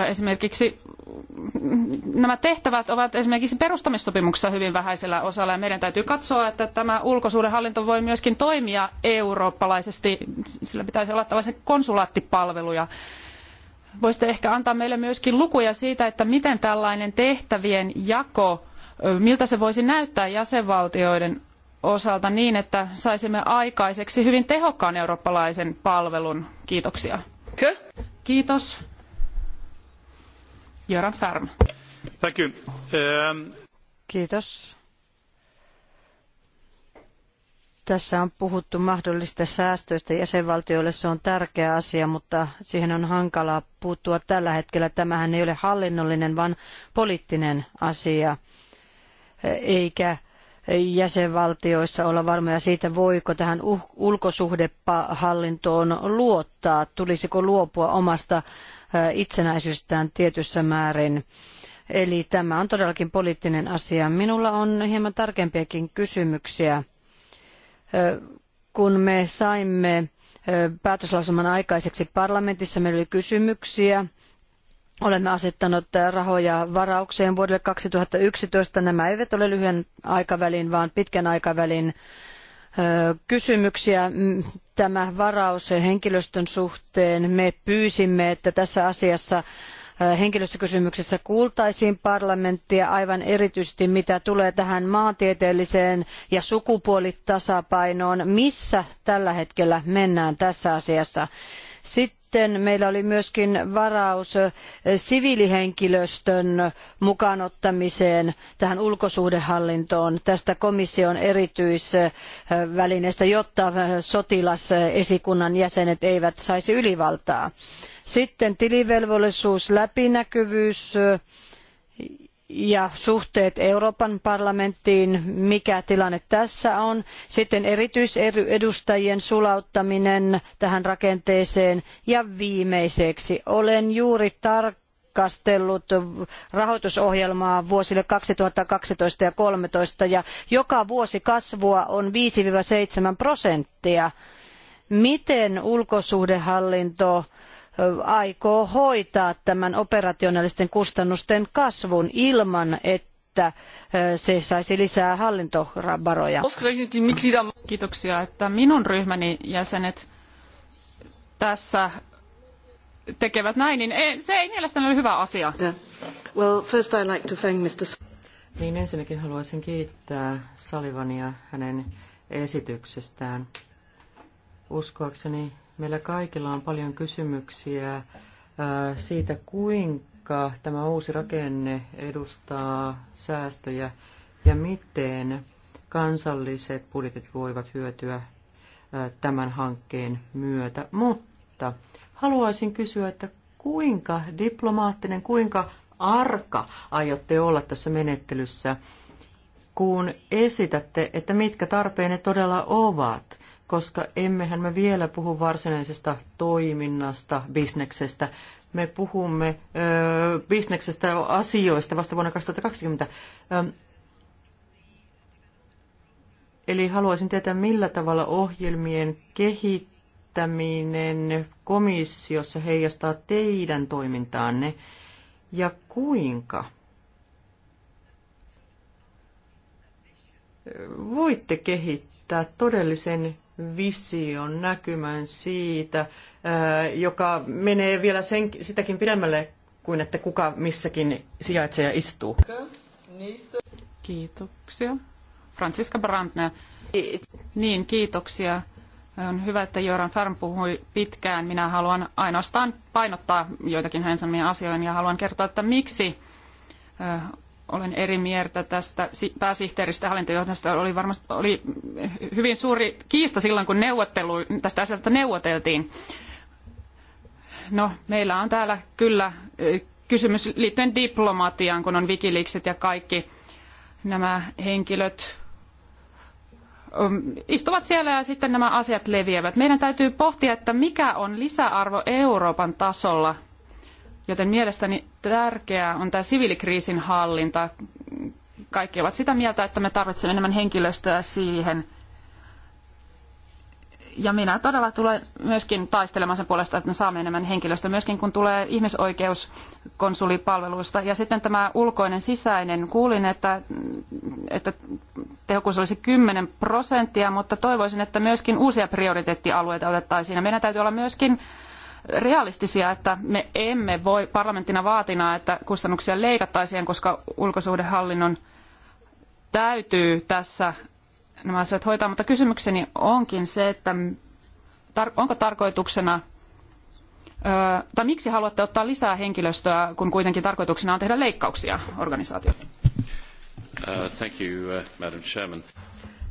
esimerkiksi nämä tehtävät ovat esimerkiksi perustamissopimuksessa hyvin vähäisellä osalla ja meidän täytyy katsoa, että tämä ulkosuudenhallinto voi myöskin toimia eurooppalaisesti. Sillä pitäisi olla tällaisia konsulaattipalveluja. Voisitte ehkä antaa meille myöskin lukuja siitä, että miten tällainen tehtävien jako, miltä se voisi näyttää jäsenvaltioiden osalta niin, että saisimme aikaiseksi hyvin tehokkaan eurooppalaisen palvelun. Kiitoksia. Kiitos. Göran Färm. Thank you. Um... Kiitos. Tässä on puhuttu mahdollisista säästöistä jäsenvaltioille, se on tärkeä asia, mutta siihen on hankalaa puuttua tällä hetkellä. Tämähän ei ole hallinnollinen, vaan poliittinen asia, eikä jäsenvaltioissa olla varmoja siitä, voiko tähän ulkosuhdehallintoon luottaa, tulisiko luopua omasta itsenäisyystään tietyssä määrin. Eli tämä on todellakin poliittinen asia. Minulla on hieman tarkempiakin kysymyksiä. Kun me saimme päätöslauselman aikaiseksi parlamentissa, meillä oli kysymyksiä. Olemme asettaneet rahoja varaukseen vuodelle 2011. Nämä eivät ole lyhyen aikavälin, vaan pitkän aikavälin kysymyksiä tämä varaus henkilöstön suhteen. Me pyysimme, että tässä asiassa henkilöstökysymyksessä kuultaisiin parlamenttia aivan erityisesti mitä tulee tähän maantieteelliseen ja sukupuolitasapainoon missä tällä hetkellä mennään tässä asiassa. Sitten meillä oli myöskin varaus siviilihenkilöstön mukaanottamiseen tähän ulkosuhdehallintoon tästä komission erityisvälineestä, jotta sotilasesikunnan jäsenet eivät saisi ylivaltaa. Sitten tilivelvollisuus, läpinäkyvyys, ja suhteet Euroopan parlamenttiin, mikä tilanne tässä on. Sitten erityisedustajien sulauttaminen tähän rakenteeseen ja viimeiseksi olen juuri tarkastellut rahoitusohjelmaa vuosille 2012 ja 2013 ja joka vuosi kasvua on 5-7 prosenttia. Miten ulkosuhdehallinto aikoo hoitaa tämän operationaalisten kustannusten kasvun ilman, että se saisi lisää hallintovaroja. Kiitoksia, että minun ryhmäni jäsenet tässä tekevät näin, niin ei, se ei mielestäni ole hyvä asia. Yeah. Well, first I like to thank Mr. Niin ensinnäkin haluaisin kiittää Salivania hänen esityksestään. Uskoakseni Meillä kaikilla on paljon kysymyksiä äh, siitä, kuinka tämä uusi rakenne edustaa säästöjä ja miten kansalliset budjetit voivat hyötyä äh, tämän hankkeen myötä. Mutta haluaisin kysyä, että kuinka diplomaattinen, kuinka arka aiotte olla tässä menettelyssä, kun esitätte, että mitkä tarpeenne todella ovat? koska emmehän me vielä puhu varsinaisesta toiminnasta, bisneksestä. Me puhumme ö, bisneksestä asioista vasta vuonna 2020. Ö, eli haluaisin tietää, millä tavalla ohjelmien kehittäminen komissiossa heijastaa teidän toimintaanne ja kuinka? Voitte kehittää todellisen vision, näkymän siitä, äh, joka menee vielä sen, sitäkin pidemmälle kuin että kuka missäkin sijaitsee ja istuu. Kiitoksia. Franziska Brandner. Niin, kiitoksia. On hyvä, että Joran Färm puhui pitkään. Minä haluan ainoastaan painottaa joitakin hänen sanomia asioita ja haluan kertoa, että miksi äh, olen eri mieltä tästä pääsihteeristä hallintojohdosta. Oli, varmasti, oli hyvin suuri kiista silloin, kun neuvottelu, tästä asiasta neuvoteltiin. No, meillä on täällä kyllä kysymys liittyen diplomatiaan, kun on Wikileaksit ja kaikki nämä henkilöt um, istuvat siellä ja sitten nämä asiat leviävät. Meidän täytyy pohtia, että mikä on lisäarvo Euroopan tasolla – Joten mielestäni tärkeää on tämä siviilikriisin hallinta. Kaikki ovat sitä mieltä, että me tarvitsemme enemmän henkilöstöä siihen. Ja minä todella tulen myöskin taistelemaan sen puolesta, että me saamme enemmän henkilöstöä, myöskin kun tulee ihmisoikeuskonsulipalveluista. Ja sitten tämä ulkoinen sisäinen, kuulin, että, että tehokkuus olisi 10 prosenttia, mutta toivoisin, että myöskin uusia prioriteettialueita otettaisiin. Ja meidän täytyy olla myöskin realistisia, että me emme voi parlamenttina vaatina, että kustannuksia leikattaisiin, koska ulkosuhdehallinnon täytyy tässä nämä asiat hoitaa. Mutta kysymykseni onkin se, että onko tarkoituksena tai miksi haluatte ottaa lisää henkilöstöä, kun kuitenkin tarkoituksena on tehdä leikkauksia organisaatioon? Uh, thank you, uh, Madam Chairman.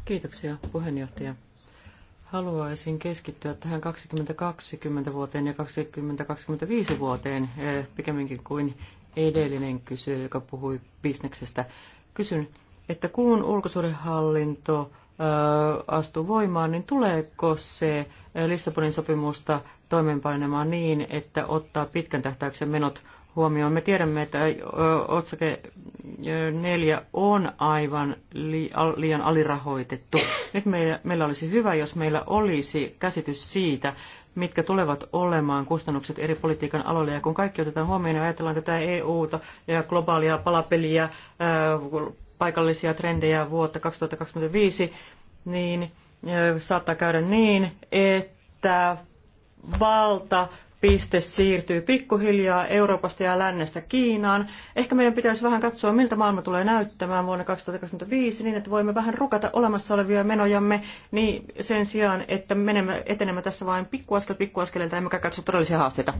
Kiitoksia puheenjohtaja. Haluaisin keskittyä tähän 2020 vuoteen ja 2025 vuoteen pikemminkin kuin edellinen kysyjä, joka puhui bisneksestä. Kysyn, että kun ulkosuhdehallinto eh, astuu voimaan, niin tuleeko se eh, Lissabonin sopimusta toimeenpanemaan niin, että ottaa pitkän tähtäyksen menot huomioon. Me tiedämme, että otsake 4 on aivan liian alirahoitettu. Nyt meillä, olisi hyvä, jos meillä olisi käsitys siitä, mitkä tulevat olemaan kustannukset eri politiikan aloilla. Ja kun kaikki otetaan huomioon ja ajatellaan tätä EUta ja globaalia palapeliä, paikallisia trendejä vuotta 2025, niin saattaa käydä niin, että valta Piste siirtyy pikkuhiljaa Euroopasta ja lännestä Kiinaan. Ehkä meidän pitäisi vähän katsoa, miltä maailma tulee näyttämään vuonna 2025, niin että voimme vähän rukata olemassa olevia menojamme niin sen sijaan, että menemme, etenemme tässä vain pikkuaskel pikkuaskeleelta, emmekä katso todellisia haasteita.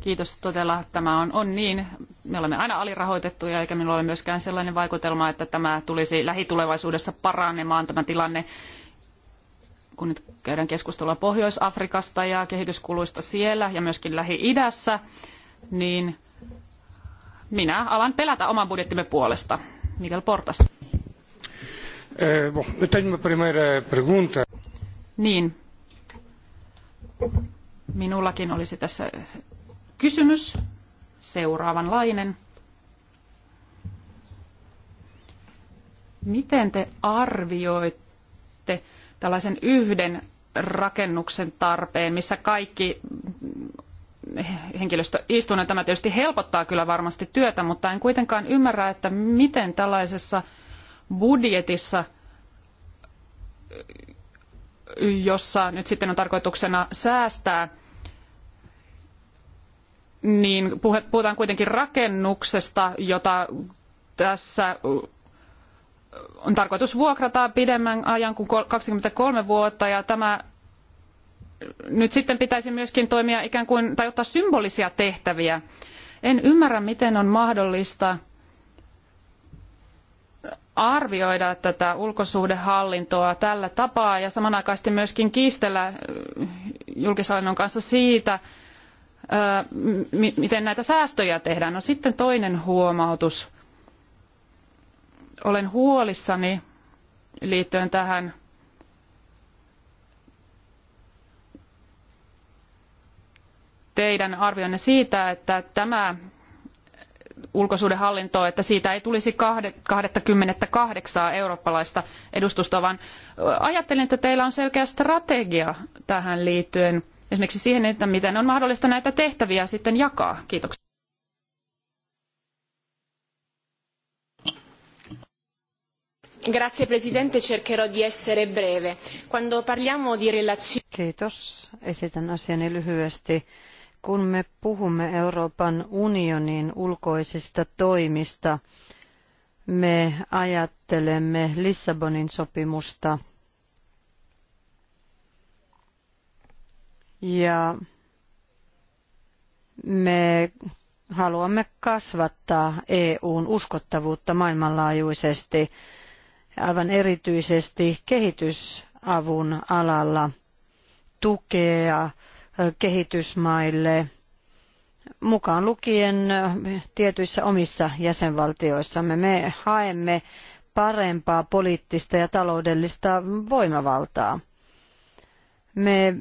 Kiitos todella. Tämä on, on niin. Me olemme aina alirahoitettuja, eikä minulla ole myöskään sellainen vaikutelma, että tämä tulisi lähitulevaisuudessa paranemaan tämä tilanne kun nyt käydään keskustelua Pohjois-Afrikasta ja kehityskuluista siellä ja myöskin Lähi-idässä, niin minä alan pelätä oman budjettimme puolesta. Miguel Portas. Eh, bon, niin. Minullakin olisi tässä kysymys seuraavanlainen. Miten te arvioitte tällaisen yhden rakennuksen tarpeen, missä kaikki henkilöstö istuu. No, tämä tietysti helpottaa kyllä varmasti työtä, mutta en kuitenkaan ymmärrä, että miten tällaisessa budjetissa, jossa nyt sitten on tarkoituksena säästää, niin puhutaan kuitenkin rakennuksesta, jota tässä on tarkoitus vuokrata pidemmän ajan kuin 23 vuotta ja tämä nyt sitten pitäisi myöskin toimia ikään kuin tai ottaa symbolisia tehtäviä. En ymmärrä, miten on mahdollista arvioida tätä ulkosuhdehallintoa tällä tapaa ja samanaikaisesti myöskin kiistellä äh, julkishallinnon kanssa siitä, äh, miten näitä säästöjä tehdään. No sitten toinen huomautus olen huolissani liittyen tähän teidän arvionne siitä, että tämä ulkosuudenhallinto, että siitä ei tulisi 28 eurooppalaista edustusta, vaan ajattelin, että teillä on selkeä strategia tähän liittyen, esimerkiksi siihen, että miten on mahdollista näitä tehtäviä sitten jakaa. Kiitoksia. Grazie Presidente, cercherò di essere breve. Quando parliamo di relazioni... Kiitos. Esitän asiani lyhyesti. Kun me puhumme Euroopan unionin ulkoisista toimista, me ajattelemme Lissabonin sopimusta ja me haluamme kasvattaa EUn uskottavuutta maailmanlaajuisesti – aivan erityisesti kehitysavun alalla tukea kehitysmaille mukaan lukien tietyissä omissa jäsenvaltioissamme. Me haemme parempaa poliittista ja taloudellista voimavaltaa. Me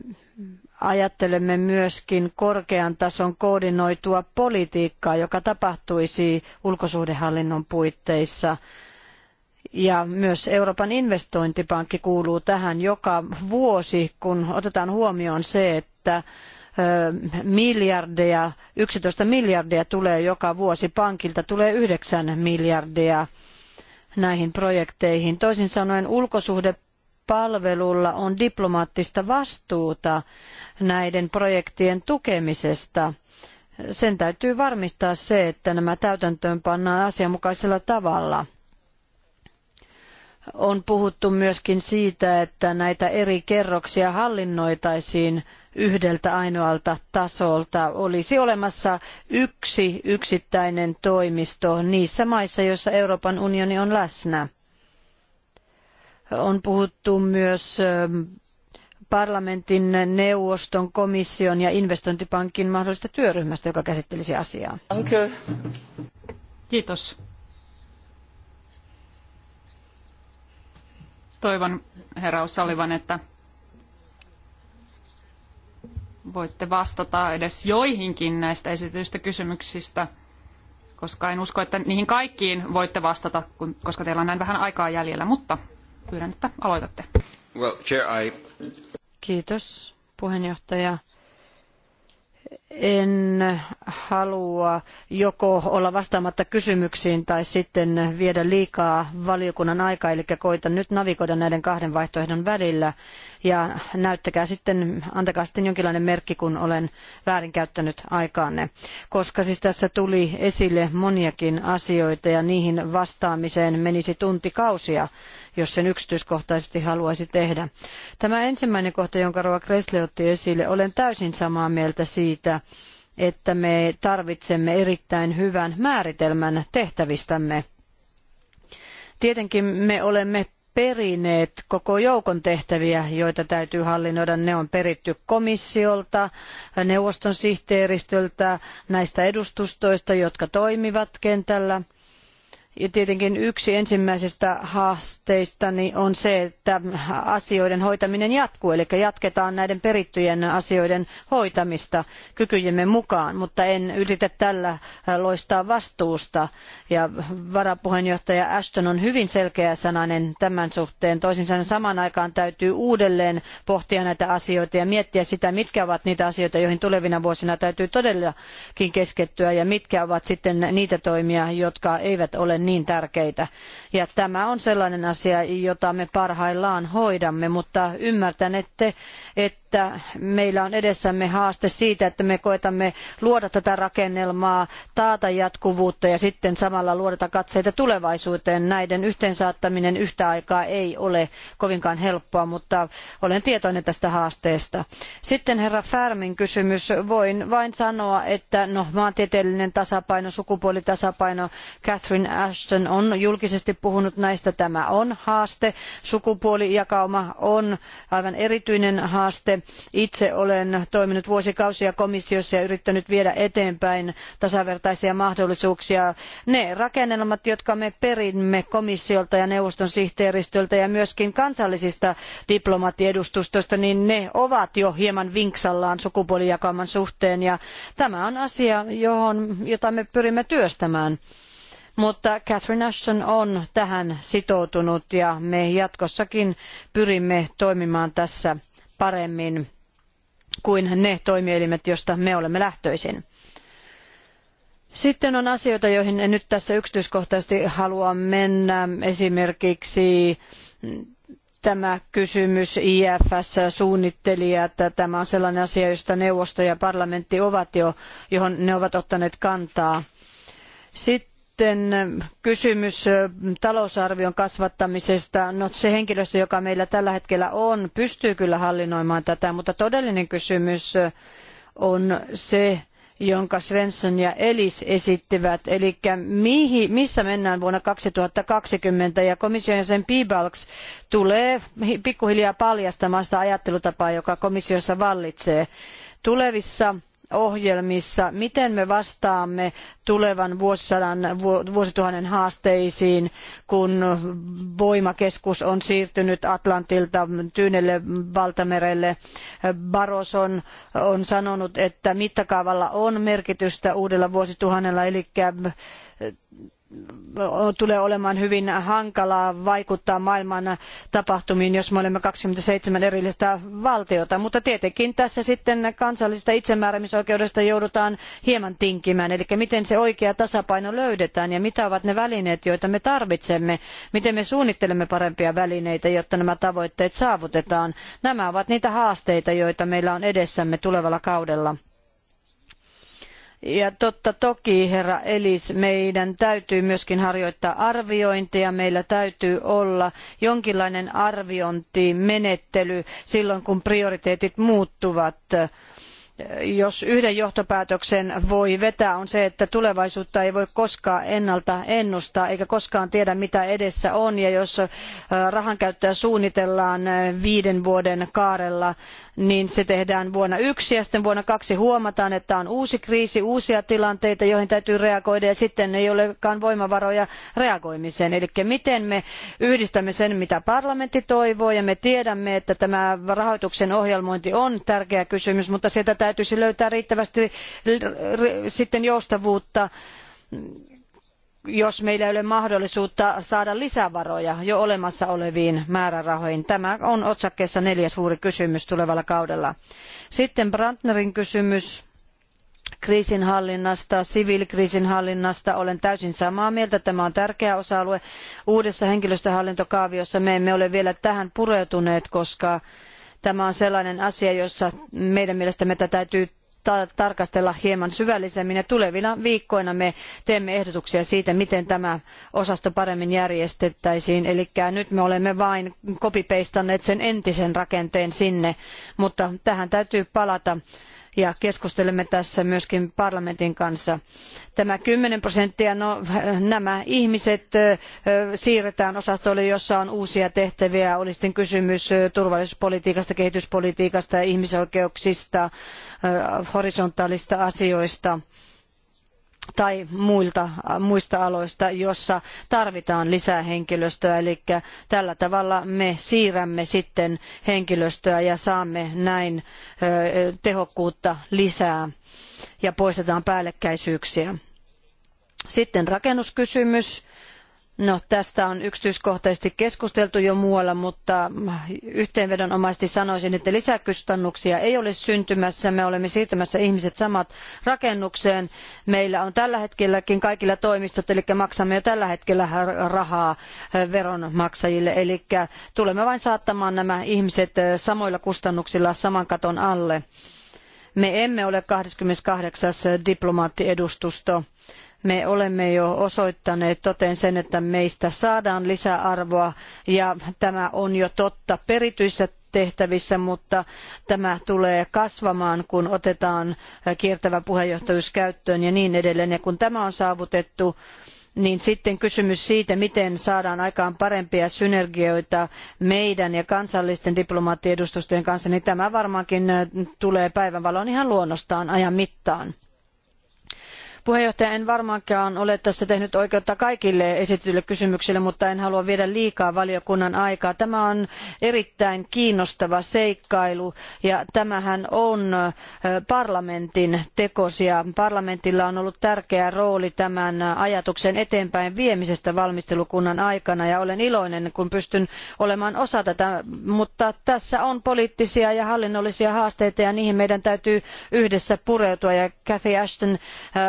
ajattelemme myöskin korkean tason koordinoitua politiikkaa, joka tapahtuisi ulkosuhdehallinnon puitteissa – ja myös Euroopan investointipankki kuuluu tähän joka vuosi, kun otetaan huomioon se, että miljardeja, 11 miljardia tulee joka vuosi pankilta, tulee 9 miljardia näihin projekteihin. Toisin sanoen ulkosuhdepalvelulla on diplomaattista vastuuta näiden projektien tukemisesta. Sen täytyy varmistaa se, että nämä täytäntöön pannaan asianmukaisella tavalla – on puhuttu myöskin siitä, että näitä eri kerroksia hallinnoitaisiin yhdeltä ainoalta tasolta. Olisi olemassa yksi yksittäinen toimisto niissä maissa, joissa Euroopan unioni on läsnä. On puhuttu myös ähm, parlamentin, neuvoston, komission ja investointipankin mahdollisesta työryhmästä, joka käsittelisi asiaa. Kiitos. Toivon, herra Osallivan, että voitte vastata edes joihinkin näistä esityistä kysymyksistä, koska en usko, että niihin kaikkiin voitte vastata, koska teillä on näin vähän aikaa jäljellä, mutta pyydän, että aloitatte. Well, chair, I... Kiitos, puheenjohtaja en halua joko olla vastaamatta kysymyksiin tai sitten viedä liikaa valiokunnan aikaa, eli koitan nyt navigoida näiden kahden vaihtoehdon välillä ja näyttäkää sitten, antakaa sitten jonkinlainen merkki, kun olen väärinkäyttänyt aikaanne. Koska siis tässä tuli esille moniakin asioita ja niihin vastaamiseen menisi tuntikausia, jos sen yksityiskohtaisesti haluaisi tehdä. Tämä ensimmäinen kohta, jonka Roa Kresle otti esille, olen täysin samaa mieltä siitä, siitä, että me tarvitsemme erittäin hyvän määritelmän tehtävistämme. Tietenkin me olemme perineet koko joukon tehtäviä, joita täytyy hallinnoida. Ne on peritty komissiolta, neuvoston sihteeristöltä, näistä edustustoista, jotka toimivat kentällä – ja tietenkin yksi ensimmäisistä haasteista on se, että asioiden hoitaminen jatkuu, eli jatketaan näiden perittyjen asioiden hoitamista kykyjemme mukaan, mutta en yritä tällä loistaa vastuusta. Ja varapuheenjohtaja Ashton on hyvin selkeä sananen tämän suhteen. Toisin sanoen samaan aikaan täytyy uudelleen pohtia näitä asioita ja miettiä sitä, mitkä ovat niitä asioita, joihin tulevina vuosina täytyy todellakin keskittyä ja mitkä ovat sitten niitä toimia, jotka eivät ole niin tärkeitä. Ja tämä on sellainen asia, jota me parhaillaan hoidamme, mutta ymmärtänette, että että meillä on edessämme haaste siitä, että me koetamme luoda tätä rakennelmaa, taata jatkuvuutta ja sitten samalla luodata katseita tulevaisuuteen. Näiden yhteensaattaminen yhtä aikaa ei ole kovinkaan helppoa, mutta olen tietoinen tästä haasteesta. Sitten herra Färmin kysymys. Voin vain sanoa, että no, maantieteellinen tasapaino, sukupuolitasapaino, Catherine Ashton on julkisesti puhunut näistä. Tämä on haaste. Sukupuolijakauma on aivan erityinen haaste itse olen toiminut vuosikausia komissiossa ja yrittänyt viedä eteenpäin tasavertaisia mahdollisuuksia. Ne rakennelmat, jotka me perimme komissiolta ja neuvoston sihteeristöltä ja myöskin kansallisista diplomaattiedustustoista, niin ne ovat jo hieman vinksallaan sukupuolijakauman suhteen ja tämä on asia, johon, jota me pyrimme työstämään mutta Catherine Ashton on tähän sitoutunut ja me jatkossakin pyrimme toimimaan tässä paremmin kuin ne toimielimet, joista me olemme lähtöisin. Sitten on asioita, joihin en nyt tässä yksityiskohtaisesti halua mennä. Esimerkiksi tämä kysymys IFS-suunnittelijat, tämä on sellainen asia, josta neuvosto ja parlamentti ovat jo, johon ne ovat ottaneet kantaa. Sitten sitten eh, kysymys eh, talousarvion kasvattamisesta. No se henkilöstö, joka meillä tällä hetkellä on, pystyy kyllä hallinnoimaan tätä, mutta todellinen kysymys eh, on se, jonka Svensson ja Elis esittivät, eli mihin, missä mennään vuonna 2020, ja komission jäsen Pibalks tulee pikkuhiljaa paljastamaan sitä ajattelutapaa, joka komissiossa vallitsee. Tulevissa ohjelmissa, miten me vastaamme tulevan vuosisadan, vuosituhannen haasteisiin, kun voimakeskus on siirtynyt Atlantilta Tyynelle valtamerelle. Baroson on sanonut, että mittakaavalla on merkitystä uudella vuosituhannella, eli tulee olemaan hyvin hankalaa vaikuttaa maailman tapahtumiin, jos me olemme 27 erillistä valtiota. Mutta tietenkin tässä sitten kansallisesta itsemääräämisoikeudesta joudutaan hieman tinkimään. Eli miten se oikea tasapaino löydetään ja mitä ovat ne välineet, joita me tarvitsemme. Miten me suunnittelemme parempia välineitä, jotta nämä tavoitteet saavutetaan. Nämä ovat niitä haasteita, joita meillä on edessämme tulevalla kaudella. Ja totta toki, herra Elis, meidän täytyy myöskin harjoittaa arviointeja. Meillä täytyy olla jonkinlainen arviointimenettely silloin, kun prioriteetit muuttuvat jos yhden johtopäätöksen voi vetää, on se, että tulevaisuutta ei voi koskaan ennalta ennustaa, eikä koskaan tiedä, mitä edessä on. Ja jos äh, rahankäyttöä suunnitellaan äh, viiden vuoden kaarella, niin se tehdään vuonna yksi ja sitten vuonna kaksi huomataan, että on uusi kriisi, uusia tilanteita, joihin täytyy reagoida ja sitten ei olekaan voimavaroja reagoimiseen. Eli miten me yhdistämme sen, mitä parlamentti toivoo ja me tiedämme, että tämä rahoituksen ohjelmointi on tärkeä kysymys, mutta sieltä täytyisi löytää riittävästi sitten joustavuutta jos meillä ei ole mahdollisuutta saada lisävaroja jo olemassa oleviin määrärahoihin? Tämä on otsakkeessa neljä suuri kysymys tulevalla kaudella. Sitten Brandnerin kysymys kriisinhallinnasta, siviilikriisinhallinnasta. Olen täysin samaa mieltä. Tämä on tärkeä osa-alue. Uudessa henkilöstöhallintokaaviossa me emme ole vielä tähän pureutuneet, koska tämä on sellainen asia, jossa meidän mielestämme tätä täytyy tarkastella hieman syvällisemmin ja tulevina viikkoina me teemme ehdotuksia siitä, miten tämä osasto paremmin järjestettäisiin. Eli nyt me olemme vain kopipeistanneet sen entisen rakenteen sinne, mutta tähän täytyy palata ja keskustelemme tässä myöskin parlamentin kanssa. Tämä 10 prosenttia, no nämä ihmiset siirretään osastolle, jossa on uusia tehtäviä, oli sitten kysymys turvallisuuspolitiikasta, kehityspolitiikasta, ihmisoikeuksista, horisontaalista asioista tai muilta, äh, muista aloista, jossa tarvitaan lisää henkilöstöä. Eli tällä tavalla me siirrämme sitten henkilöstöä ja saamme näin tehokkuutta lisää ja poistetaan päällekkäisyyksiä. Sitten rakennuskysymys No, tästä on yksityiskohtaisesti keskusteltu jo muualla, mutta yhteenvedonomaisesti sanoisin, että lisäkustannuksia ei ole syntymässä. Me olemme siirtämässä ihmiset samat rakennukseen. Meillä on tällä hetkelläkin kaikilla toimistot, eli maksamme jo tällä hetkellä rahaa veronmaksajille. Eli tulemme vain saattamaan nämä ihmiset samoilla kustannuksilla saman katon alle. Me emme ole 28. diplomaattiedustus me olemme jo osoittaneet toteen sen, että meistä saadaan lisäarvoa ja tämä on jo totta perityissä tehtävissä, mutta tämä tulee kasvamaan, kun otetaan kiertävä puheenjohtajuus käyttöön ja niin edelleen. Ja kun tämä on saavutettu, niin sitten kysymys siitä, miten saadaan aikaan parempia synergioita meidän ja kansallisten diplomaattiedustustojen kanssa, niin tämä varmaankin tulee päivänvaloon ihan luonnostaan ajan mittaan. Puheenjohtaja, en varmaankaan ole tässä tehnyt oikeutta kaikille esitetyille kysymyksille, mutta en halua viedä liikaa valiokunnan aikaa. Tämä on erittäin kiinnostava seikkailu ja tämähän on parlamentin tekosia. Parlamentilla on ollut tärkeä rooli tämän ajatuksen eteenpäin viemisestä valmistelukunnan aikana ja olen iloinen, kun pystyn olemaan osa tätä, mutta tässä on poliittisia ja hallinnollisia haasteita ja niihin meidän täytyy yhdessä pureutua ja Cathy Ashton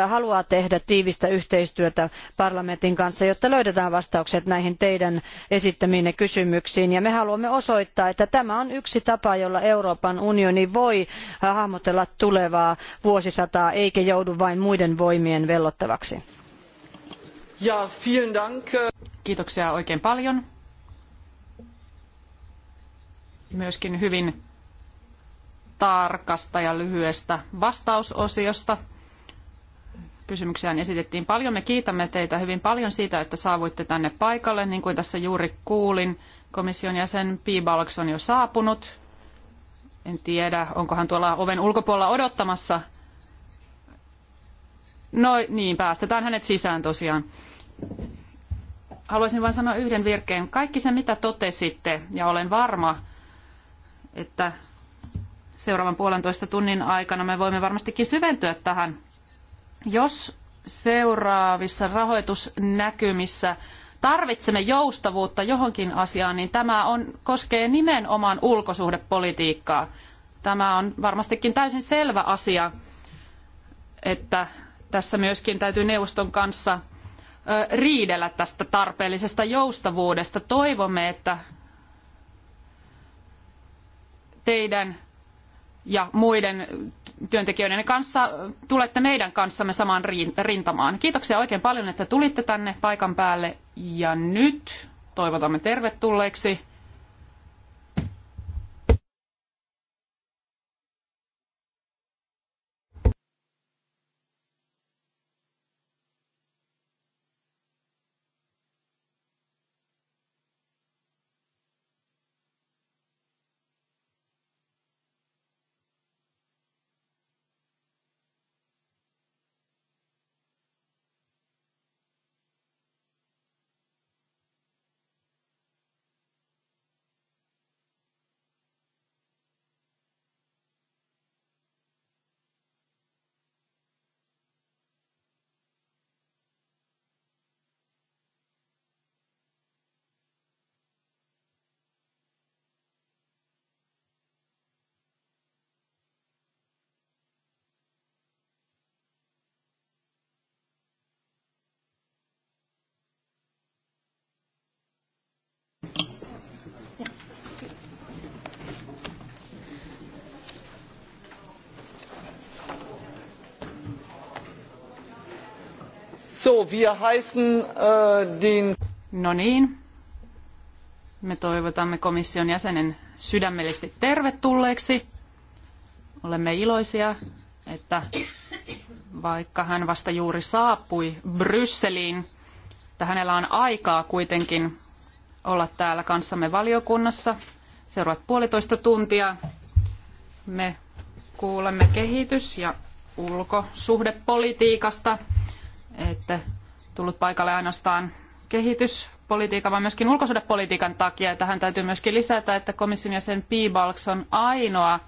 haluaa haluaa tehdä tiivistä yhteistyötä parlamentin kanssa, jotta löydetään vastaukset näihin teidän esittämiinne kysymyksiin. Ja me haluamme osoittaa, että tämä on yksi tapa, jolla Euroopan unioni voi hahmotella tulevaa vuosisataa, eikä joudu vain muiden voimien vellottavaksi. Ja, vielen dank. Kiitoksia oikein paljon. Myöskin hyvin tarkasta ja lyhyestä vastausosiosta kysymyksiään esitettiin paljon. Me kiitämme teitä hyvin paljon siitä, että saavuitte tänne paikalle. Niin kuin tässä juuri kuulin, komission jäsen Piibalks on jo saapunut. En tiedä, onko hän tuolla oven ulkopuolella odottamassa. No niin, päästetään hänet sisään tosiaan. Haluaisin vain sanoa yhden virkeen. Kaikki se, mitä totesitte, ja olen varma, että seuraavan puolentoista tunnin aikana me voimme varmastikin syventyä tähän jos seuraavissa rahoitusnäkymissä tarvitsemme joustavuutta johonkin asiaan, niin tämä on, koskee nimenomaan ulkosuhdepolitiikkaa. Tämä on varmastikin täysin selvä asia, että tässä myöskin täytyy neuvoston kanssa riidellä tästä tarpeellisesta joustavuudesta. Toivomme, että teidän ja muiden työntekijöiden kanssa tulette meidän kanssamme samaan rintamaan. Kiitoksia oikein paljon, että tulitte tänne paikan päälle ja nyt toivotamme tervetulleeksi So, wir heißen äh, den... No niin. Me toivotamme komission jäsenen sydämellisesti tervetulleeksi. Olemme iloisia, että vaikka hän vasta juuri saapui Brysseliin, että hänellä on aikaa kuitenkin olla täällä kanssamme valiokunnassa. Seuraavat puolitoista tuntia me kuulemme kehitys- ja ulkosuhdepolitiikasta – että tullut paikalle ainoastaan kehityspolitiikan, vaan myöskin ulkosuhdepolitiikan takia. Ja tähän täytyy myöskin lisätä, että komission jäsen Piibalks on ainoa,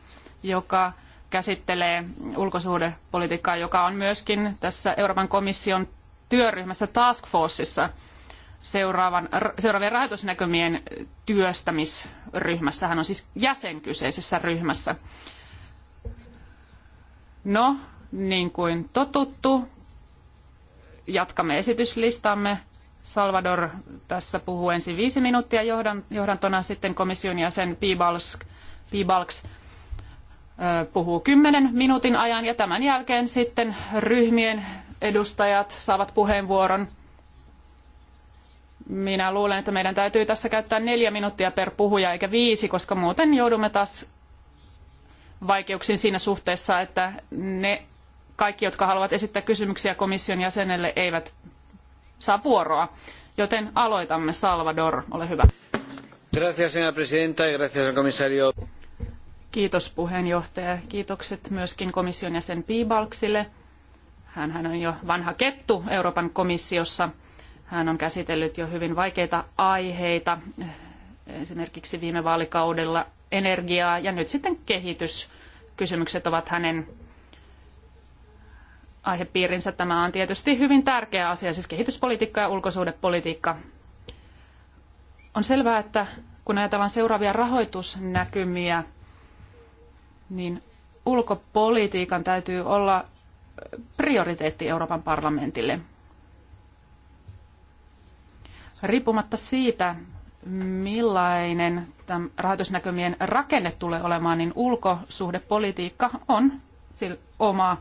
joka käsittelee ulkosuhdepolitiikkaa, joka on myöskin tässä Euroopan komission työryhmässä Task Forceissa seuraavan, seuraavien rahoitusnäkymien työstämisryhmässä. Hän on siis jäsen kyseisessä ryhmässä. No, niin kuin totuttu, jatkamme esityslistamme. Salvador tässä puhuu ensin viisi minuuttia johdantona, sitten komission jäsen Pibalks, puhuu kymmenen minuutin ajan ja tämän jälkeen sitten ryhmien edustajat saavat puheenvuoron. Minä luulen, että meidän täytyy tässä käyttää neljä minuuttia per puhuja eikä viisi, koska muuten joudumme taas vaikeuksiin siinä suhteessa, että ne kaikki, jotka haluavat esittää kysymyksiä komission jäsenelle, eivät saa vuoroa. Joten aloitamme. Salvador, ole hyvä. Gracias, señora presidenta, y gracias, Kiitos puheenjohtaja. Kiitokset myöskin komission jäsen Piibalksille. Hän on jo vanha kettu Euroopan komissiossa. Hän on käsitellyt jo hyvin vaikeita aiheita, esimerkiksi viime vaalikaudella energiaa ja nyt sitten kehityskysymykset ovat hänen aihepiirinsä. Tämä on tietysti hyvin tärkeä asia, siis kehityspolitiikka ja ulkosuhdepolitiikka. On selvää, että kun ajatellaan seuraavia rahoitusnäkymiä, niin ulkopolitiikan täytyy olla prioriteetti Euroopan parlamentille. Riippumatta siitä, millainen rahoitusnäkymien rakenne tulee olemaan, niin ulkosuhdepolitiikka on oma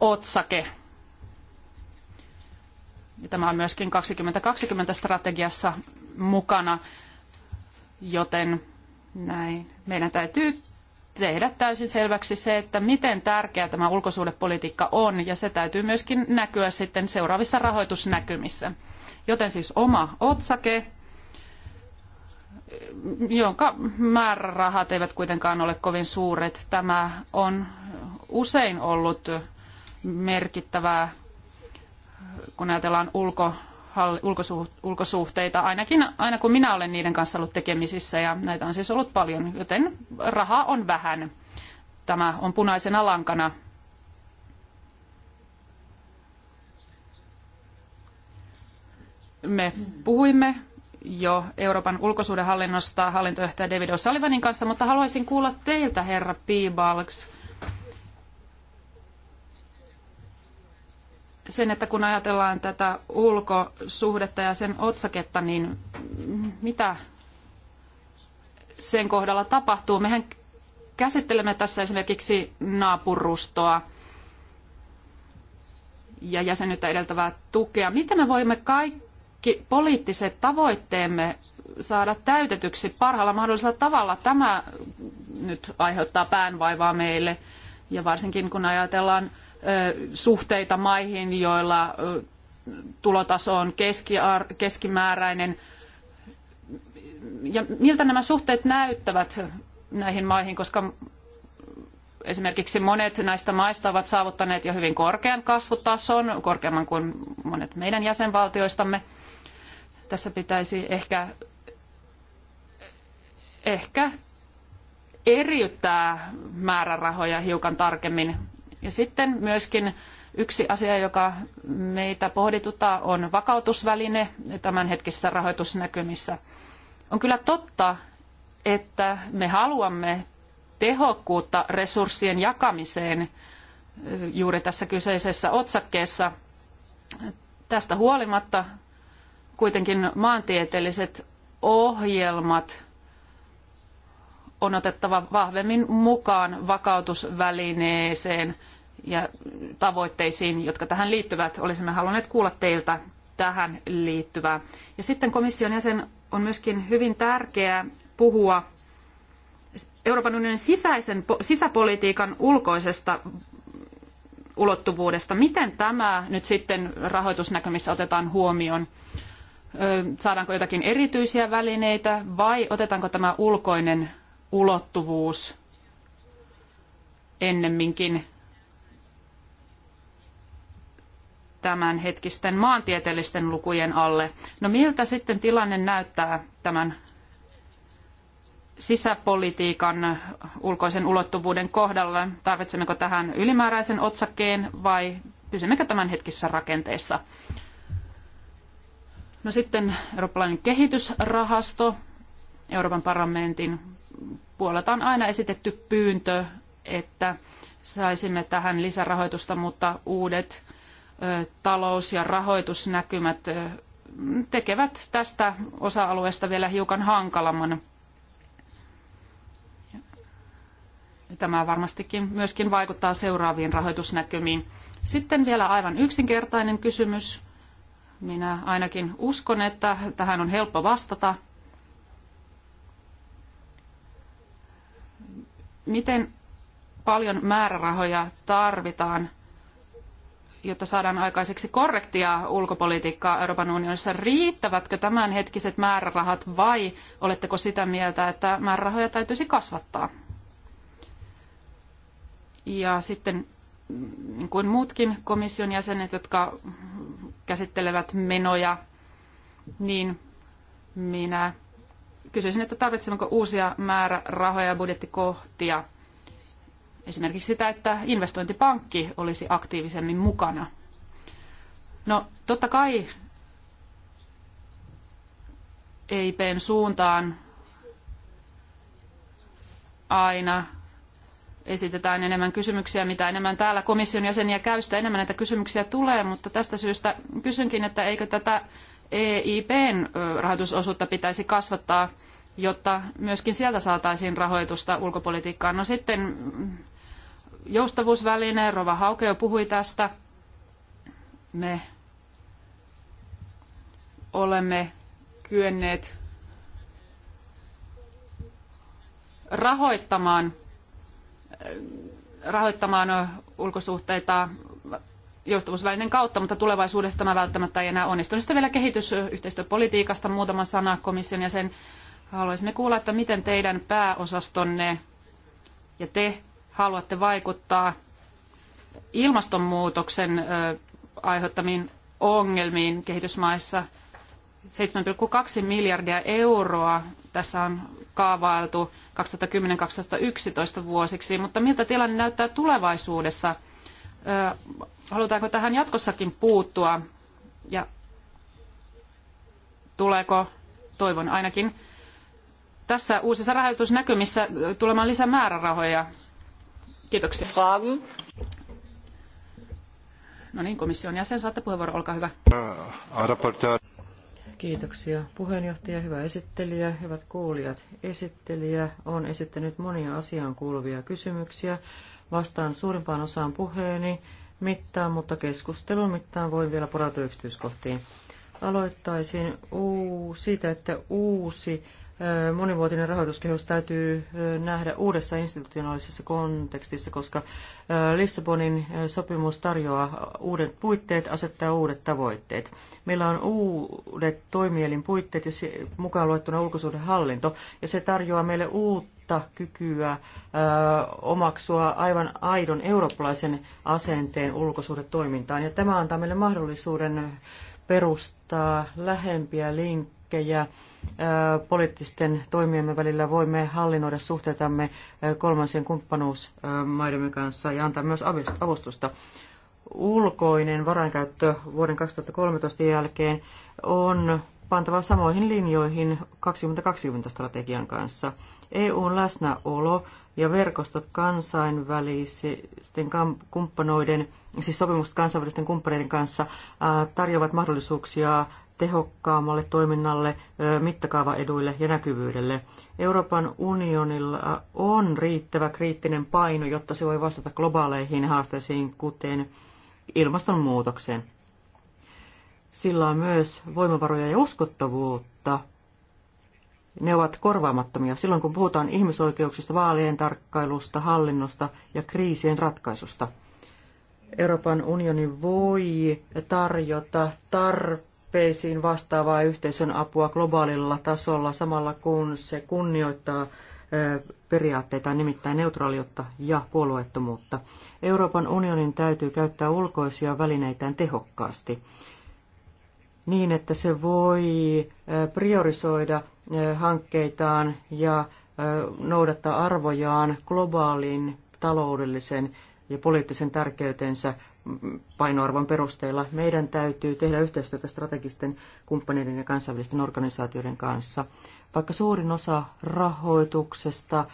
otsake. Ja tämä on myöskin 2020-strategiassa mukana, joten näin. Meidän täytyy tehdä täysin selväksi se, että miten tärkeä tämä ulkosuhdepolitiikka on, ja se täytyy myöskin näkyä sitten seuraavissa rahoitusnäkymissä. Joten siis oma otsake, jonka määrärahat eivät kuitenkaan ole kovin suuret. Tämä on usein ollut merkittävää, kun ajatellaan ulko, ulkosuhteita, ainakin aina kun minä olen niiden kanssa ollut tekemisissä, ja näitä on siis ollut paljon, joten rahaa on vähän. Tämä on punaisena lankana. Me puhuimme jo Euroopan ulkosuudenhallinnosta hallintojohtaja David O'Sullivanin kanssa, mutta haluaisin kuulla teiltä, herra P. sen, että kun ajatellaan tätä ulkosuhdetta ja sen otsaketta, niin mitä sen kohdalla tapahtuu? Mehän käsittelemme tässä esimerkiksi naapurustoa ja jäsenyyttä edeltävää tukea. Miten me voimme kaikki poliittiset tavoitteemme saada täytetyksi parhaalla mahdollisella tavalla? Tämä nyt aiheuttaa päänvaivaa meille ja varsinkin kun ajatellaan suhteita maihin, joilla tulotaso on keskimääräinen. Ja miltä nämä suhteet näyttävät näihin maihin, koska esimerkiksi monet näistä maista ovat saavuttaneet jo hyvin korkean kasvutason, korkeamman kuin monet meidän jäsenvaltioistamme. Tässä pitäisi ehkä, ehkä eriyttää määrärahoja hiukan tarkemmin ja sitten myöskin yksi asia, joka meitä pohdituttaa, on vakautusväline tämänhetkisissä rahoitusnäkymissä. On kyllä totta, että me haluamme tehokkuutta resurssien jakamiseen juuri tässä kyseisessä otsakkeessa. Tästä huolimatta kuitenkin maantieteelliset ohjelmat on otettava vahvemmin mukaan vakautusvälineeseen – ja tavoitteisiin, jotka tähän liittyvät. Olisimme halunneet kuulla teiltä tähän liittyvää. Ja sitten komission jäsen on myöskin hyvin tärkeää puhua Euroopan unionin sisäisen, sisäpolitiikan ulkoisesta ulottuvuudesta. Miten tämä nyt sitten rahoitusnäkymissä otetaan huomioon? Saadaanko jotakin erityisiä välineitä vai otetaanko tämä ulkoinen ulottuvuus ennemminkin tämänhetkisten maantieteellisten lukujen alle. No miltä sitten tilanne näyttää tämän sisäpolitiikan ulkoisen ulottuvuuden kohdalla? Tarvitsemmeko tähän ylimääräisen otsakkeen vai pysymmekö tämänhetkisissä rakenteissa? No sitten eurooppalainen kehitysrahasto. Euroopan parlamentin puolelta on aina esitetty pyyntö, että saisimme tähän lisärahoitusta, mutta uudet talous- ja rahoitusnäkymät tekevät tästä osa-alueesta vielä hiukan hankalamman. Tämä varmastikin myöskin vaikuttaa seuraaviin rahoitusnäkymiin. Sitten vielä aivan yksinkertainen kysymys. Minä ainakin uskon, että tähän on helppo vastata. Miten paljon määrärahoja tarvitaan jotta saadaan aikaiseksi korrektia ulkopolitiikkaa Euroopan unionissa. Riittävätkö tämänhetkiset määrärahat vai oletteko sitä mieltä, että määrärahoja täytyisi kasvattaa? Ja sitten niin kuin muutkin komission jäsenet, jotka käsittelevät menoja, niin minä kysyisin, että tarvitsemmeko uusia määrärahoja budjettikohtia – Esimerkiksi sitä, että investointipankki olisi aktiivisemmin mukana. No totta kai EIPn suuntaan aina esitetään enemmän kysymyksiä, mitä enemmän täällä komission jäseniä käy, sitä enemmän näitä kysymyksiä tulee, mutta tästä syystä kysynkin, että eikö tätä EIPn rahoitusosuutta pitäisi kasvattaa, jotta myöskin sieltä saataisiin rahoitusta ulkopolitiikkaan. No sitten joustavuusväline, Rova Hauke jo puhui tästä. Me olemme kyenneet rahoittamaan, rahoittamaan ulkosuhteita joustavuusvälineen kautta, mutta tulevaisuudessa tämä välttämättä ei enää onnistu. Sitten vielä kehitysyhteistyöpolitiikasta muutama sana komission ja sen haluaisimme kuulla, että miten teidän pääosastonne ja te haluatte vaikuttaa ilmastonmuutoksen aiheuttamiin ongelmiin kehitysmaissa. 7,2 miljardia euroa tässä on kaavailtu 2010-2011 vuosiksi, mutta miltä tilanne näyttää tulevaisuudessa? Halutaanko tähän jatkossakin puuttua ja tuleeko, toivon ainakin, tässä uusissa rahoitusnäkymissä tulemaan lisää määrärahoja Kiitoksia. Fragen. No niin, komission jäsen, saatte puheenvuoron, olkaa hyvä. Äh, Kiitoksia puheenjohtaja, hyvä esittelijä, hyvät kuulijat. Esittelijä on esittänyt monia asiaan kuuluvia kysymyksiä. Vastaan suurimpaan osaan puheeni mittaan, mutta keskustelun mittaan voin vielä porata yksityiskohtiin. Aloittaisin siitä, että uusi monivuotinen rahoituskehys täytyy nähdä uudessa institutionaalisessa kontekstissa, koska Lissabonin sopimus tarjoaa uudet puitteet, asettaa uudet tavoitteet. Meillä on uudet toimielin puitteet ja mukaan luettuna ulkosuhdehallinto, ja se tarjoaa meille uutta kykyä omaksua aivan aidon eurooppalaisen asenteen ulkosuhdetoimintaan. Ja tämä antaa meille mahdollisuuden perustaa lähempiä linkkejä poliittisten toimijamme välillä voimme hallinnoida suhteitamme kolmansien kumppanuusmaidemme kanssa ja antaa myös avustusta. Ulkoinen varainkäyttö vuoden 2013 jälkeen on pantava samoihin linjoihin 2020 strategian kanssa. EUn läsnäolo ja verkostot kansainvälisten kumppanoiden, siis sopimukset kansainvälisten kumppaneiden kanssa äh, tarjoavat mahdollisuuksia tehokkaammalle toiminnalle, äh, mittakaavaeduille ja näkyvyydelle. Euroopan unionilla on riittävä kriittinen paino, jotta se voi vastata globaaleihin haasteisiin, kuten ilmastonmuutokseen. Sillä on myös voimavaroja ja uskottavuutta ne ovat korvaamattomia silloin, kun puhutaan ihmisoikeuksista, vaalien tarkkailusta, hallinnosta ja kriisien ratkaisusta. Euroopan unioni voi tarjota tarpeisiin vastaavaa yhteisön apua globaalilla tasolla samalla kun se kunnioittaa periaatteita, nimittäin neutraaliutta ja puolueettomuutta. Euroopan unionin täytyy käyttää ulkoisia välineitään tehokkaasti niin, että se voi priorisoida hankkeitaan ja noudattaa arvojaan globaalin taloudellisen ja poliittisen tärkeytensä painoarvon perusteella. Meidän täytyy tehdä yhteistyötä strategisten kumppaneiden ja kansainvälisten organisaatioiden kanssa. Vaikka suurin osa rahoituksesta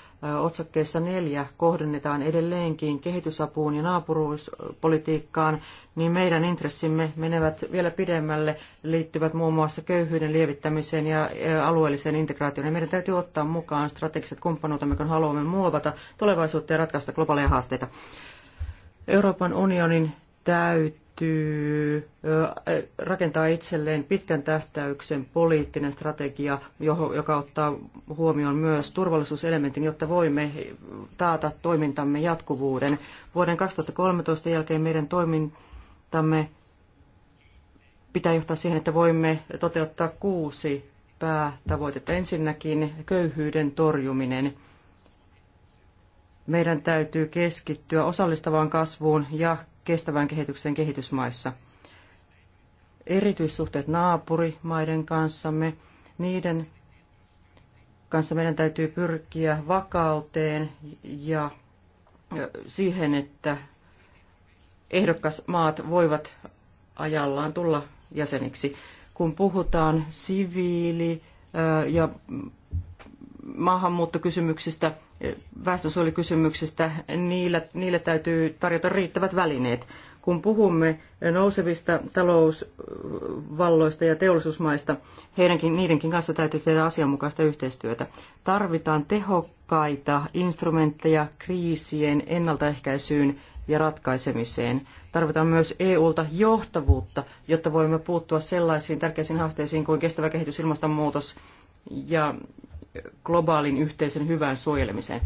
otsakkeessa neljä kohdennetaan edelleenkin kehitysapuun ja naapuruuspolitiikkaan, niin meidän intressimme menevät vielä pidemmälle, liittyvät muun muassa köyhyyden lievittämiseen ja alueelliseen integraatioon. meidän täytyy ottaa mukaan strategiset kumppanuutamme, kun haluamme muovata tulevaisuutta ja ratkaista globaaleja haasteita. Euroopan unionin täytyy rakentaa itselleen pitkän tähtäyksen poliittinen strategia, joka ottaa huomioon myös turvallisuuselementin, jotta voimme taata toimintamme jatkuvuuden. Vuoden 2013 jälkeen meidän toimintamme pitää johtaa siihen, että voimme toteuttaa kuusi päätavoitetta. Ensinnäkin köyhyyden torjuminen – meidän täytyy keskittyä osallistavaan kasvuun ja kestävään kehitykseen kehitysmaissa. Erityissuhteet naapurimaiden kanssamme, niiden kanssa meidän täytyy pyrkiä vakauteen ja siihen, että ehdokasmaat voivat ajallaan tulla jäseniksi. Kun puhutaan siviili- ja maahanmuuttokysymyksistä, väestönsuojelukysymyksistä, niillä, niille täytyy tarjota riittävät välineet. Kun puhumme nousevista talousvalloista ja teollisuusmaista, heidänkin, niidenkin kanssa täytyy tehdä asianmukaista yhteistyötä. Tarvitaan tehokkaita instrumentteja kriisien ennaltaehkäisyyn ja ratkaisemiseen. Tarvitaan myös EUlta johtavuutta, jotta voimme puuttua sellaisiin tärkeisiin haasteisiin kuin kestävä kehitys, ilmastonmuutos ja globaalin yhteisen hyvän suojelemiseen.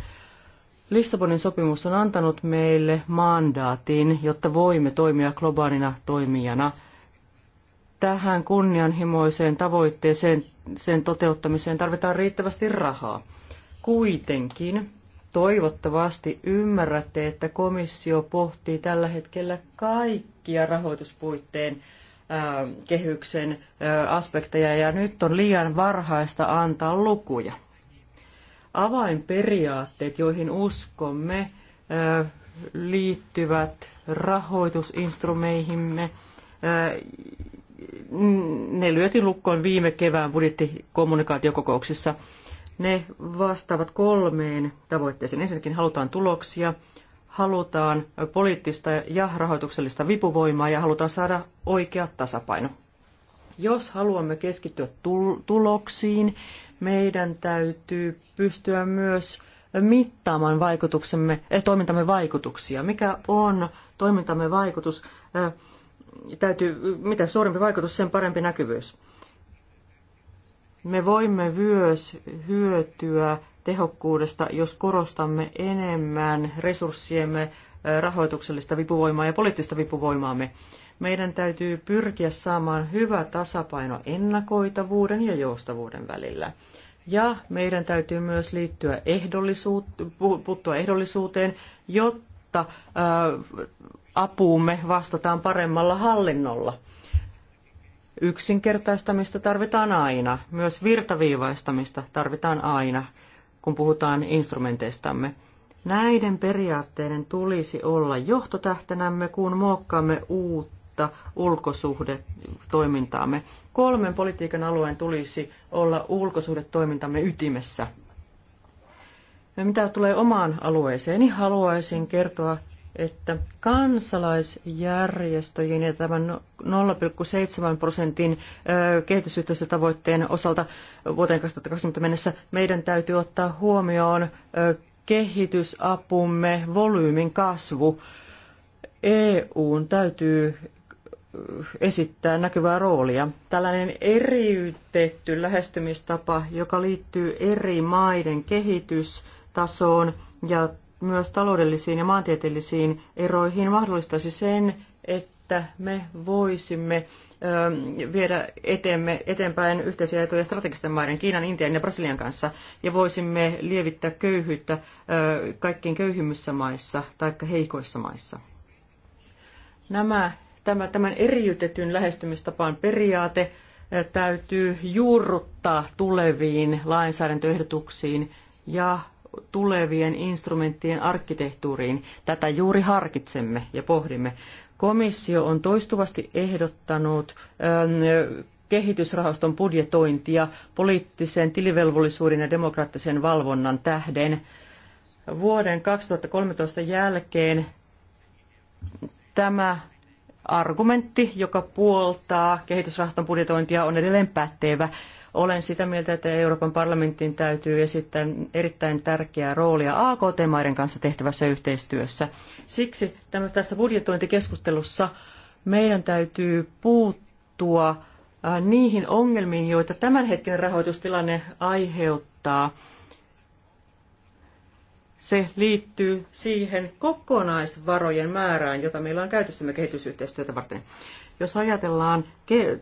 Lissabonin sopimus on antanut meille mandaatin, jotta voimme toimia globaalina toimijana. Tähän kunnianhimoiseen tavoitteeseen, sen toteuttamiseen tarvitaan riittävästi rahaa. Kuitenkin toivottavasti ymmärrätte, että komissio pohtii tällä hetkellä kaikkia rahoituspuitteen kehyksen aspekteja ja nyt on liian varhaista antaa lukuja. Avainperiaatteet, joihin uskomme, liittyvät rahoitusinstrumeihimme. Ne lyötiin lukkoon viime kevään budjettikommunikaatiokokouksissa. Ne vastaavat kolmeen tavoitteeseen. Ensinnäkin halutaan tuloksia, halutaan poliittista ja rahoituksellista vipuvoimaa ja halutaan saada oikea tasapaino. Jos haluamme keskittyä tuloksiin, meidän täytyy pystyä myös mittaamaan vaikutuksemme, eh, toimintamme vaikutuksia. Mikä on toimintamme vaikutus? Eh, täytyy, mitä suurempi vaikutus, sen parempi näkyvyys. Me voimme myös hyötyä tehokkuudesta, jos korostamme enemmän resurssiemme rahoituksellista vipuvoimaa ja poliittista vipuvoimaamme. Meidän täytyy pyrkiä saamaan hyvä tasapaino ennakoitavuuden ja joustavuuden välillä. Ja meidän täytyy myös liittyä ehdollisuut- puuttua ehdollisuuteen, jotta apuumme vastataan paremmalla hallinnolla. Yksinkertaistamista tarvitaan aina, myös virtaviivaistamista tarvitaan aina kun puhutaan instrumenteistamme. Näiden periaatteiden tulisi olla johtotähtenämme, kun muokkaamme uutta ulkosuhdetoimintaamme. Kolmen politiikan alueen tulisi olla ulkosuhdetoimintamme ytimessä. Ja mitä tulee omaan alueeseeni, haluaisin kertoa että kansalaisjärjestöjen ja tämän 0,7 prosentin kehitysyhteistyötavoitteen osalta vuoteen 2020 mennessä meidän täytyy ottaa huomioon kehitysapumme volyymin kasvu. EUn täytyy esittää näkyvää roolia. Tällainen eriytetty lähestymistapa, joka liittyy eri maiden kehitystasoon ja myös taloudellisiin ja maantieteellisiin eroihin mahdollistaisi sen, että me voisimme viedä eteemme, eteenpäin yhteisiä etuja strategisten maiden, Kiinan, Intian ja Brasilian kanssa, ja voisimme lievittää köyhyyttä kaikkein köyhimmissä maissa tai heikoissa maissa. Nämä, tämä, tämän eriytetyn lähestymistapaan periaate täytyy juurruttaa tuleviin lainsäädäntöehdotuksiin ja tulevien instrumenttien arkkitehtuuriin. Tätä juuri harkitsemme ja pohdimme. Komissio on toistuvasti ehdottanut ähm, kehitysrahaston budjetointia poliittisen tilivelvollisuuden ja demokraattisen valvonnan tähden. Vuoden 2013 jälkeen tämä argumentti, joka puoltaa kehitysrahaston budjetointia, on edelleen pätevä olen sitä mieltä, että Euroopan parlamentin täytyy esittää erittäin tärkeää roolia AKT-maiden kanssa tehtävässä yhteistyössä. Siksi tässä budjetointikeskustelussa meidän täytyy puuttua äh, niihin ongelmiin, joita tämänhetkinen rahoitustilanne aiheuttaa. Se liittyy siihen kokonaisvarojen määrään, jota meillä on käytössämme kehitysyhteistyötä varten. Jos ajatellaan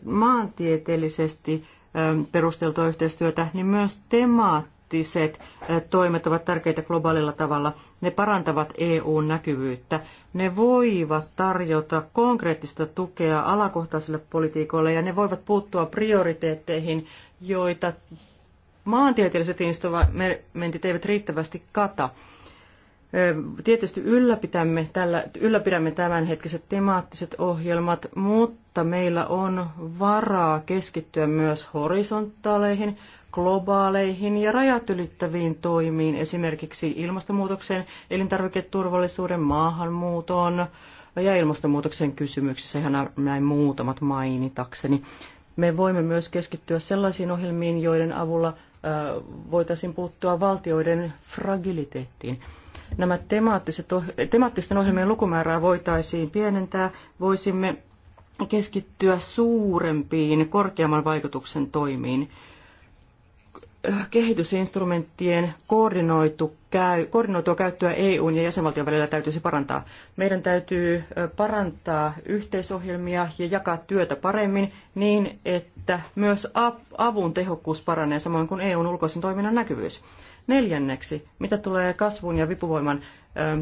maantieteellisesti Ähm, perusteltua yhteistyötä, niin myös temaattiset äh, toimet ovat tärkeitä globaalilla tavalla. Ne parantavat EUn näkyvyyttä. Ne voivat tarjota konkreettista tukea alakohtaisille politiikoille ja ne voivat puuttua prioriteetteihin, joita maantieteelliset instrumentit eivät riittävästi kata. Tietysti ylläpidämme, tällä, ylläpidämme tämänhetkiset temaattiset ohjelmat, mutta meillä on varaa keskittyä myös horisontaaleihin, globaaleihin ja rajat ylittäviin toimiin, esimerkiksi ilmastonmuutokseen, elintarviketurvallisuuden, maahanmuuton ja ilmastonmuutoksen kysymyksissä, ihan näin muutamat mainitakseni. Me voimme myös keskittyä sellaisiin ohjelmiin, joiden avulla voitaisiin puuttua valtioiden fragiliteettiin nämä temaattiset, temaattisten ohjelmien lukumäärää voitaisiin pienentää, voisimme keskittyä suurempiin, korkeamman vaikutuksen toimiin. Kehitysinstrumenttien koordinoitu käy, koordinoitua käyttöä EUn ja jäsenvaltion välillä täytyisi parantaa. Meidän täytyy parantaa yhteisohjelmia ja jakaa työtä paremmin niin, että myös avun tehokkuus paranee samoin kuin EUn ulkoisen toiminnan näkyvyys. Neljänneksi, mitä tulee kasvun ja vipuvoiman ähm,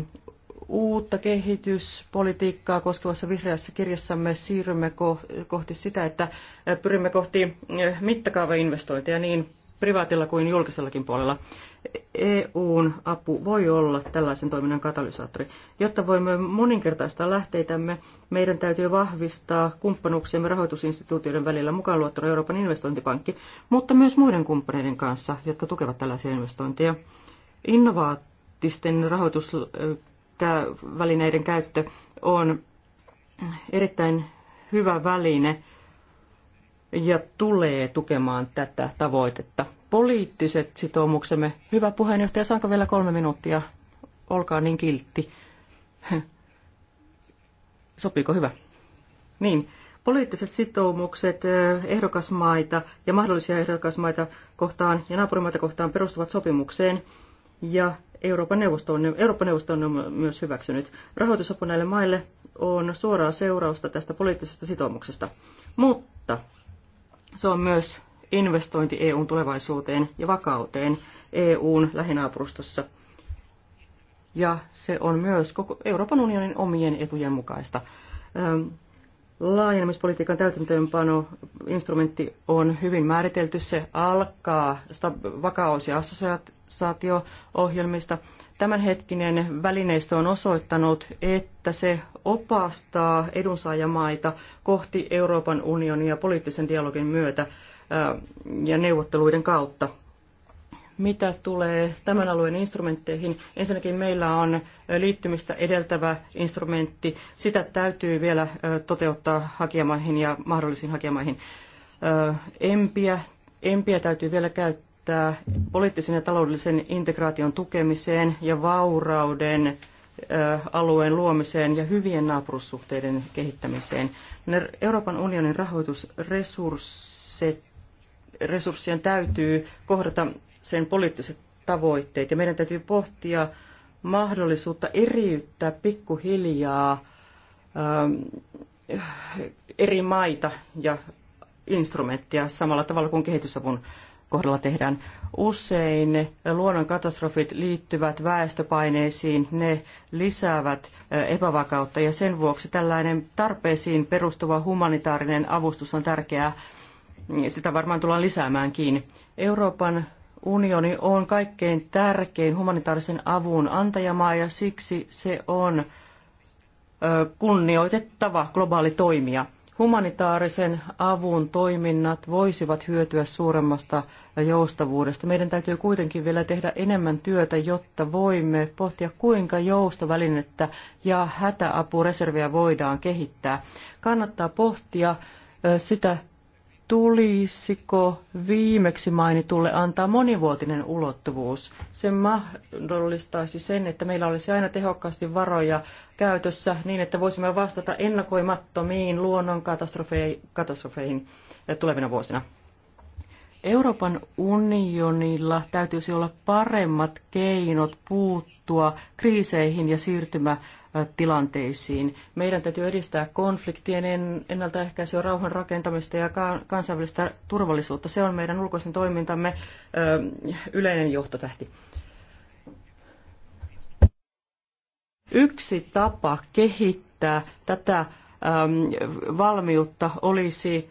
uutta kehityspolitiikkaa koskevassa vihreässä kirjassamme siirrymme kohti sitä, että äh, pyrimme kohti äh, mittakaavainvestointeja niin privaatilla kuin julkisellakin puolella. EUn apu voi olla tällaisen toiminnan katalysaattori. Jotta voimme moninkertaistaa lähteitämme, meidän täytyy vahvistaa kumppanuuksiamme rahoitusinstituutioiden välillä mukaan luottuna Euroopan investointipankki, mutta myös muiden kumppaneiden kanssa, jotka tukevat tällaisia investointeja. Innovaattisten rahoitusvälineiden käyttö on erittäin hyvä väline ja tulee tukemaan tätä tavoitetta. Poliittiset sitoumuksemme. Hyvä puheenjohtaja, saanko vielä kolme minuuttia? Olkaa niin kiltti. Sopiiko hyvä? Niin, poliittiset sitoumukset eh, ehdokasmaita ja mahdollisia ehdokasmaita kohtaan ja naapurimaita kohtaan perustuvat sopimukseen ja Euroopan neuvosto on, Euroopan neuvosto on myös hyväksynyt. Rahoitusapu näille maille on suoraa seurausta tästä poliittisesta sitoumuksesta. Mutta se on myös investointi EUn tulevaisuuteen ja vakauteen EUn lähinaapurustossa. Ja se on myös koko Euroopan unionin omien etujen mukaista. Laajenemispolitiikan täytäntöönpano instrumentti on hyvin määritelty. Se alkaa vakaus- ja assosiaatio-ohjelmista. Tämänhetkinen välineistö on osoittanut, että se opastaa edunsaajamaita kohti Euroopan unionia poliittisen dialogin myötä ja neuvotteluiden kautta. Mitä tulee tämän alueen instrumentteihin, ensinnäkin meillä on liittymistä edeltävä instrumentti. Sitä täytyy vielä toteuttaa hakijamaihin ja mahdollisiin hakijamaihin. Empiä, empiä täytyy vielä käyttää poliittisen ja taloudellisen integraation tukemiseen ja vaurauden alueen luomiseen ja hyvien naapurussuhteiden kehittämiseen. Euroopan unionin rahoitusresurssien täytyy kohdata sen poliittiset tavoitteet ja meidän täytyy pohtia mahdollisuutta eriyttää pikkuhiljaa eri maita ja instrumenttia samalla tavalla kuin kehitysavun kohdalla tehdään. Usein luonnonkatastrofit liittyvät väestöpaineisiin, ne lisäävät epävakautta ja sen vuoksi tällainen tarpeisiin perustuva humanitaarinen avustus on tärkeää. Sitä varmaan tullaan lisäämäänkin. Euroopan unioni on kaikkein tärkein humanitaarisen avun antajamaa ja siksi se on kunnioitettava globaali toimija humanitaarisen avun toiminnat voisivat hyötyä suuremmasta joustavuudesta. Meidän täytyy kuitenkin vielä tehdä enemmän työtä, jotta voimme pohtia, kuinka joustovälinettä ja hätäapureserviä voidaan kehittää. Kannattaa pohtia sitä, tulisiko viimeksi mainitulle antaa monivuotinen ulottuvuus. Se mahdollistaisi sen, että meillä olisi aina tehokkaasti varoja käytössä niin, että voisimme vastata ennakoimattomiin luonnonkatastrofeihin eh, tulevina vuosina. Euroopan unionilla täytyisi olla paremmat keinot puuttua kriiseihin ja siirtymätilanteisiin. Meidän täytyy edistää konfliktien ennaltaehkäisyä, rauhan rakentamista ja kansainvälistä turvallisuutta. Se on meidän ulkoisen toimintamme eh, yleinen johtotähti. Yksi tapa kehittää tätä valmiutta olisi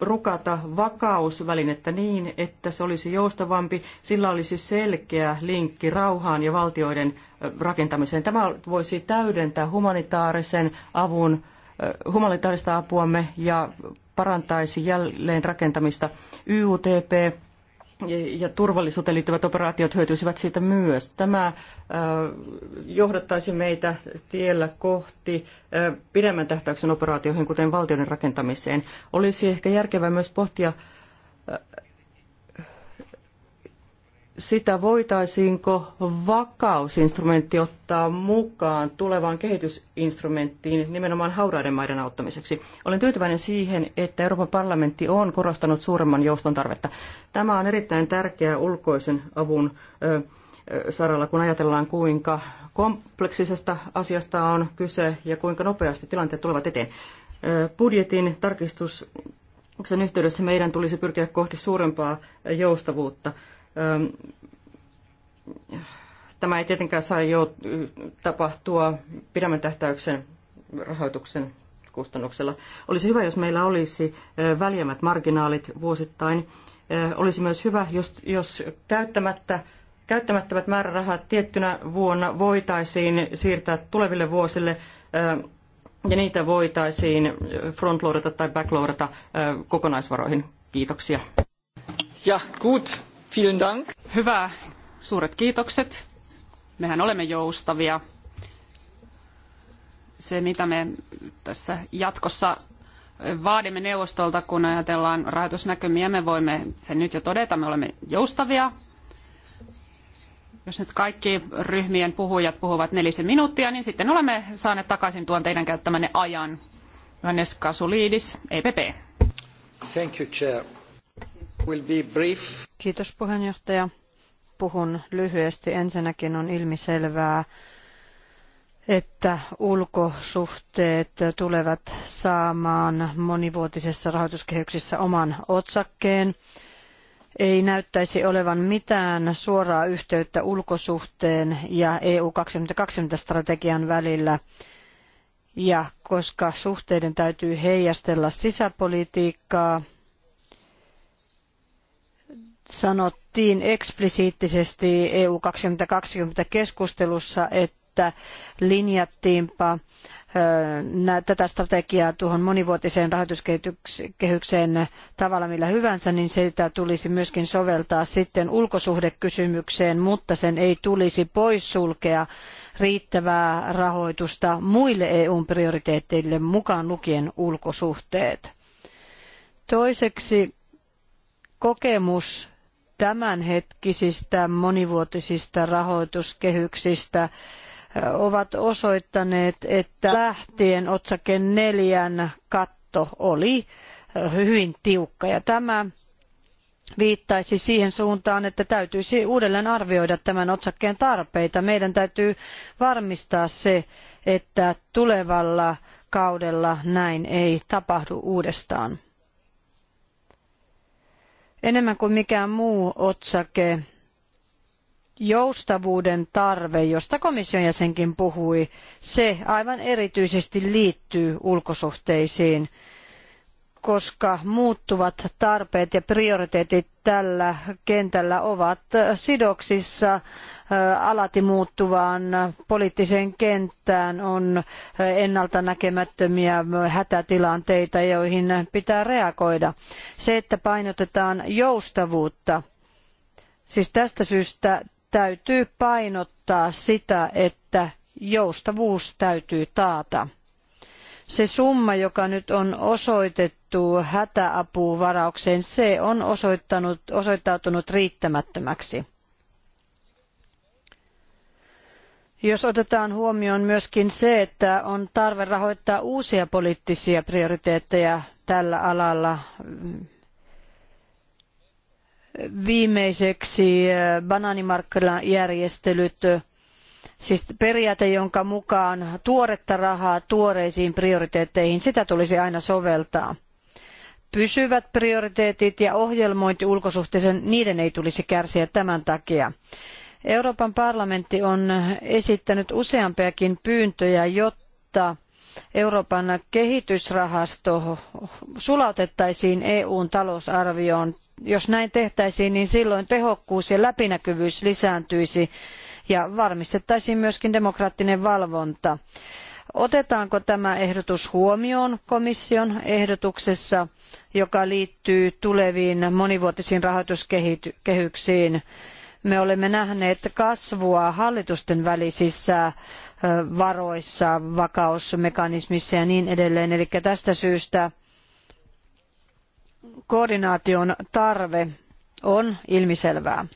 rukata vakausvälinettä niin, että se olisi joustavampi, sillä olisi selkeä linkki rauhaan ja valtioiden rakentamiseen. Tämä voisi täydentää humanitaarisen avun, humanitaarista apuamme ja parantaisi jälleen rakentamista. YUTP ja turvallisuuteen liittyvät operaatiot hyötyisivät siitä myös. Tämä johdattaisi meitä tiellä kohti pidemmän tähtäyksen operaatioihin, kuten valtioiden rakentamiseen. Olisi ehkä järkevää myös pohtia sitä voitaisiinko vakausinstrumentti ottaa mukaan tulevaan kehitysinstrumenttiin nimenomaan hauraiden maiden auttamiseksi. Olen tyytyväinen siihen, että Euroopan parlamentti on korostanut suuremman jouston tarvetta. Tämä on erittäin tärkeää ulkoisen avun saralla, kun ajatellaan kuinka kompleksisesta asiasta on kyse ja kuinka nopeasti tilanteet tulevat eteen. Budjetin tarkistus sen yhteydessä meidän tulisi pyrkiä kohti suurempaa joustavuutta. Tämä ei tietenkään saa jo tapahtua pidemmän tähtäyksen rahoituksen kustannuksella. Olisi hyvä, jos meillä olisi väljemmät marginaalit vuosittain. Olisi myös hyvä, jos, jos käyttämättä käyttämättömät määrärahat tiettynä vuonna voitaisiin siirtää tuleville vuosille ja niitä voitaisiin frontloadata tai backloadata kokonaisvaroihin. Kiitoksia. Ja, gut. Hyvä. Suuret kiitokset. Mehän olemme joustavia. Se, mitä me tässä jatkossa vaadimme neuvostolta, kun ajatellaan rahoitusnäkymiä, me voimme sen nyt jo todeta, me olemme joustavia. Jos nyt kaikki ryhmien puhujat puhuvat nelisen minuuttia, niin sitten olemme saaneet takaisin tuon teidän käyttämänne ajan. Johannes Kasuliidis, EPP. Thank you, Chair. Kiitos puheenjohtaja. Puhun lyhyesti. Ensinnäkin on ilmiselvää, että ulkosuhteet tulevat saamaan monivuotisessa rahoituskehyksessä oman otsakkeen. Ei näyttäisi olevan mitään suoraa yhteyttä ulkosuhteen ja EU 2020-strategian välillä. Ja koska suhteiden täytyy heijastella sisäpolitiikkaa, sanottiin eksplisiittisesti EU 2020 keskustelussa, että linjattiinpa tätä strategiaa tuohon monivuotiseen rahoituskehykseen tavalla millä hyvänsä, niin sitä tulisi myöskin soveltaa sitten ulkosuhdekysymykseen, mutta sen ei tulisi poissulkea riittävää rahoitusta muille EUn prioriteetteille mukaan lukien ulkosuhteet. Toiseksi kokemus tämänhetkisistä monivuotisista rahoituskehyksistä ovat osoittaneet, että lähtien otsake neljän katto oli hyvin tiukka. Ja tämä viittaisi siihen suuntaan, että täytyisi uudelleen arvioida tämän otsakkeen tarpeita. Meidän täytyy varmistaa se, että tulevalla kaudella näin ei tapahdu uudestaan enemmän kuin mikään muu otsake joustavuuden tarve, josta komission jäsenkin puhui, se aivan erityisesti liittyy ulkosuhteisiin, koska muuttuvat tarpeet ja prioriteetit tällä kentällä ovat sidoksissa alati muuttuvaan poliittiseen kenttään on ennalta näkemättömiä hätätilanteita, joihin pitää reagoida. Se, että painotetaan joustavuutta, siis tästä syystä täytyy painottaa sitä, että joustavuus täytyy taata. Se summa, joka nyt on osoitettu hätäapuvaraukseen, se on osoittautunut riittämättömäksi. jos otetaan huomioon myöskin se, että on tarve rahoittaa uusia poliittisia prioriteetteja tällä alalla, viimeiseksi eh, banaanimarkkinajärjestelyt, siis periaate, jonka mukaan tuoretta rahaa tuoreisiin prioriteetteihin, sitä tulisi aina soveltaa. Pysyvät prioriteetit ja ohjelmointi ulkosuhteisen, niiden ei tulisi kärsiä tämän takia. Euroopan parlamentti on esittänyt useampiakin pyyntöjä, jotta Euroopan kehitysrahasto sulautettaisiin EUn talousarvioon. Jos näin tehtäisiin, niin silloin tehokkuus ja läpinäkyvyys lisääntyisi ja varmistettaisiin myöskin demokraattinen valvonta. Otetaanko tämä ehdotus huomioon komission ehdotuksessa, joka liittyy tuleviin monivuotisiin rahoituskehyksiin? Me olemme nähneet kasvua hallitusten välisissä varoissa, vakausmekanismissa ja niin edelleen. Eli tästä syystä koordinaation tarve on ilmiselvää.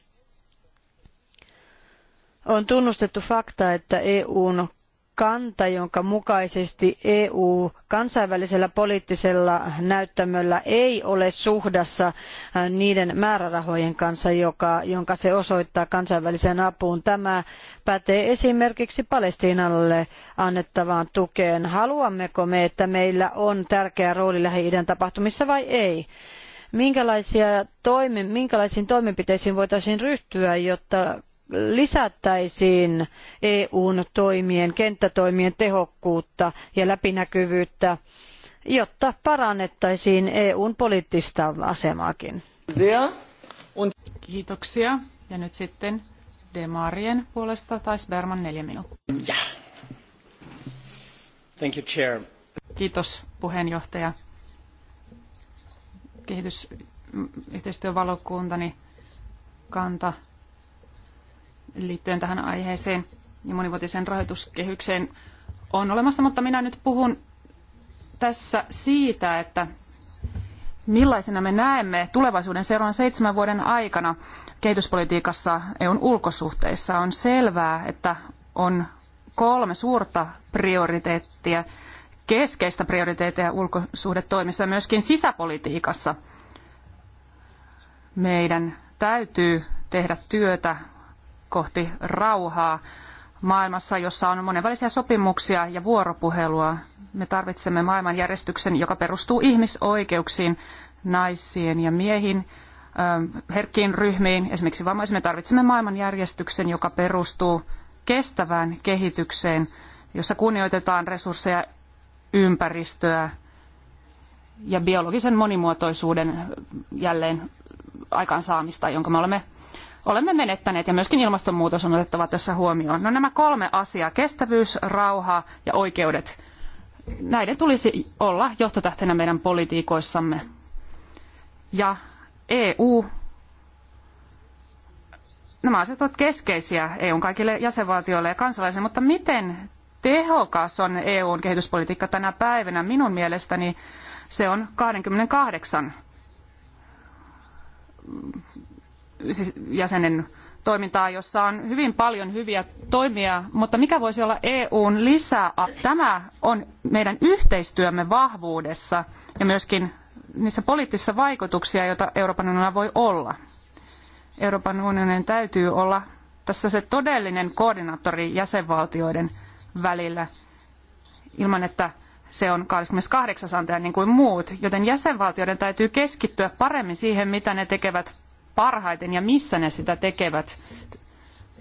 On tunnustettu fakta, että EUn kanta, jonka mukaisesti EU kansainvälisellä poliittisella näyttämöllä ei ole suhdassa äh, niiden määrärahojen kanssa, joka, jonka se osoittaa kansainväliseen apuun. Tämä pätee esimerkiksi Palestiinalle annettavaan tukeen. Haluammeko me, että meillä on tärkeä rooli Lähi-idän tapahtumissa vai ei? Minkälaisia toimi, minkälaisiin toimenpiteisiin voitaisiin ryhtyä, jotta lisättäisiin EUn toimien, kenttätoimien tehokkuutta ja läpinäkyvyyttä, jotta parannettaisiin EUn poliittista asemaakin. Kiitoksia. Ja nyt sitten Demarien puolesta tai Sberman neljä minuuttia. Thank you, chair. Kiitos puheenjohtaja. Kehitysyhteistyövalokuntani kanta liittyen tähän aiheeseen ja monivuotiseen rahoituskehykseen on olemassa, mutta minä nyt puhun tässä siitä, että millaisena me näemme tulevaisuuden seuraavan seitsemän vuoden aikana kehityspolitiikassa EUn ulkosuhteissa. On selvää, että on kolme suurta prioriteettia, keskeistä prioriteettia ulkosuhdetoimissa ja myöskin sisäpolitiikassa. Meidän täytyy tehdä työtä kohti rauhaa maailmassa, jossa on monenvälisiä sopimuksia ja vuoropuhelua. Me tarvitsemme maailmanjärjestyksen, joka perustuu ihmisoikeuksiin, naisiin ja miehiin, ähm, herkkiin ryhmiin, esimerkiksi vammaisiin. Me tarvitsemme maailmanjärjestyksen, joka perustuu kestävään kehitykseen, jossa kunnioitetaan resursseja, ympäristöä ja biologisen monimuotoisuuden jälleen aikaansaamista, jonka me olemme olemme menettäneet ja myöskin ilmastonmuutos on otettava tässä huomioon. No nämä kolme asiaa, kestävyys, rauha ja oikeudet, näiden tulisi olla johtotähtenä meidän politiikoissamme. Ja EU, nämä asiat ovat keskeisiä EUn kaikille jäsenvaltioille ja kansalaisille, mutta miten tehokas on EUn kehityspolitiikka tänä päivänä? Minun mielestäni se on 28 Siis jäsenen toimintaa, jossa on hyvin paljon hyviä toimia, mutta mikä voisi olla EUn lisää? Tämä on meidän yhteistyömme vahvuudessa ja myöskin niissä poliittisissa vaikutuksia, joita Euroopan unionilla voi olla. Euroopan unionin täytyy olla tässä se todellinen koordinaattori jäsenvaltioiden välillä ilman, että se on 28 antaja niin kuin muut, joten jäsenvaltioiden täytyy keskittyä paremmin siihen, mitä ne tekevät parhaiten ja missä ne sitä tekevät.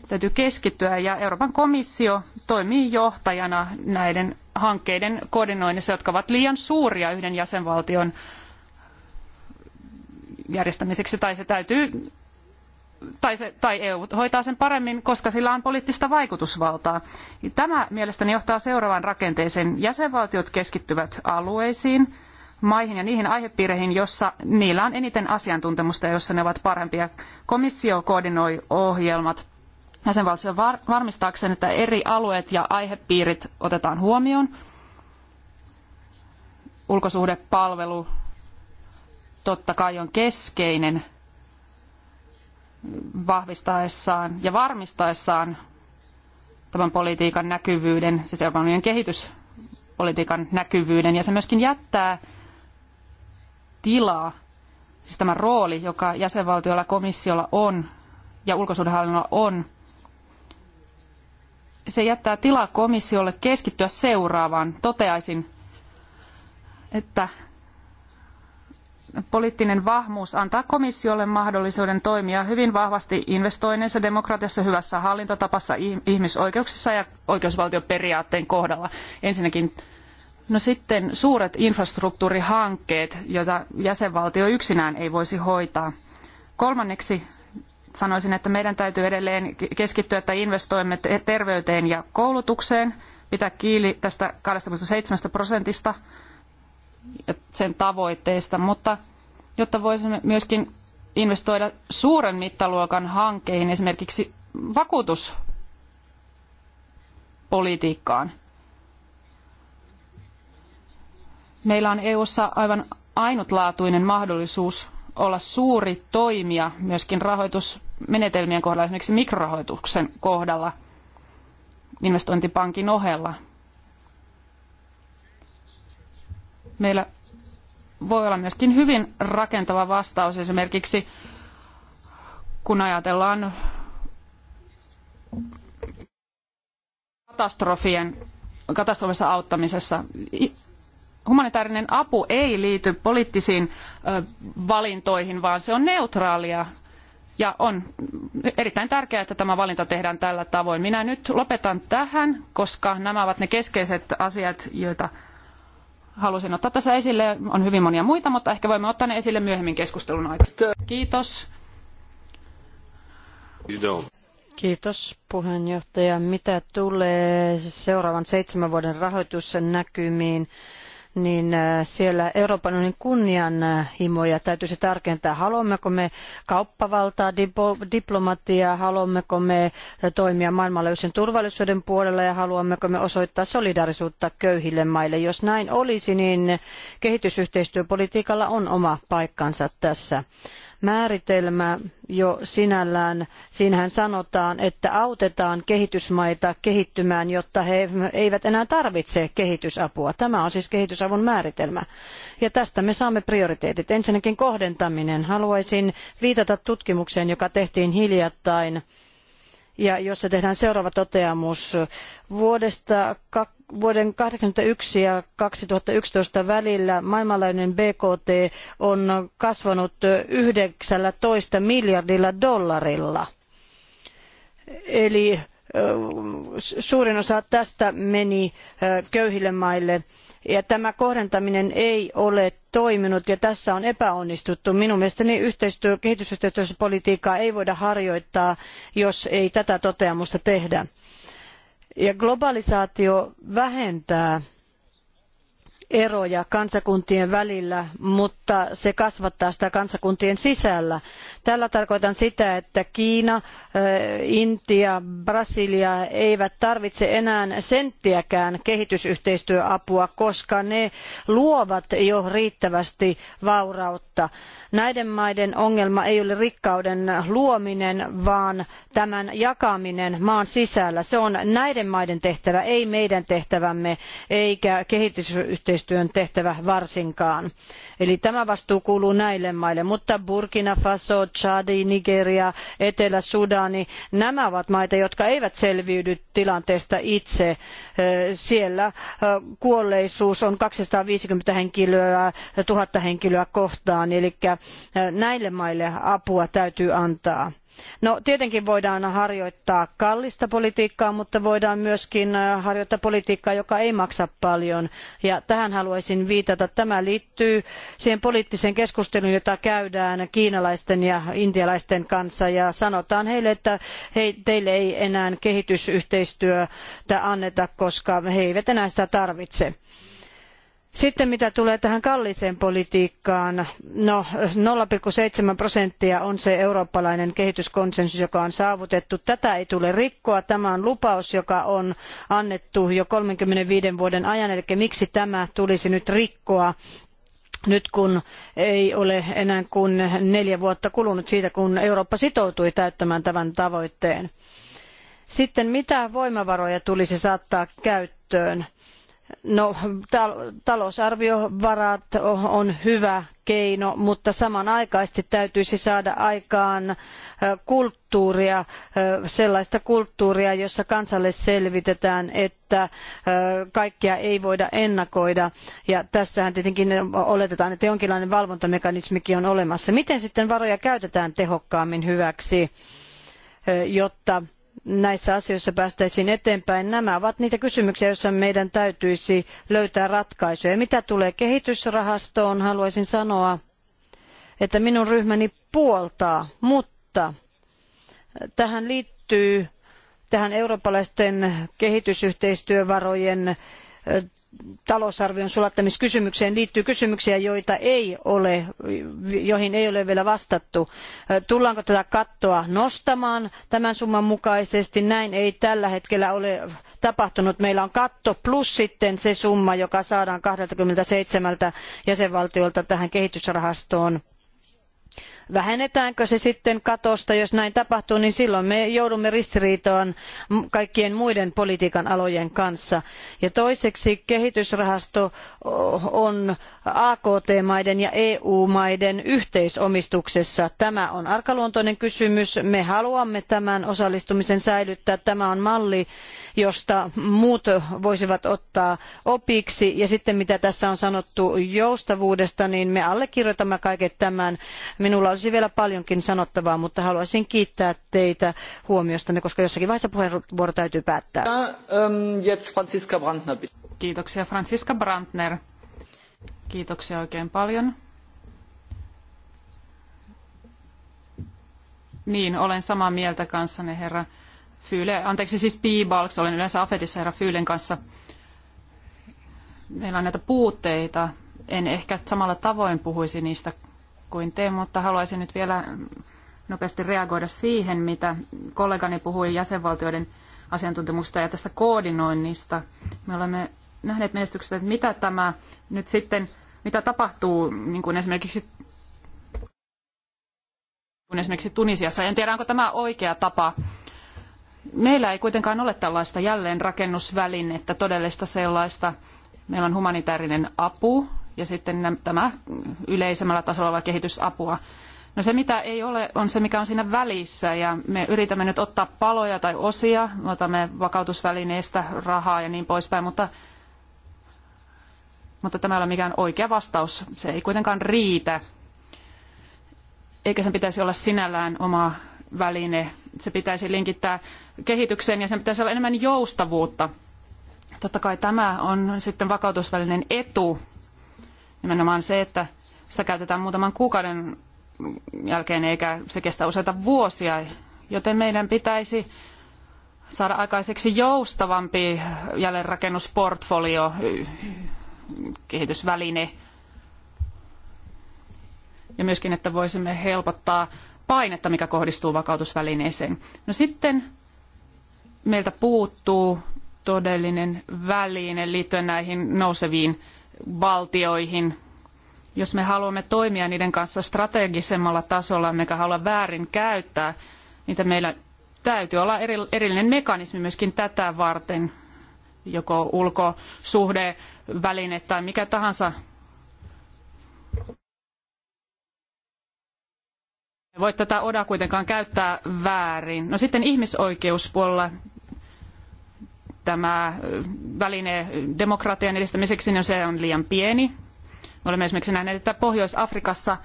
Täytyy keskittyä ja Euroopan komissio toimii johtajana näiden hankkeiden koordinoinnissa, jotka ovat liian suuria yhden jäsenvaltion järjestämiseksi tai se täytyy tai, se, tai EU hoitaa sen paremmin, koska sillä on poliittista vaikutusvaltaa. Tämä mielestäni johtaa seuraavaan rakenteeseen. Jäsenvaltiot keskittyvät alueisiin, maihin ja niihin aihepiireihin, jossa niillä on eniten asiantuntemusta ja jossa ne ovat parempia. Komissio koordinoi ohjelmat jäsenvaltion var- varmistaakseen, että eri alueet ja aihepiirit otetaan huomioon. Ulkosuhdepalvelu totta kai on keskeinen vahvistaessaan ja varmistaessaan tämän politiikan näkyvyyden, siis Euroopan unionin kehityspolitiikan näkyvyyden, ja se myöskin jättää tilaa siis tämä rooli, joka jäsenvaltiolla, komissiolla on ja ulkosuudenhallinnolla on, se jättää tilaa komissiolle keskittyä seuraavaan. Toteaisin, että poliittinen vahvuus antaa komissiolle mahdollisuuden toimia hyvin vahvasti investoinneissa demokratiassa, hyvässä hallintotapassa, ihmisoikeuksissa ja oikeusvaltioperiaatteen kohdalla. Ensinnäkin No sitten suuret infrastruktuurihankkeet, joita jäsenvaltio yksinään ei voisi hoitaa. Kolmanneksi sanoisin, että meidän täytyy edelleen keskittyä, että investoimme terveyteen ja koulutukseen, pitää kiili tästä 27 prosentista ja sen tavoitteista, mutta jotta voisimme myöskin investoida suuren mittaluokan hankkeihin, esimerkiksi vakuutuspolitiikkaan – Meillä on EU:ssa aivan ainutlaatuinen mahdollisuus olla suuri toimija myöskin rahoitusmenetelmien kohdalla, esimerkiksi mikrorahoituksen kohdalla investointipankin ohella. Meillä voi olla myöskin hyvin rakentava vastaus esimerkiksi, kun ajatellaan katastrofien, katastrofissa auttamisessa humanitaarinen apu ei liity poliittisiin valintoihin, vaan se on neutraalia. Ja on erittäin tärkeää, että tämä valinta tehdään tällä tavoin. Minä nyt lopetan tähän, koska nämä ovat ne keskeiset asiat, joita halusin ottaa tässä esille. On hyvin monia muita, mutta ehkä voimme ottaa ne esille myöhemmin keskustelun aikana. Kiitos. Kiitos puheenjohtaja. Mitä tulee seuraavan seitsemän vuoden rahoitusnäkymiin? niin äh, siellä Euroopan unionin kunnianhimoja täytyisi tarkentaa. Haluammeko me kauppavaltaa, diplomatiaa, haluammeko me toimia maailmanlaajuisen turvallisuuden puolella ja haluammeko me osoittaa solidaarisuutta köyhille maille. Jos näin olisi, niin kehitysyhteistyöpolitiikalla on oma paikkansa tässä määritelmä jo sinällään. Siinähän sanotaan, että autetaan kehitysmaita kehittymään, jotta he eivät enää tarvitse kehitysapua. Tämä on siis kehitysavun määritelmä. Ja tästä me saamme prioriteetit. Ensinnäkin kohdentaminen. Haluaisin viitata tutkimukseen, joka tehtiin hiljattain ja jossa tehdään seuraava toteamus. Vuodesta vuoden 1981 ja 2011 välillä maailmanlaajuinen BKT on kasvanut yhdeksäntoista miljardilla dollarilla. Eli suurin osa tästä meni köyhille maille ja tämä kohdentaminen ei ole toiminut ja tässä on epäonnistuttu. Minun mielestäni yhteistyö, kehitysyhteistyöpolitiikkaa ei voida harjoittaa, jos ei tätä toteamusta tehdä ja globalisaatio vähentää eroja kansakuntien välillä, mutta se kasvattaa sitä kansakuntien sisällä. Tällä tarkoitan sitä, että Kiina, Intia, Brasilia eivät tarvitse enää senttiäkään kehitysyhteistyöapua, koska ne luovat jo riittävästi vaurautta. Näiden maiden ongelma ei ole rikkauden luominen, vaan tämän jakaminen maan sisällä. Se on näiden maiden tehtävä, ei meidän tehtävämme, eikä kehitysyhteistyö yhteistyön tehtävä varsinkaan. Eli tämä vastuu kuuluu näille maille, mutta Burkina Faso, Chadi, Nigeria, Etelä-Sudani, nämä ovat maita, jotka eivät selviydy tilanteesta itse. Siellä kuolleisuus on 250 henkilöä, 1000 henkilöä kohtaan, eli näille maille apua täytyy antaa. No tietenkin voidaan harjoittaa kallista politiikkaa, mutta voidaan myöskin äh, harjoittaa politiikkaa, joka ei maksa paljon. Ja tähän haluaisin viitata. Tämä liittyy siihen poliittiseen keskusteluun, jota käydään kiinalaisten ja intialaisten kanssa. Ja sanotaan heille, että hei, teille ei enää kehitysyhteistyötä anneta, koska he eivät enää sitä tarvitse. Sitten mitä tulee tähän kalliiseen politiikkaan, no 0,7 prosenttia on se eurooppalainen kehityskonsensus, joka on saavutettu. Tätä ei tule rikkoa. Tämä on lupaus, joka on annettu jo 35 vuoden ajan, eli miksi tämä tulisi nyt rikkoa nyt kun ei ole enää kuin neljä vuotta kulunut siitä, kun Eurooppa sitoutui täyttämään tämän tavoitteen. Sitten mitä voimavaroja tulisi saattaa käyttöön? No, talousarviovarat on hyvä keino, mutta samanaikaisesti täytyisi saada aikaan kulttuuria, sellaista kulttuuria, jossa kansalle selvitetään, että kaikkea ei voida ennakoida. Ja tässähän tietenkin oletetaan, että jonkinlainen valvontamekanismikin on olemassa. Miten sitten varoja käytetään tehokkaammin hyväksi, jotta näissä asioissa päästäisiin eteenpäin. Nämä ovat niitä kysymyksiä, joissa meidän täytyisi löytää ratkaisuja. Mitä tulee kehitysrahastoon, haluaisin sanoa, että minun ryhmäni puoltaa, mutta tähän liittyy tähän eurooppalaisten kehitysyhteistyövarojen talousarvion sulattamiskysymykseen liittyy kysymyksiä, joita ei ole, joihin ei ole vielä vastattu. Tullaanko tätä kattoa nostamaan tämän summan mukaisesti? Näin ei tällä hetkellä ole tapahtunut. Meillä on katto plus sitten se summa, joka saadaan kaksikymmentäseitsemän jäsenvaltiolta tähän kehitysrahastoon vähennetäänkö se sitten katosta, jos näin tapahtuu, niin silloin me joudumme ristiriitoon kaikkien muiden politiikan alojen kanssa. Ja toiseksi kehitysrahasto on AKT-maiden ja EU-maiden yhteisomistuksessa. Tämä on arkaluontoinen kysymys. Me haluamme tämän osallistumisen säilyttää. Tämä on malli, josta muut voisivat ottaa opiksi. Ja sitten mitä tässä on sanottu joustavuudesta, niin me allekirjoitamme kaiken tämän. Minulla olisi vielä paljonkin sanottavaa, mutta haluaisin kiittää teitä huomiostanne, koska jossakin vaiheessa puheenvuoro täytyy päättää. Franziska Brandner. Kiitoksia Franziska Brandner. Kiitoksia oikein paljon. Niin, olen samaa mieltä kanssanne, herra Fyyle. Anteeksi, siis Piibalks. Olen yleensä Afetissa herra Fyylen kanssa. Meillä on näitä puutteita. En ehkä samalla tavoin puhuisi niistä kuin te, mutta haluaisin nyt vielä nopeasti reagoida siihen, mitä kollegani puhui jäsenvaltioiden asiantuntemusta ja tästä koordinoinnista. Me olemme nähneet menestyksestä, että mitä tämä nyt sitten, mitä tapahtuu niin kuin esimerkiksi kun esimerkiksi Tunisiassa. En tiedä, onko tämä oikea tapa. Meillä ei kuitenkaan ole tällaista jälleenrakennusvälinettä, todellista sellaista. Meillä on humanitaarinen apu, ja sitten tämä yleisemmällä tasolla oleva kehitysapua. No se, mitä ei ole, on se, mikä on siinä välissä. Ja me yritämme nyt ottaa paloja tai osia, otamme vakautusvälineestä rahaa ja niin poispäin, mutta, mutta tämä ei ole mikään oikea vastaus. Se ei kuitenkaan riitä. Eikä sen pitäisi olla sinällään oma väline. Se pitäisi linkittää kehitykseen ja sen pitäisi olla enemmän joustavuutta. Totta kai tämä on sitten vakautusvälinen etu, Nimenomaan se, että sitä käytetään muutaman kuukauden jälkeen eikä se kestä useita vuosia, joten meidän pitäisi saada aikaiseksi joustavampi jälleenrakennusportfolio, kehitysväline ja myöskin, että voisimme helpottaa painetta, mikä kohdistuu vakautusvälineeseen. No sitten meiltä puuttuu todellinen väline liittyen näihin nouseviin valtioihin. Jos me haluamme toimia niiden kanssa strategisemmalla tasolla, emmekä halua väärin käyttää, niitä meillä täytyy olla erillinen mekanismi myöskin tätä varten, joko ulkosuhde, väline tai mikä tahansa. Voi tätä oda kuitenkaan käyttää väärin. No sitten ihmisoikeuspuolella tämä väline demokratian edistämiseksi, niin se on liian pieni. Me olemme esimerkiksi nähneet, että Pohjois-Afrikassa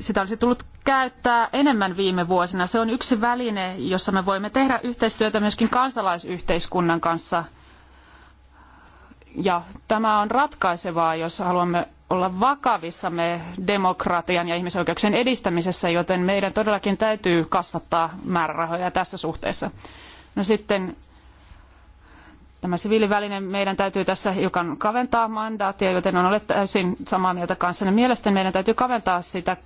sitä olisi tullut käyttää enemmän viime vuosina. Se on yksi väline, jossa me voimme tehdä yhteistyötä myöskin kansalaisyhteiskunnan kanssa. Ja tämä on ratkaisevaa, jos haluamme olla vakavissamme demokratian ja ihmisoikeuksien edistämisessä, joten meidän todellakin täytyy kasvattaa määrärahoja tässä suhteessa. No sitten tämä siviiliväline, meidän täytyy tässä hiukan kaventaa mandaattia, joten on ole täysin samaa mieltä kanssanne. Mielestäni meidän täytyy kaventaa sitä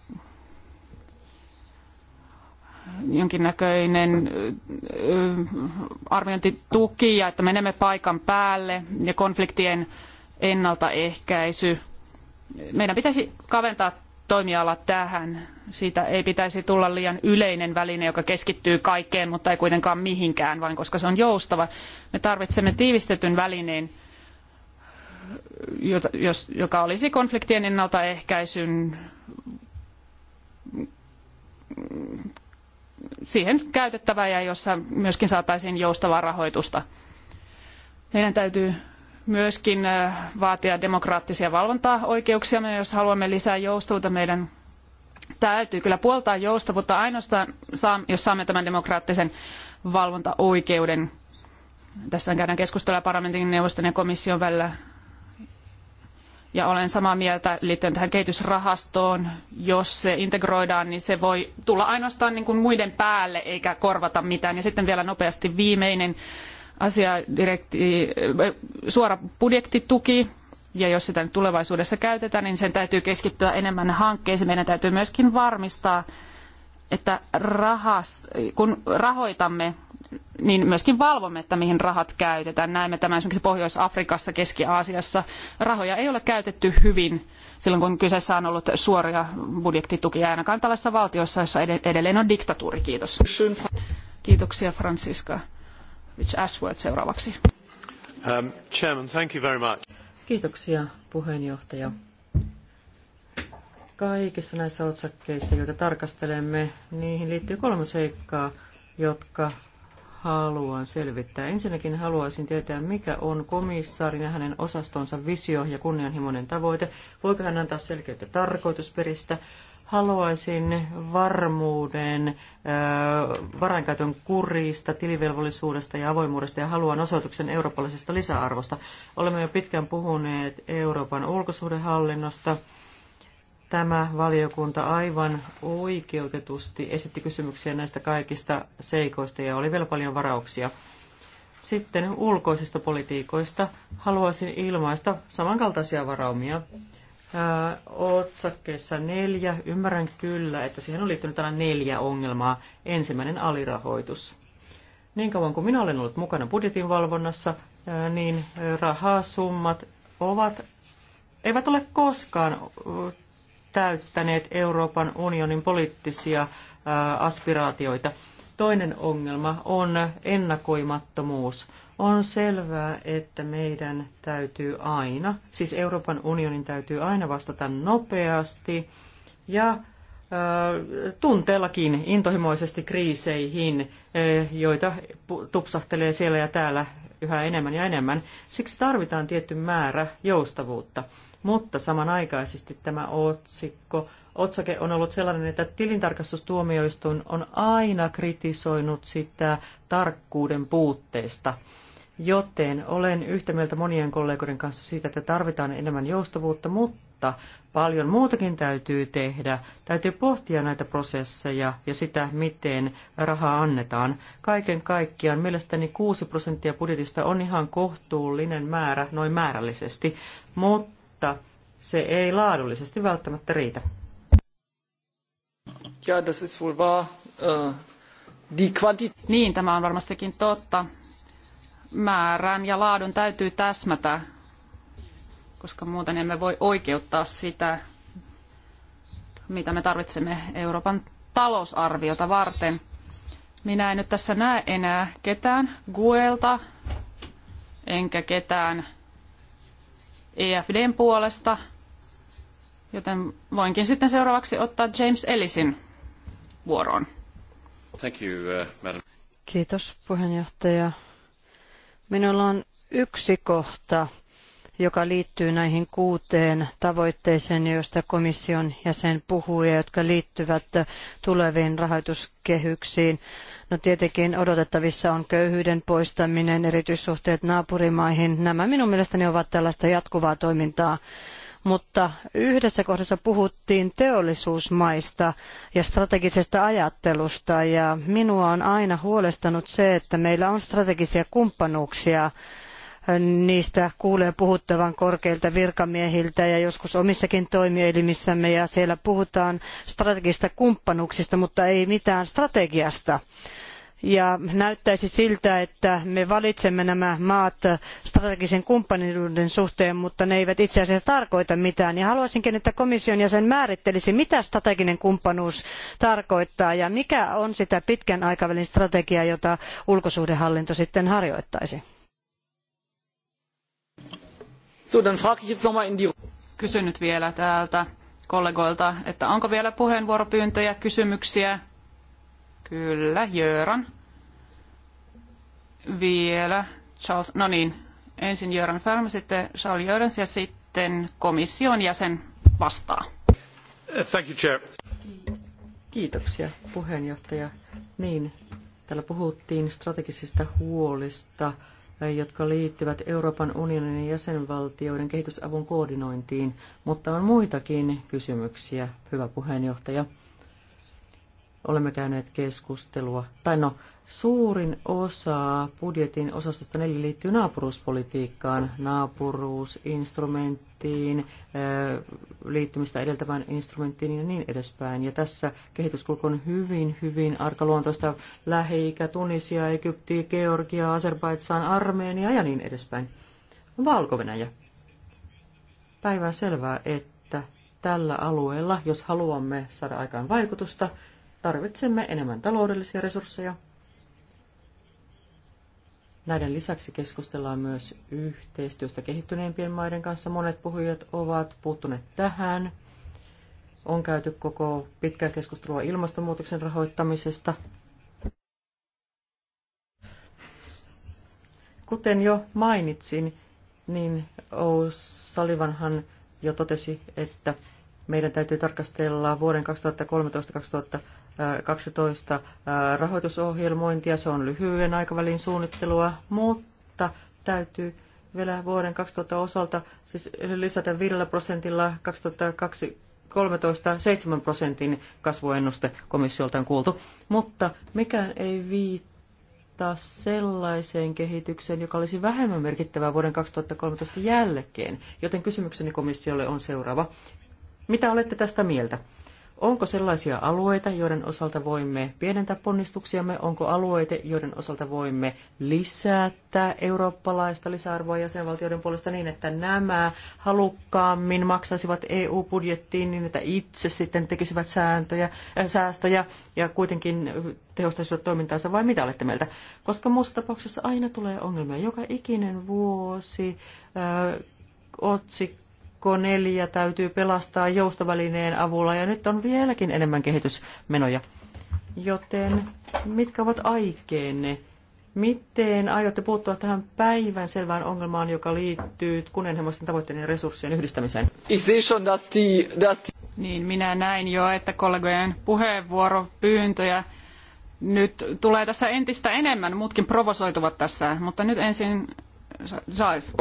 jonkinnäköinen arviointituki ja että menemme paikan päälle ja konfliktien ennaltaehkäisy. Meidän pitäisi kaventaa toimiala tähän siitä ei pitäisi tulla liian yleinen väline, joka keskittyy kaikkeen, mutta ei kuitenkaan mihinkään, vaan koska se on joustava. Me tarvitsemme tiivistetyn välineen, joka olisi konfliktien ennaltaehkäisyn siihen käytettävä ja jossa myöskin saataisiin joustavaa rahoitusta. Meidän täytyy myöskin äh, vaatia demokraattisia valvontaoikeuksia, jos haluamme lisää joustavuutta meidän täytyy kyllä puoltaa joustavuutta ainoastaan, jos saamme tämän demokraattisen valvontaoikeuden. Tässä käydään keskustelua parlamentin neuvoston ja komission välillä. Ja olen samaa mieltä liittyen tähän kehitysrahastoon. Jos se integroidaan, niin se voi tulla ainoastaan niin kuin muiden päälle eikä korvata mitään. Ja sitten vielä nopeasti viimeinen asia, direkti, äh, suora budjettituki ja jos sitä nyt tulevaisuudessa käytetään, niin sen täytyy keskittyä enemmän hankkeisiin. Meidän täytyy myöskin varmistaa, että rahas, kun rahoitamme, niin myöskin valvomme, että mihin rahat käytetään. Näemme tämän esimerkiksi Pohjois-Afrikassa, Keski-Aasiassa. Rahoja ei ole käytetty hyvin silloin, kun kyseessä on ollut suoria budjettitukia, ainakaan tällaisessa valtiossa, jossa edelleen on diktatuuri. Kiitos. Kiitoksia Francisca. Rich Ashworth seuraavaksi. Um, chairman, thank you very much. Kiitoksia puheenjohtaja. Kaikissa näissä otsakkeissa, joita tarkastelemme, niihin liittyy kolme seikkaa, jotka haluan selvittää. Ensinnäkin haluaisin tietää, mikä on komissaarin ja hänen osastonsa visio ja kunnianhimoinen tavoite. Voiko hän antaa selkeyttä tarkoitusperistä? Haluaisin varmuuden varainkäytön kurista, tilivelvollisuudesta ja avoimuudesta ja haluan osoituksen eurooppalaisesta lisäarvosta. Olemme jo pitkään puhuneet Euroopan ulkosuhdehallinnosta. Tämä valiokunta aivan oikeutetusti esitti kysymyksiä näistä kaikista seikoista ja oli vielä paljon varauksia. Sitten ulkoisista politiikoista haluaisin ilmaista samankaltaisia varaumia otsakkeessa neljä. Ymmärrän kyllä, että siihen on liittynyt aina neljä ongelmaa. Ensimmäinen alirahoitus. Niin kauan kuin minä olen ollut mukana budjetin valvonnassa, niin rahasummat ovat, eivät ole koskaan täyttäneet Euroopan unionin poliittisia aspiraatioita. Toinen ongelma on ennakoimattomuus. On selvää, että meidän täytyy aina, siis Euroopan unionin täytyy aina vastata nopeasti ja tunteellakin intohimoisesti kriiseihin, joita tupsahtelee siellä ja täällä yhä enemmän ja enemmän. Siksi tarvitaan tietty määrä joustavuutta. Mutta samanaikaisesti tämä otsikko, otsake on ollut sellainen, että tilintarkastustuomioistuin on aina kritisoinut sitä tarkkuuden puutteesta. Joten olen yhtä mieltä monien kollegoiden kanssa siitä, että tarvitaan enemmän joustavuutta, mutta paljon muutakin täytyy tehdä. Täytyy pohtia näitä prosesseja ja sitä, miten rahaa annetaan. Kaiken kaikkiaan mielestäni 6 prosenttia budjetista on ihan kohtuullinen määrä noin määrällisesti, mutta se ei laadullisesti välttämättä riitä. Ja, das ist wohl wahr. Uh, die Quanti- niin, tämä on varmastikin totta määrän ja laadun täytyy täsmätä, koska muuten emme voi oikeuttaa sitä, mitä me tarvitsemme Euroopan talousarviota varten. Minä en nyt tässä näe enää ketään Guelta, enkä ketään EFDn puolesta, joten voinkin sitten seuraavaksi ottaa James Ellisin vuoroon. Thank you, uh, madam. Kiitos puheenjohtaja. Minulla on yksi kohta, joka liittyy näihin kuuteen tavoitteeseen, joista komission jäsen puhuu, ja jotka liittyvät tuleviin rahoituskehyksiin. No tietenkin odotettavissa on köyhyyden poistaminen, erityissuhteet naapurimaihin. Nämä minun mielestäni ovat tällaista jatkuvaa toimintaa mutta yhdessä kohdassa puhuttiin teollisuusmaista ja strategisesta ajattelusta ja minua on aina huolestanut se, että meillä on strategisia kumppanuuksia niistä kuulee puhuttavan korkeilta virkamiehiltä ja joskus omissakin toimielimissämme ja siellä puhutaan strategisista kumppanuuksista, mutta ei mitään strategiasta ja näyttäisi siltä, että me valitsemme nämä maat strategisen kumppanuuden suhteen, mutta ne eivät itse asiassa tarkoita mitään. Ja haluaisinkin, että komission jäsen määrittelisi, mitä strateginen kumppanuus tarkoittaa ja mikä on sitä pitkän aikavälin strategiaa, jota ulkosuhdehallinto sitten harjoittaisi. So, dann frage ich jetzt noch mal in die... Kysyn nyt vielä täältä kollegoilta, että onko vielä puheenvuoropyyntöjä, kysymyksiä Kyllä, Jöran. Vielä Charles, no niin, ensin Jöran Färm, sitten Charles Jörens ja sitten komission jäsen vastaa. Thank you, Chair. Kiitoksia puheenjohtaja. Niin, täällä puhuttiin strategisista huolista, jotka liittyvät Euroopan unionin ja jäsenvaltioiden kehitysavun koordinointiin, mutta on muitakin kysymyksiä, hyvä puheenjohtaja olemme käyneet keskustelua. Tai no, suurin osa budjetin osastosta neljä liittyy naapuruuspolitiikkaan, naapuruusinstrumenttiin, liittymistä edeltävään instrumenttiin ja niin edespäin. Ja tässä kehityskulku on hyvin, hyvin arkaluontoista. Lähi-ikä, Tunisia, Egypti, Georgia, Azerbaidsan, Armenia ja niin edespäin. Valko-Venäjä. Päivän selvää, että tällä alueella, jos haluamme saada aikaan vaikutusta, tarvitsemme enemmän taloudellisia resursseja. Näiden lisäksi keskustellaan myös yhteistyöstä kehittyneempien maiden kanssa. Monet puhujat ovat puuttuneet tähän. On käyty koko pitkää keskustelua ilmastonmuutoksen rahoittamisesta. Kuten jo mainitsin, niin Salivanhan jo totesi, että meidän täytyy tarkastella vuoden 2013-2014 12 äh, rahoitusohjelmointia, se on lyhyen aikavälin suunnittelua, mutta täytyy vielä vuoden 2000 osalta siis lisätä 5 prosentilla 2013 7 prosentin kasvuennuste komissiolta on kuultu, mutta mikään ei viittaa sellaiseen kehitykseen, joka olisi vähemmän merkittävää vuoden 2013 jälkeen, joten kysymykseni komissiolle on seuraava. Mitä olette tästä mieltä? Onko sellaisia alueita, joiden osalta voimme pienentää ponnistuksiamme? Onko alueita, joiden osalta voimme lisätä eurooppalaista lisäarvoa jäsenvaltioiden puolesta niin, että nämä halukkaammin maksaisivat EU-budjettiin niin, että itse sitten tekisivät sääntöjä, äh, säästöjä ja kuitenkin tehostaisivat toimintaansa vai mitä olette mieltä? Koska muussa tapauksessa aina tulee ongelmia. Joka ikinen vuosi äh, otsikko Kaksikko neljä täytyy pelastaa joustovälineen avulla ja nyt on vieläkin enemmän kehitysmenoja. Joten mitkä ovat aikeenne? Miten aiotte puuttua tähän päivän selvään ongelmaan, joka liittyy kunnianhimoisten tavoitteiden ja resurssien yhdistämiseen? Niin, minä näin jo, että kollegojen puheenvuoropyyntöjä nyt tulee tässä entistä enemmän. Muutkin provosoituvat tässä, mutta nyt ensin saisi.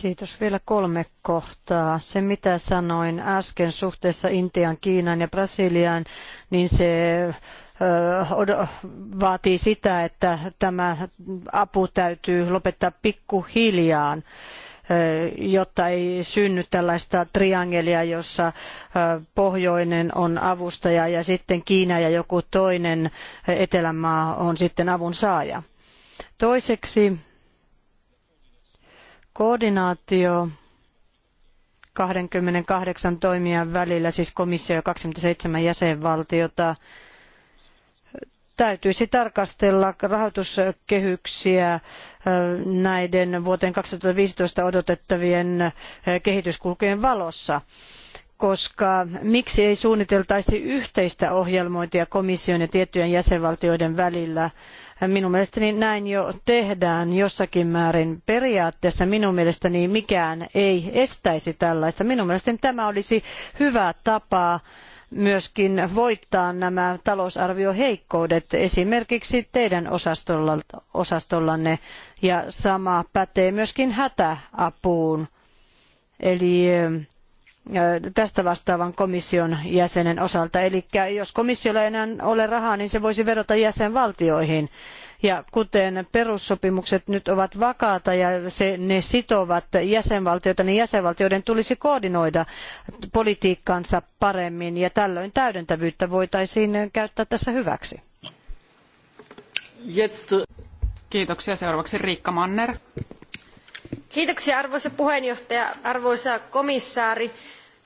Kiitos. Vielä kolme kohtaa. Se, mitä sanoin äsken suhteessa Intian, Kiinan ja Brasiliaan, niin se vaatii sitä, että tämä apu täytyy lopettaa pikkuhiljaan jotta ei synny tällaista triangelia, jossa pohjoinen on avustaja ja sitten Kiina ja joku toinen etelämaa on sitten avun saaja. Toiseksi Koordinaatio 28 toimijan välillä, siis komissio ja 27 jäsenvaltiota, täytyisi tarkastella rahoituskehyksiä näiden vuoteen 2015 odotettavien kehityskulkujen valossa koska miksi ei suunniteltaisi yhteistä ohjelmointia komission ja tiettyjen jäsenvaltioiden välillä Minun mielestäni näin jo tehdään jossakin määrin. Periaatteessa minun mielestäni mikään ei estäisi tällaista. Minun mielestäni tämä olisi hyvä tapa myöskin voittaa nämä talousarvioheikkoudet esimerkiksi teidän osastollanne ja sama pätee myöskin hätäapuun. Eli tästä vastaavan komission jäsenen osalta. Eli jos komissiolla ei enää ole rahaa, niin se voisi vedota jäsenvaltioihin. Ja kuten perussopimukset nyt ovat vakaata ja se, ne sitovat jäsenvaltioita, niin jäsenvaltioiden tulisi koordinoida politiikkaansa paremmin ja tällöin täydentävyyttä voitaisiin käyttää tässä hyväksi. Kiitoksia. Seuraavaksi Riikka Manner. Kiitoksia arvoisa puheenjohtaja, arvoisa komissaari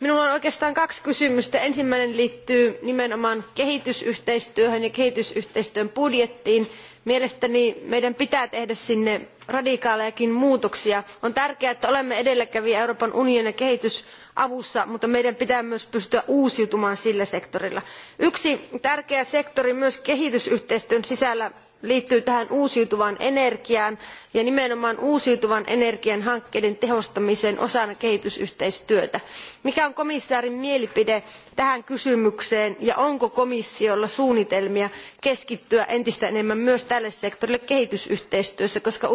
Minulla on oikeastaan kaksi kysymystä. Ensimmäinen liittyy nimenomaan kehitysyhteistyöhön ja kehitysyhteistyön budjettiin. Mielestäni meidän pitää tehdä sinne radikaalejakin muutoksia. On tärkeää, että olemme edelläkävijä Euroopan unionin kehitysavussa, mutta meidän pitää myös pystyä uusiutumaan sillä sektorilla. Yksi tärkeä sektori myös kehitysyhteistyön sisällä liittyy tähän uusiutuvaan energiaan ja nimenomaan uusiutuvan energian hankkeiden tehostamiseen osana kehitysyhteistyötä. mikä on komissaarin mielipide tähän kysymykseen ja onko komissiolla suunnitelmia keskittyä entistä enemmän myös tälle sektorille kehitysyhteistyössä koska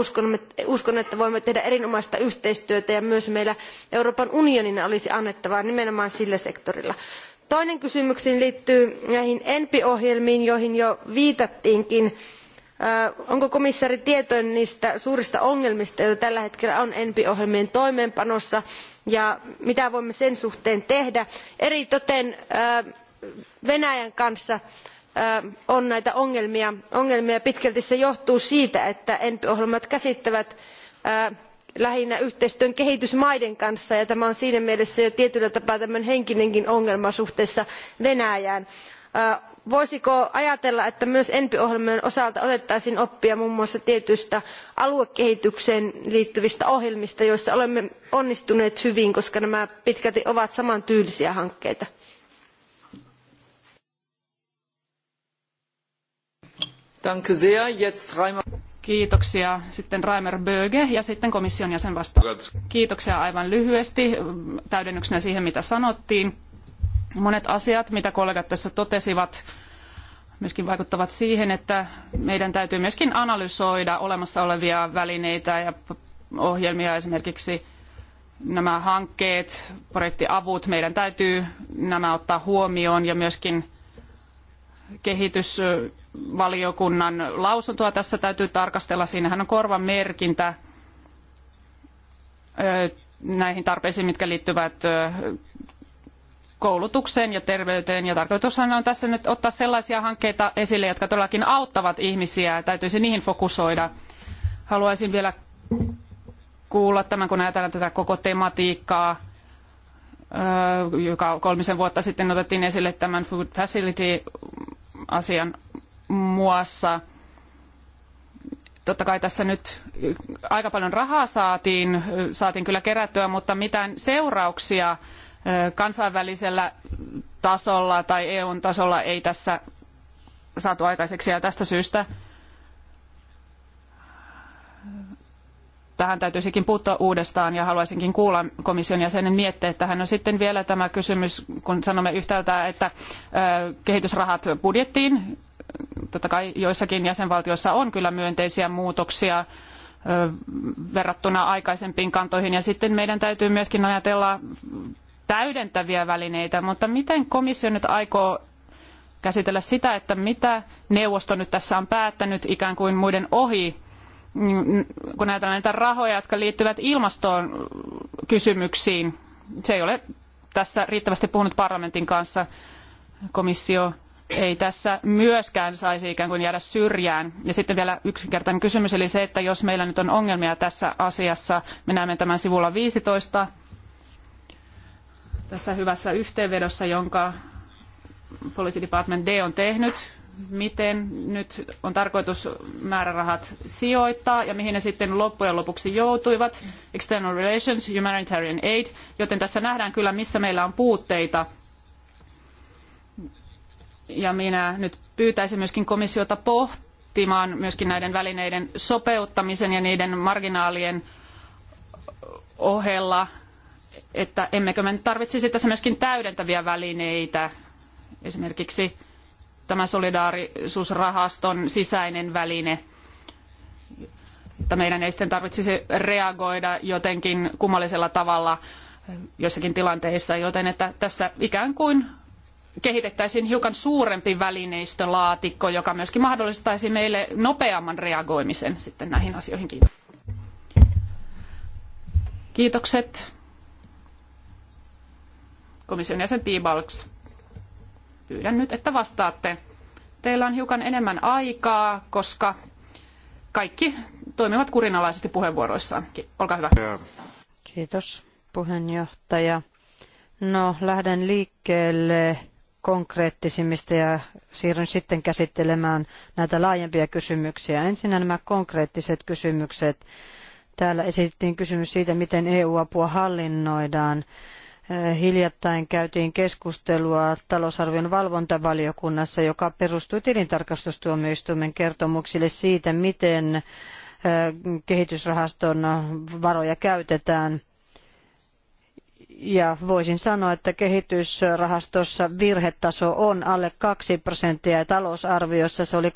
uskon että voimme tehdä erinomaista yhteistyötä ja myös meillä euroopan unionina olisi annettavaa nimenomaan sillä sektorilla toinen kysymykseni liittyy näihin enpi ohjelmiin joihin jo viitattiinkin. Äh, onko jäsen tietoinen niistä suurista ongelmista joita tällä hetkellä on enpi ohjelmien toimeenpanossa ja mitä voimme sen suhteen tehdä? eritoten äh, venäjän kanssa äh, on näitä ongelmia ja pitkälti se johtuu siitä että enpi ohjelmat käsittävät lähinnä yhteistyön kehitysmaiden kanssa ja tämä on siinä mielessä jo tietyllä tapaa henkinenkin ongelma suhteessa venäjään voisiko ajatella että myös enpi ohjelmien osalta otettaisiin oppia muun muassa tietyistä aluekehitykseen liittyvistä ohjelmista joissa olemme onnistuneet hyvin koska nämä pitkälti ovat saman tyylisiä hankkeita? Kiitoksia. Sitten Raimer Böge ja sitten komission jäsen vastaa. Kiitoksia aivan lyhyesti täydennyksenä siihen, mitä sanottiin Monet asiat, mitä kollegat tässä totesivat, myöskin vaikuttavat siihen, että meidän täytyy myöskin analysoida olemassa olevia välineitä ja ohjelmia, esimerkiksi nämä hankkeet, projektiavut. Meidän täytyy nämä ottaa huomioon ja myöskin kehitysvaliokunnan lausuntoa tässä täytyy tarkastella. Siinähän on korva merkintä näihin tarpeisiin, mitkä liittyvät koulutukseen ja terveyteen. Ja tarkoitushan on tässä nyt ottaa sellaisia hankkeita esille, jotka todellakin auttavat ihmisiä ja täytyisi niihin fokusoida. Haluaisin vielä kuulla tämän, kun ajatellaan tätä koko tematiikkaa, joka kolmisen vuotta sitten otettiin esille tämän Food Facility-asian muassa. Totta kai tässä nyt aika paljon rahaa saatiin, saatiin kyllä kerättyä, mutta mitään seurauksia kansainvälisellä tasolla tai EUn tasolla ei tässä saatu aikaiseksi ja tästä syystä tähän täytyisikin puuttua uudestaan ja haluaisinkin kuulla komission jäsenen mietteet tähän. No sitten vielä tämä kysymys, kun sanomme yhtäältä, että kehitysrahat budjettiin, totta kai joissakin jäsenvaltioissa on kyllä myönteisiä muutoksia verrattuna aikaisempiin kantoihin ja sitten meidän täytyy myöskin ajatella täydentäviä välineitä, mutta miten komissio nyt aikoo käsitellä sitä, että mitä neuvosto nyt tässä on päättänyt ikään kuin muiden ohi, kun ajatellaan näitä rahoja, jotka liittyvät ilmastoon kysymyksiin. Se ei ole tässä riittävästi puhunut parlamentin kanssa. Komissio ei tässä myöskään saisi ikään kuin jäädä syrjään. Ja sitten vielä yksinkertainen kysymys, eli se, että jos meillä nyt on ongelmia tässä asiassa, me näemme tämän sivulla 15, tässä hyvässä yhteenvedossa, jonka Policy Department D on tehnyt, miten nyt on tarkoitus määrärahat sijoittaa ja mihin ne sitten loppujen lopuksi joutuivat, external relations, humanitarian aid, joten tässä nähdään kyllä, missä meillä on puutteita. Ja minä nyt pyytäisin myöskin komissiota pohtimaan myöskin näiden välineiden sopeuttamisen ja niiden marginaalien ohella että emmekö me tarvitsisi tässä myöskin täydentäviä välineitä, esimerkiksi tämä solidaarisuusrahaston sisäinen väline, että meidän ei sitten tarvitsisi reagoida jotenkin kummallisella tavalla joissakin tilanteissa, joten että tässä ikään kuin kehitettäisiin hiukan suurempi välineistölaatikko, joka myöskin mahdollistaisi meille nopeamman reagoimisen sitten näihin asioihin. Kiitokset komission jäsen Piibalks. Pyydän nyt, että vastaatte. Teillä on hiukan enemmän aikaa, koska kaikki toimivat kurinalaisesti puheenvuoroissaan. Olkaa hyvä. Kiitos puheenjohtaja. No, lähden liikkeelle konkreettisimmista ja siirryn sitten käsittelemään näitä laajempia kysymyksiä. Ensin nämä konkreettiset kysymykset. Täällä esitettiin kysymys siitä, miten EU-apua hallinnoidaan hiljattain käytiin keskustelua talousarvion valvontavaliokunnassa, joka perustui tilintarkastustuomioistuimen kertomuksille siitä, miten kehitysrahaston varoja käytetään. Ja voisin sanoa, että kehitysrahastossa virhetaso on alle kaksi prosenttia ja talousarviossa se oli 2-5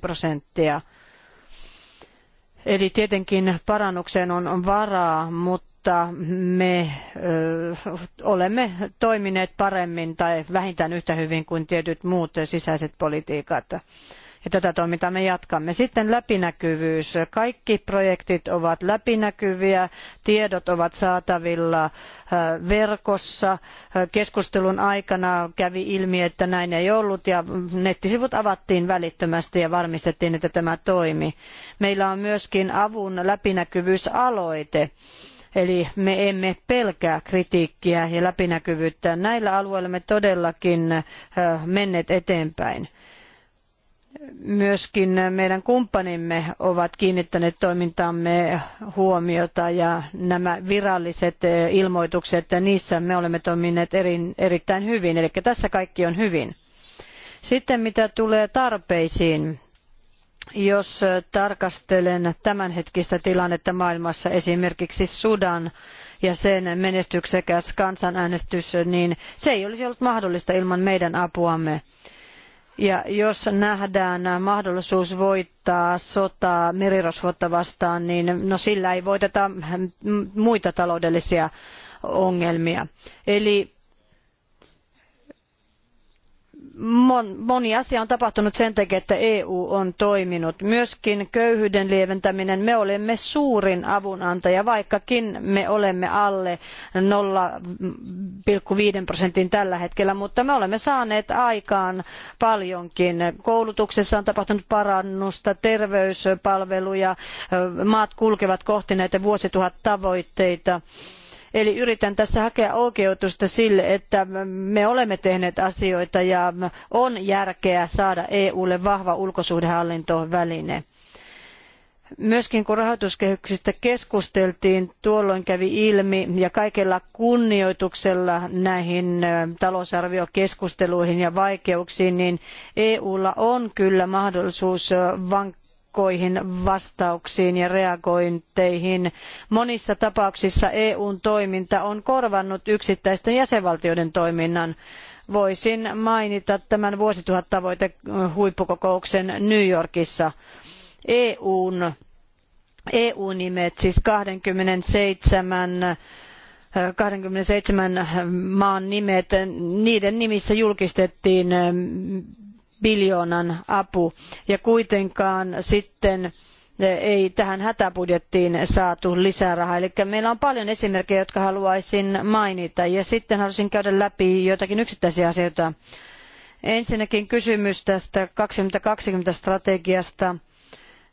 prosenttia Eli tietenkin parannukseen on varaa, mutta me olemme toimineet paremmin tai vähintään yhtä hyvin kuin tietyt muut sisäiset politiikat ja tätä toimintaa me jatkamme. Sitten läpinäkyvyys. Kaikki projektit ovat läpinäkyviä, tiedot ovat saatavilla äh, verkossa. Äh, keskustelun aikana kävi ilmi, että näin ei ollut ja nettisivut avattiin välittömästi ja varmistettiin, että tämä toimi. Meillä on myöskin avun läpinäkyvyysaloite. Eli me emme pelkää kritiikkiä ja läpinäkyvyyttä. Näillä alueilla me todellakin äh, menneet eteenpäin myöskin meidän kumppanimme ovat kiinnittäneet toimintamme huomiota ja nämä viralliset eh, ilmoitukset, niissä me olemme toimineet eri, erittäin hyvin, eli tässä kaikki on hyvin. Sitten mitä tulee tarpeisiin, jos eh, tarkastelen tämänhetkistä tilannetta maailmassa, esimerkiksi Sudan ja sen menestyksekäs kansanäänestys, niin se ei olisi ollut mahdollista ilman meidän apuamme. Ja jos nähdään mahdollisuus voittaa sotaa merirosvotta vastaan, niin no sillä ei voiteta muita taloudellisia ongelmia. Eli moni asia on tapahtunut sen takia, että EU on toiminut. Myöskin köyhyyden lieventäminen. Me olemme suurin avunantaja, vaikkakin me olemme alle 0,5 prosentin tällä hetkellä, mutta me olemme saaneet aikaan paljonkin. Koulutuksessa on tapahtunut parannusta, terveyspalveluja, maat kulkevat kohti näitä vuosituhat tavoitteita. Eli yritän tässä hakea oikeutusta sille, että me olemme tehneet asioita ja on järkeä saada EUlle vahva ulkosuhdehallintoväline. Myöskin kun rahoituskehyksistä keskusteltiin, tuolloin kävi ilmi ja kaikella kunnioituksella näihin talousarviokeskusteluihin ja vaikeuksiin, niin EUlla on kyllä mahdollisuus vankkaa tiukkoihin vastauksiin ja reagointeihin. Monissa tapauksissa EUn toiminta on korvannut yksittäisten jäsenvaltioiden toiminnan. Voisin mainita tämän vuosituhattavoite huippukokouksen New Yorkissa. EUn, EU-nimet, siis 27 27 maan nimet, niiden nimissä julkistettiin biljoonan apu ja kuitenkaan sitten eh, ei tähän hätäbudjettiin saatu lisärahaa. Eli meillä on paljon esimerkkejä, jotka haluaisin mainita. Ja sitten haluaisin käydä läpi joitakin yksittäisiä asioita. Ensinnäkin kysymys tästä 2020-strategiasta.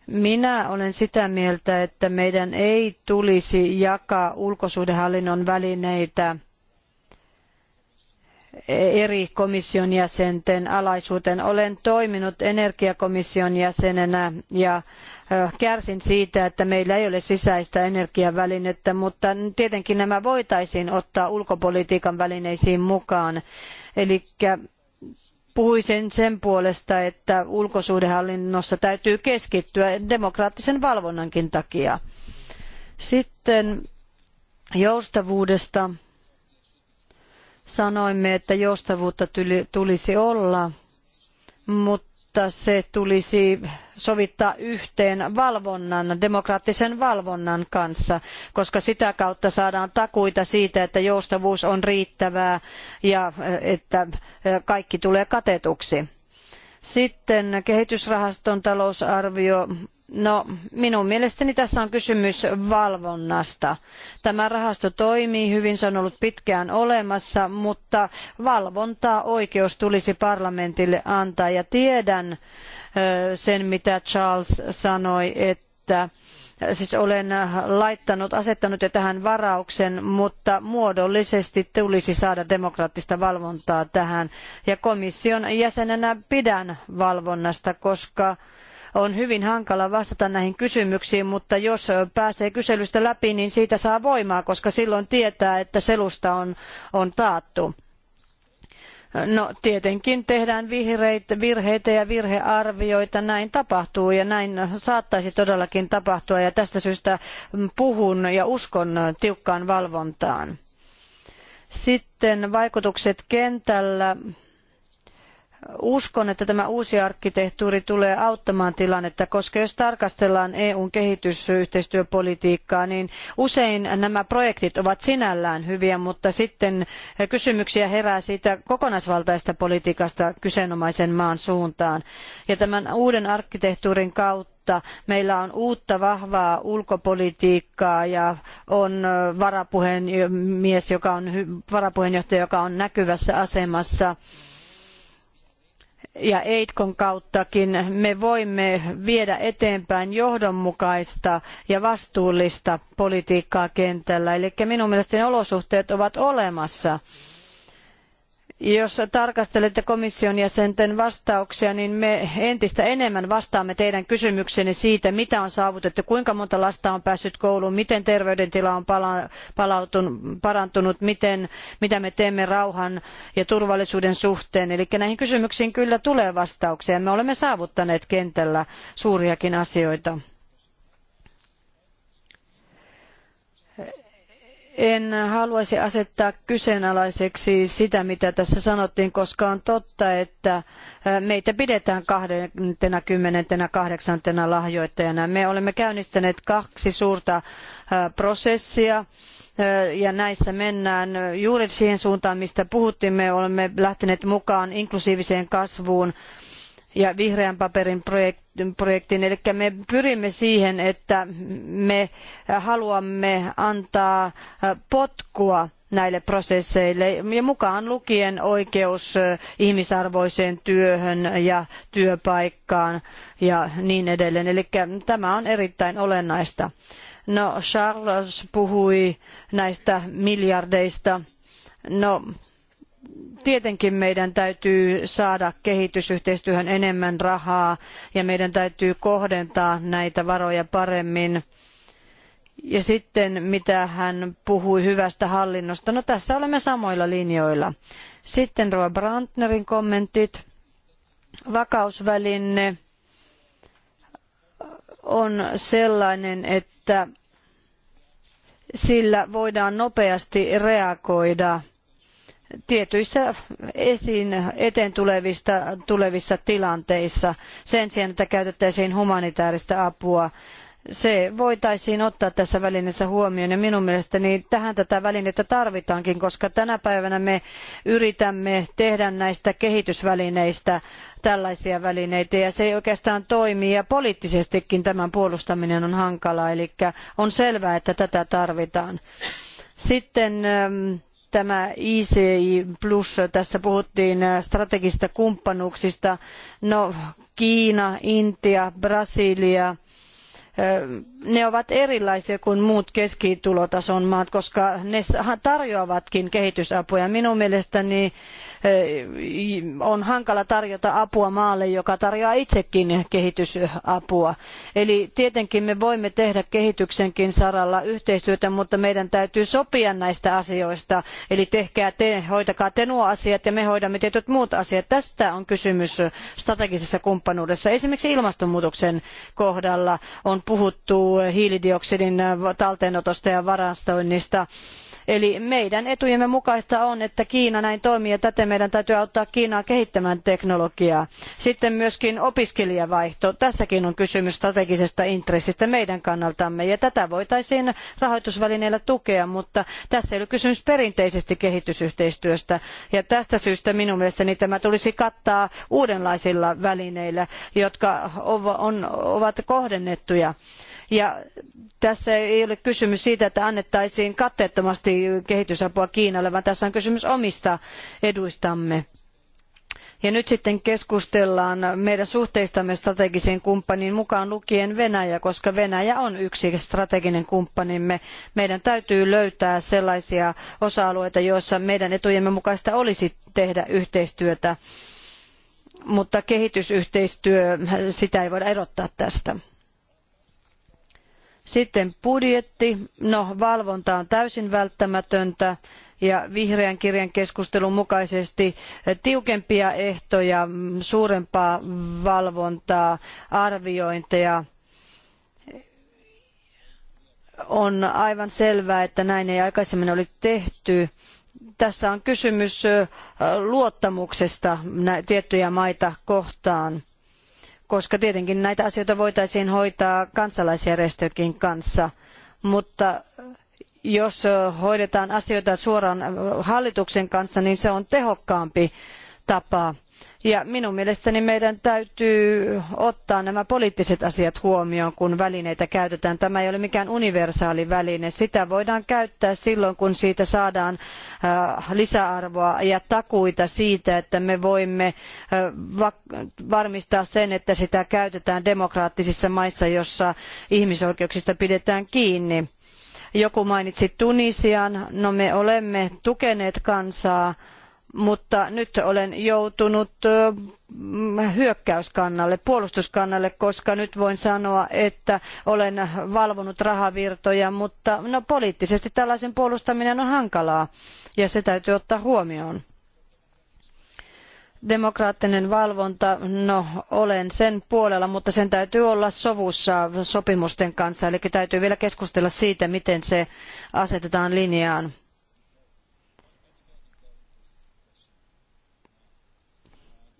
Minä olen sitä mieltä, että meidän ei tulisi jakaa ulkosuhdehallinnon välineitä – eri komission jäsenten alaisuuteen. Olen toiminut energiakomission jäsenenä ja kärsin siitä, että meillä ei ole sisäistä energiavälinettä, mutta tietenkin nämä voitaisiin ottaa ulkopolitiikan välineisiin mukaan. Eli puhuisin sen puolesta, että ulkosuhdehallinnossa täytyy keskittyä demokraattisen valvonnankin takia. Sitten joustavuudesta Sanoimme, että joustavuutta tulisi olla, mutta se tulisi sovittaa yhteen valvonnan, demokraattisen valvonnan kanssa, koska sitä kautta saadaan takuita siitä, että joustavuus on riittävää ja eh, että eh, kaikki tulee katetuksi. Sitten kehitysrahaston talousarvio No, minun mielestäni tässä on kysymys valvonnasta. Tämä rahasto toimii hyvin, se on ollut pitkään olemassa, mutta valvontaa oikeus tulisi parlamentille antaa. Ja tiedän sen, mitä Charles sanoi, että siis olen laittanut, asettanut jo tähän varauksen, mutta muodollisesti tulisi saada demokraattista valvontaa tähän. Ja komission jäsenenä pidän valvonnasta, koska on hyvin hankala vastata näihin kysymyksiin, mutta jos pääsee kyselystä läpi, niin siitä saa voimaa, koska silloin tietää, että selusta on, on taattu. No tietenkin tehdään vihreitä, virheitä ja virhearvioita, näin tapahtuu ja näin saattaisi todellakin tapahtua ja tästä syystä puhun ja uskon tiukkaan valvontaan. Sitten vaikutukset kentällä uskon, että tämä uusi arkkitehtuuri tulee auttamaan tilannetta, koska jos tarkastellaan EUn kehitysyhteistyöpolitiikkaa, niin usein nämä projektit ovat sinällään hyviä, mutta sitten kysymyksiä herää siitä kokonaisvaltaista politiikasta kyseenomaisen maan suuntaan. Ja tämän uuden arkkitehtuurin kautta meillä on uutta vahvaa ulkopolitiikkaa ja on varapuheenmies, joka on, varapuheenjohtaja, joka on näkyvässä asemassa ja EITKon kauttakin me voimme viedä eteenpäin johdonmukaista ja vastuullista politiikkaa kentällä. Eli minun mielestäni olosuhteet ovat olemassa. Jos tarkastelette komission jäsenten vastauksia, niin me entistä enemmän vastaamme teidän kysymykseenne siitä, mitä on saavutettu, kuinka monta lasta on päässyt kouluun, miten terveydentila on parantunut, miten, mitä me teemme rauhan ja turvallisuuden suhteen. Eli näihin kysymyksiin kyllä tulee vastauksia. Me olemme saavuttaneet kentällä suuriakin asioita. en haluaisi asettaa kyseenalaiseksi sitä, mitä tässä sanottiin, koska on totta, että meitä pidetään 28. lahjoittajana. Me olemme käynnistäneet kaksi suurta prosessia ja näissä mennään juuri siihen suuntaan, mistä puhuttiin. Me olemme lähteneet mukaan inklusiiviseen kasvuun ja vihreän paperin projektin. Eli me pyrimme siihen, että me haluamme antaa äh, potkua näille prosesseille ja mukaan lukien oikeus äh, ihmisarvoiseen työhön ja työpaikkaan ja niin edelleen. Eli tämä on erittäin olennaista. No, Charles puhui näistä miljardeista. No, tietenkin meidän täytyy saada kehitysyhteistyöhön enemmän rahaa ja meidän täytyy kohdentaa näitä varoja paremmin. Ja sitten mitä hän puhui hyvästä hallinnosta. No tässä olemme samoilla linjoilla. Sitten Roa Brandnerin kommentit. Vakausväline on sellainen, että sillä voidaan nopeasti reagoida – tietyissä esiin eteen tulevista, tulevissa tilanteissa sen sijaan, että käytettäisiin humanitaarista apua se voitaisiin ottaa tässä välineessä huomioon ja minun mielestäni tähän tätä välinettä tarvitaankin, koska tänä päivänä me yritämme tehdä näistä kehitysvälineistä tällaisia välineitä ja se ei oikeastaan toimi ja poliittisestikin tämän puolustaminen on hankalaa, eli on selvää, että tätä tarvitaan. Sitten ähm, tämä ICI Plus, tässä puhuttiin äh, strategista kumppanuuksista, no Kiina, Intia, Brasilia, ne ovat erilaisia kuin muut keskitulotason maat, koska ne tarjoavatkin kehitysapuja. Minun mielestäni on hankala tarjota apua maalle, joka tarjoaa itsekin kehitysapua. Eli tietenkin me voimme tehdä kehityksenkin saralla yhteistyötä, mutta meidän täytyy sopia näistä asioista. Eli tehkää te, hoitakaa te nuo asiat ja me hoidamme tietyt muut asiat. Tästä on kysymys strategisessa kumppanuudessa. Esimerkiksi ilmastonmuutoksen kohdalla on puhuttu hiilidioksidin talteenotosta ja varastoinnista. Eli meidän etujemme mukaista on, että Kiina näin toimii ja täten meidän täytyy auttaa Kiinaa kehittämään teknologiaa. Sitten myöskin opiskelijavaihto. Tässäkin on kysymys strategisesta intressistä meidän kannaltamme ja tätä voitaisiin rahoitusvälineillä tukea, mutta tässä ei ole kysymys perinteisesti kehitysyhteistyöstä ja tästä syystä minun mielestäni tämä tulisi kattaa uudenlaisilla välineillä, jotka ovat kohdennettuja. Ja tässä ei ole kysymys siitä, että annettaisiin katteettomasti kehitysapua Kiinalle, vaan tässä on kysymys omista eduistamme. Ja nyt sitten keskustellaan meidän suhteistamme strategisiin kumppaniin mukaan lukien Venäjä, koska Venäjä on yksi strateginen kumppanimme. Meidän täytyy löytää sellaisia osa-alueita, joissa meidän etujemme mukaista olisi tehdä yhteistyötä, mutta kehitysyhteistyö, sitä ei voida erottaa tästä. Sitten budjetti. No, valvonta on täysin välttämätöntä ja vihreän kirjan keskustelun mukaisesti tiukempia ehtoja, mm, suurempaa valvontaa, arviointeja. On aivan selvää, että näin ei aikaisemmin ole tehty. Tässä on kysymys luottamuksesta tiettyjä maita kohtaan koska tietenkin näitä asioita voitaisiin hoitaa kansalaisjärjestökin kanssa, mutta jos hoidetaan asioita suoraan hallituksen kanssa, niin se on tehokkaampi tapa ja minun mielestäni meidän täytyy ottaa nämä poliittiset asiat huomioon, kun välineitä käytetään. Tämä ei ole mikään universaali väline. Sitä voidaan käyttää silloin, kun siitä saadaan äh, lisäarvoa ja takuita siitä, että me voimme äh, varmistaa sen, että sitä käytetään demokraattisissa maissa, jossa ihmisoikeuksista pidetään kiinni. Joku mainitsi Tunisian. No me olemme tukeneet kansaa mutta nyt olen joutunut mm, hyökkäyskannalle, puolustuskannalle, koska nyt voin sanoa, että olen valvonut rahavirtoja, mutta no, poliittisesti tällaisen puolustaminen on hankalaa ja se täytyy ottaa huomioon demokraattinen valvonta, no olen sen puolella, mutta sen täytyy olla sovussa sopimusten kanssa, eli täytyy vielä keskustella siitä, miten se asetetaan linjaan.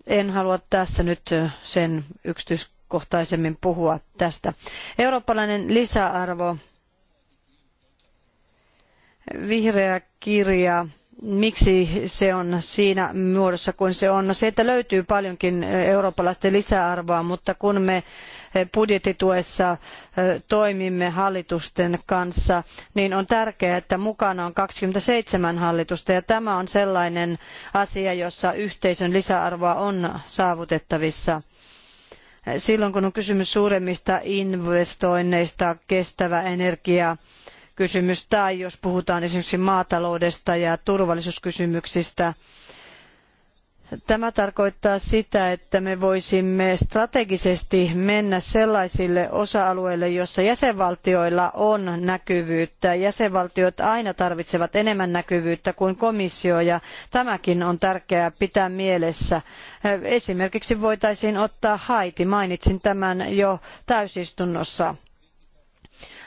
En halua tässä nyt sen yksityiskohtaisemmin puhua tästä. Eurooppalainen lisäarvo, vihreä kirja, miksi se on siinä muodossa kuin se on. No, se, että löytyy paljonkin eurooppalaisten lisäarvoa, mutta kun me budjettituessa toimimme hallitusten kanssa, niin on tärkeää, että mukana on 27 hallitusta ja tämä on sellainen asia, jossa yhteisön lisäarvoa on saavutettavissa silloin kun on kysymys suuremmista investoinneista, kestävä energia, kysymys tai jos puhutaan esimerkiksi maataloudesta ja turvallisuuskysymyksistä. Tämä tarkoittaa sitä, että me voisimme strategisesti mennä sellaisille osa-alueille, joissa jäsenvaltioilla on näkyvyyttä. Jäsenvaltiot aina tarvitsevat enemmän näkyvyyttä kuin komissio ja tämäkin on tärkeää pitää mielessä. Esimerkiksi voitaisiin ottaa Haiti, mainitsin tämän jo täysistunnossa.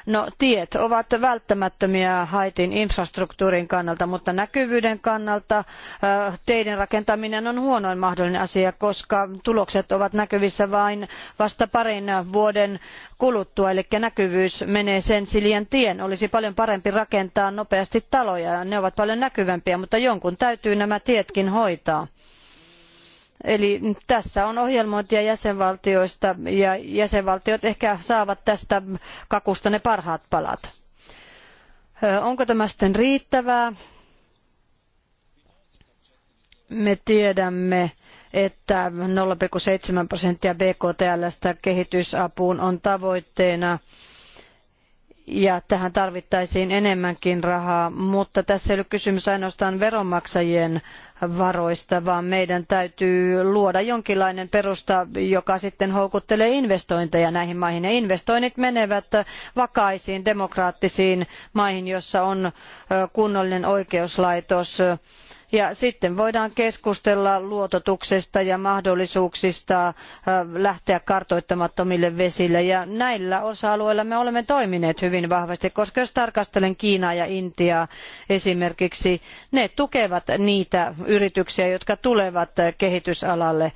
No tiet ovat välttämättömiä Haitin infrastruktuurin kannalta, mutta näkyvyyden kannalta äh, teiden rakentaminen on huonoin mahdollinen asia, koska tulokset ovat näkyvissä vain vasta parin vuoden kuluttua, eli näkyvyys menee sen siljen tien. Olisi paljon parempi rakentaa nopeasti taloja, ne ovat paljon näkyvämpiä, mutta jonkun täytyy nämä tietkin hoitaa Eli tässä on ohjelmointia jäsenvaltioista ja jäsenvaltiot ehkä saavat tästä kakusta ne parhaat palat. Onko tämä sitten riittävää? Me tiedämme, että 0,7 prosenttia BKTL-stä kehitysapuun on tavoitteena ja tähän tarvittaisiin enemmänkin rahaa, mutta tässä ei ole kysymys ainoastaan veronmaksajien varoista, vaan meidän täytyy luoda jonkinlainen perusta, joka sitten houkuttelee investointeja näihin maihin. Ja investoinnit menevät vakaisiin, demokraattisiin maihin, jossa on kunnollinen oikeuslaitos ja sitten voidaan keskustella luototuksesta ja mahdollisuuksista äh, lähteä kartoittamattomille vesille. Ja näillä osa-alueilla me olemme toimineet hyvin vahvasti, koska jos tarkastelen Kiinaa ja Intiaa esimerkiksi, ne tukevat niitä yrityksiä, jotka tulevat äh, kehitysalalle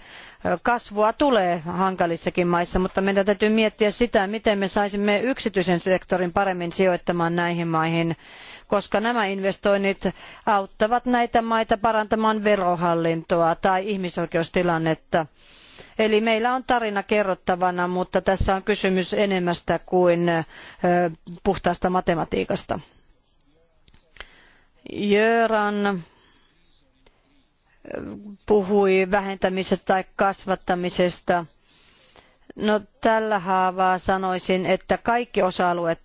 kasvua tulee hankalissakin maissa, mutta meidän täytyy miettiä sitä, miten me saisimme yksityisen sektorin paremmin sijoittamaan näihin maihin, koska nämä investoinnit auttavat näitä maita parantamaan verohallintoa tai ihmisoikeustilannetta. Eli meillä on tarina kerrottavana, mutta tässä on kysymys enemmästä kuin puhtaasta matematiikasta. Jöran puhui vähentämisestä tai kasvattamisesta. No tällä haavaa sanoisin, että kaikki osa-alueet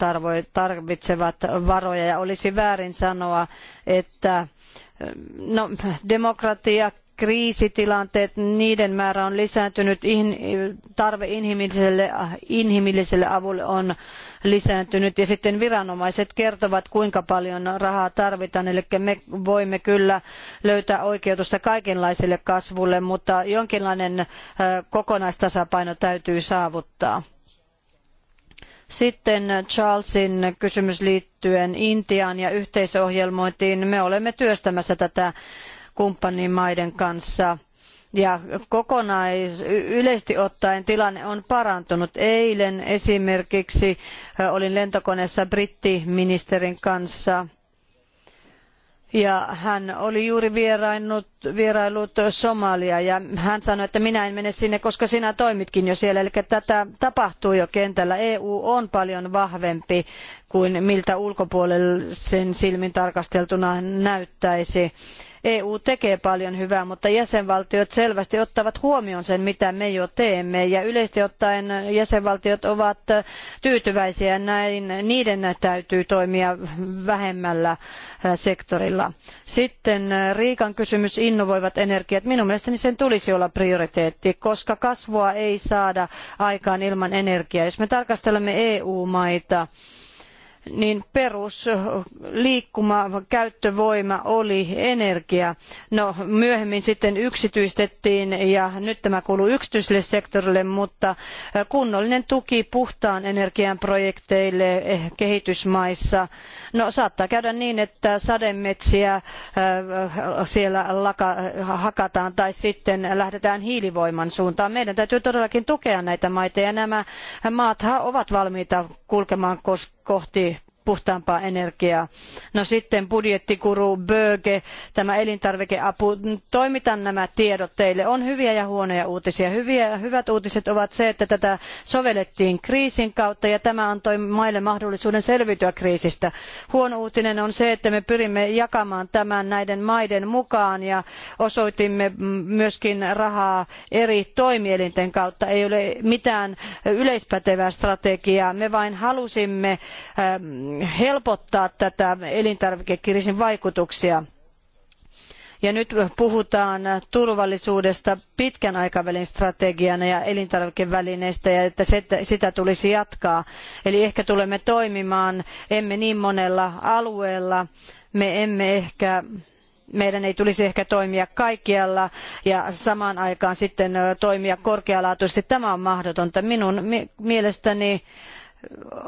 tarvitsevat varoja ja olisi väärin sanoa, että no, demokratia, kriisitilanteet, niiden määrä on lisääntynyt, tarve inhimilliselle, inhimilliselle avulle on lisääntynyt ja sitten viranomaiset kertovat, kuinka paljon rahaa tarvitaan. Eli me voimme kyllä löytää oikeutusta kaikenlaiselle kasvulle, mutta jonkinlainen kokonaistasapaino täytyy saavuttaa. Sitten Charlesin kysymys liittyen Intiaan ja yhteisohjelmointiin. Me olemme työstämässä tätä kumppanimaiden kanssa. Ja kokonais, yleisesti ottaen tilanne on parantunut. Eilen esimerkiksi olin lentokoneessa brittiministerin kanssa ja hän oli juuri vierainnut, vierailut Somalia ja hän sanoi, että minä en mene sinne, koska sinä toimitkin jo siellä. Eli tätä tapahtuu jo kentällä. EU on paljon vahvempi kuin miltä ulkopuolelle sen silmin tarkasteltuna näyttäisi. EU tekee paljon hyvää, mutta jäsenvaltiot selvästi ottavat huomioon sen, mitä me jo teemme. Ja yleisesti ottaen jäsenvaltiot ovat tyytyväisiä näin. Niiden täytyy toimia vähemmällä sektorilla. Sitten Riikan kysymys innovoivat energiat. Minun mielestäni sen tulisi olla prioriteetti, koska kasvua ei saada aikaan ilman energiaa. Jos me tarkastelemme EU-maita, niin perusliikkuma käyttövoima oli energia. No, myöhemmin sitten yksityistettiin ja nyt tämä kuuluu yksityiselle sektorille, mutta kunnollinen tuki puhtaan energian projekteille eh, kehitysmaissa. No, saattaa käydä niin, että sademetsiä siellä hakataan tai sitten lähdetään hiilivoiman suuntaan. Meidän täytyy todellakin tukea näitä maita ja nämä maat ovat valmiita kulkemaan koska kohti puhtaampaa energiaa. No sitten budjettikuru Böge, tämä elintarvikeapu, toimitan nämä tiedot teille. On hyviä ja huonoja uutisia. Hyviä, hyvät uutiset ovat se, että tätä sovellettiin kriisin kautta ja tämä antoi maille mahdollisuuden selviytyä kriisistä. Huono uutinen on se, että me pyrimme jakamaan tämän näiden maiden mukaan ja osoitimme myöskin rahaa eri toimielinten kautta. Ei ole mitään yleispätevää strategiaa. Me vain halusimme helpottaa tätä elintarvikekriisin vaikutuksia. Ja nyt puhutaan turvallisuudesta pitkän aikavälin strategiana ja elintarvikevälineistä ja että sitä tulisi jatkaa. Eli ehkä tulemme toimimaan emme niin monella alueella, me emme ehkä meidän ei tulisi ehkä toimia kaikkialla ja samaan aikaan sitten toimia korkealaatuisesti. Tämä on mahdotonta. Minun mielestäni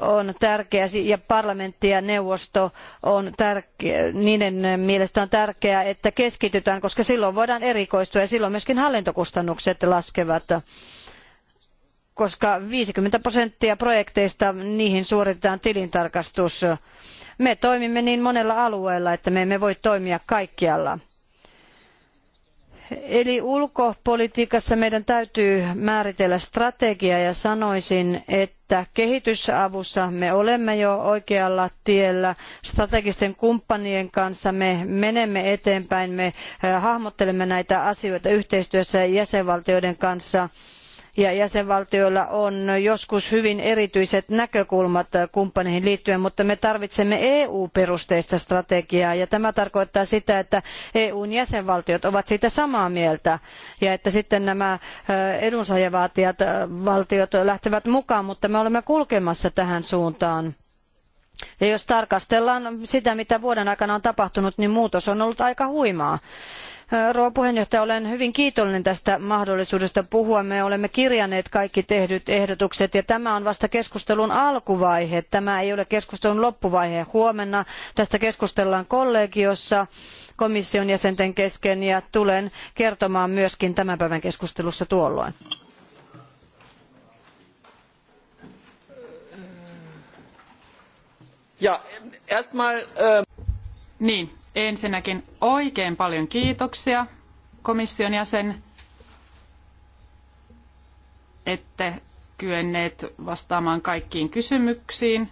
on tärkeä ja parlamentti ja neuvosto on tärkeä, niiden mielestä on tärkeää, että keskitytään, koska silloin voidaan erikoistua ja silloin myöskin hallintokustannukset laskevat koska 50 prosenttia projekteista niihin suoritetaan tilintarkastus. Me toimimme niin monella alueella, että me emme voi toimia kaikkialla. Eli ulkopolitiikassa meidän täytyy määritellä strategia ja sanoisin, että että kehitysavussa me olemme jo oikealla tiellä. Strategisten kumppanien kanssa me menemme eteenpäin, me eh, hahmottelemme näitä asioita yhteistyössä jäsenvaltioiden kanssa ja jäsenvaltioilla on joskus hyvin erityiset näkökulmat kumppaneihin liittyen, mutta me tarvitsemme EU-perusteista strategiaa ja tämä tarkoittaa sitä, että EUn jäsenvaltiot ovat siitä samaa mieltä ja että sitten nämä edunsaajavaatijat valtiot lähtevät mukaan, mutta me olemme kulkemassa tähän suuntaan. Ja jos tarkastellaan sitä, mitä vuoden aikana on tapahtunut, niin muutos on ollut aika huimaa. Rouva puheenjohtaja, olen hyvin kiitollinen tästä mahdollisuudesta puhua. Me olemme kirjanneet kaikki tehdyt ehdotukset ja tämä on vasta keskustelun alkuvaihe. Tämä ei ole keskustelun loppuvaihe. Huomenna tästä keskustellaan kollegiossa komission jäsenten kesken ja tulen kertomaan myöskin tämän päivän keskustelussa tuolloin. Ja, erstmal, äh... Niin, Ensinnäkin oikein paljon kiitoksia komission jäsen, ette kyenneet vastaamaan kaikkiin kysymyksiin.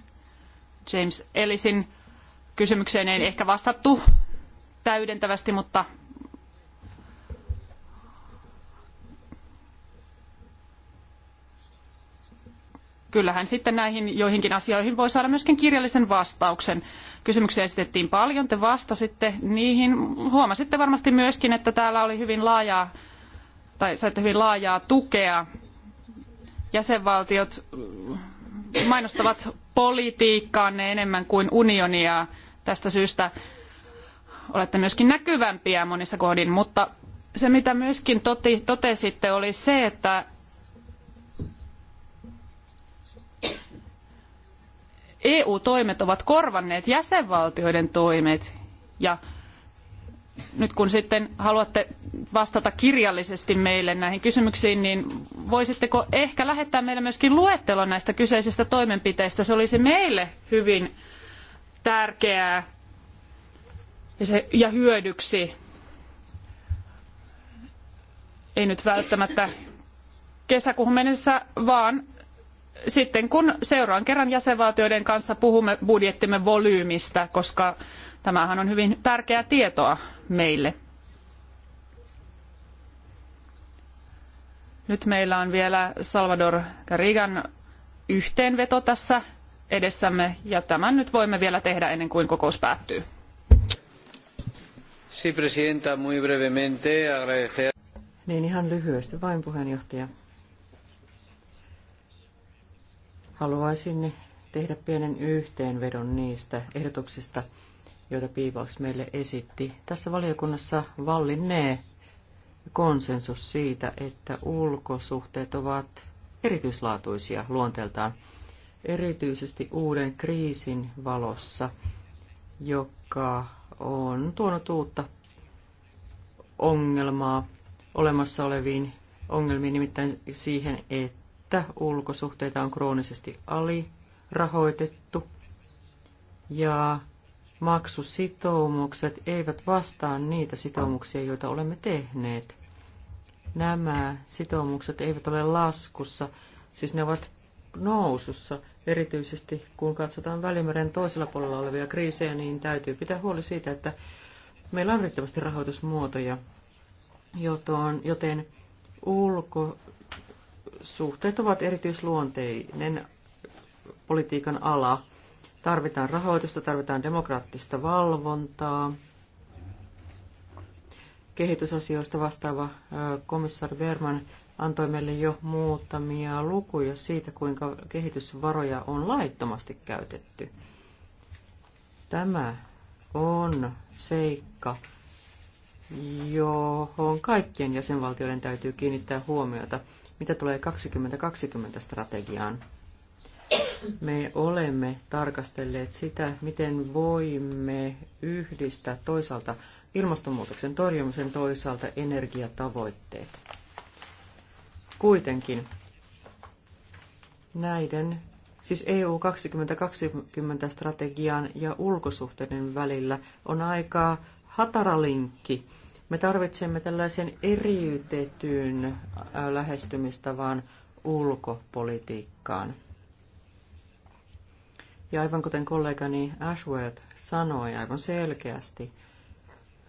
James Ellisin kysymykseen ei ehkä vastattu täydentävästi, mutta kyllähän sitten näihin joihinkin asioihin voi saada myöskin kirjallisen vastauksen. Kysymyksiä esitettiin paljon, te vastasitte niihin. Huomasitte varmasti myöskin, että täällä oli hyvin laajaa, tai saitte hyvin laajaa tukea. Jäsenvaltiot mm, mainostavat politiikkaanne enemmän kuin unionia. Tästä syystä olette myöskin näkyvämpiä monissa kohdin, mutta se mitä myöskin totesitte oli se, että EU-toimet ovat korvanneet jäsenvaltioiden toimet ja nyt kun sitten haluatte vastata kirjallisesti meille näihin kysymyksiin, niin voisitteko ehkä lähettää meille myöskin luettelon näistä kyseisistä toimenpiteistä? Se olisi meille hyvin tärkeää ja, se, ja hyödyksi. Ei nyt välttämättä kesäkuuhun mennessä, vaan sitten kun seuraan kerran jäsenvaltioiden kanssa puhumme budjettimme volyymistä, koska tämähän on hyvin tärkeää tietoa meille. Nyt meillä on vielä Salvador Garrigan yhteenveto tässä edessämme ja tämän nyt voimme vielä tehdä ennen kuin kokous päättyy. Sí, muy agradecer. Niin ihan lyhyesti vain puheenjohtaja. Haluaisin tehdä pienen yhteenvedon niistä ehdotuksista, joita Piivaus meille esitti. Tässä valiokunnassa vallinnee konsensus siitä, että ulkosuhteet ovat erityislaatuisia luonteeltaan, erityisesti uuden kriisin valossa, joka on tuonut uutta ongelmaa olemassa oleviin ongelmiin, nimittäin siihen, että että ulkosuhteita on kroonisesti alirahoitettu ja maksusitoumukset eivät vastaa niitä sitoumuksia, joita olemme tehneet. Nämä sitoumukset eivät ole laskussa, siis ne ovat nousussa, erityisesti kun katsotaan Välimeren toisella puolella olevia kriisejä, niin täytyy pitää huoli siitä, että meillä on riittävästi rahoitusmuotoja, joten ulko, suhteet ovat erityisluonteinen politiikan ala. Tarvitaan rahoitusta, tarvitaan demokraattista valvontaa. Kehitysasioista vastaava komissaari Berman antoi meille jo muutamia lukuja siitä, kuinka kehitysvaroja on laittomasti käytetty. Tämä on seikka, johon kaikkien jäsenvaltioiden täytyy kiinnittää huomiota – mitä tulee 2020 strategiaan? Me olemme tarkastelleet sitä, miten voimme yhdistää toisaalta ilmastonmuutoksen torjumisen toisaalta energiatavoitteet. Kuitenkin näiden, siis EU 2020 strategian ja ulkosuhteiden välillä on aika hataralinkki. linkki me tarvitsemme tällaisen eriytetyn äh, lähestymistavan ulkopolitiikkaan. Ja aivan kuten kollegani Ashworth sanoi aivan selkeästi,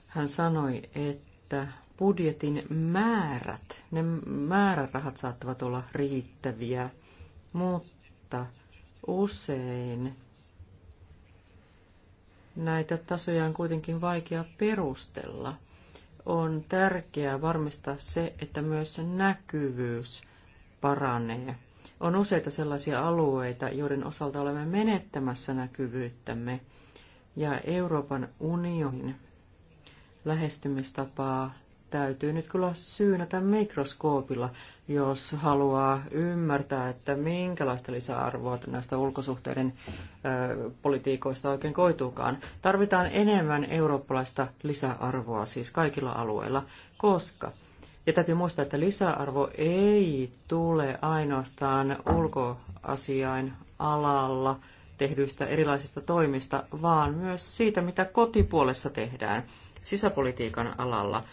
hän sanoi, että budjetin määrät, ne määrärahat saattavat olla riittäviä, mutta usein näitä tasoja on kuitenkin vaikea perustella on tärkeää varmistaa se, että myös näkyvyys paranee. On useita sellaisia alueita, joiden osalta olemme menettämässä näkyvyyttämme, ja Euroopan unionin lähestymistapaa täytyy nyt kyllä syynätä mikroskoopilla, jos haluaa ymmärtää, että minkälaista lisäarvoa näistä ulkosuhteiden ö, politiikoista oikein koituukaan. Tarvitaan enemmän eurooppalaista lisäarvoa siis kaikilla alueilla, koska ja täytyy muistaa, että lisäarvo ei tule ainoastaan ulkoasiain alalla tehdyistä erilaisista toimista, vaan myös siitä, mitä kotipuolessa tehdään sisäpolitiikan alalla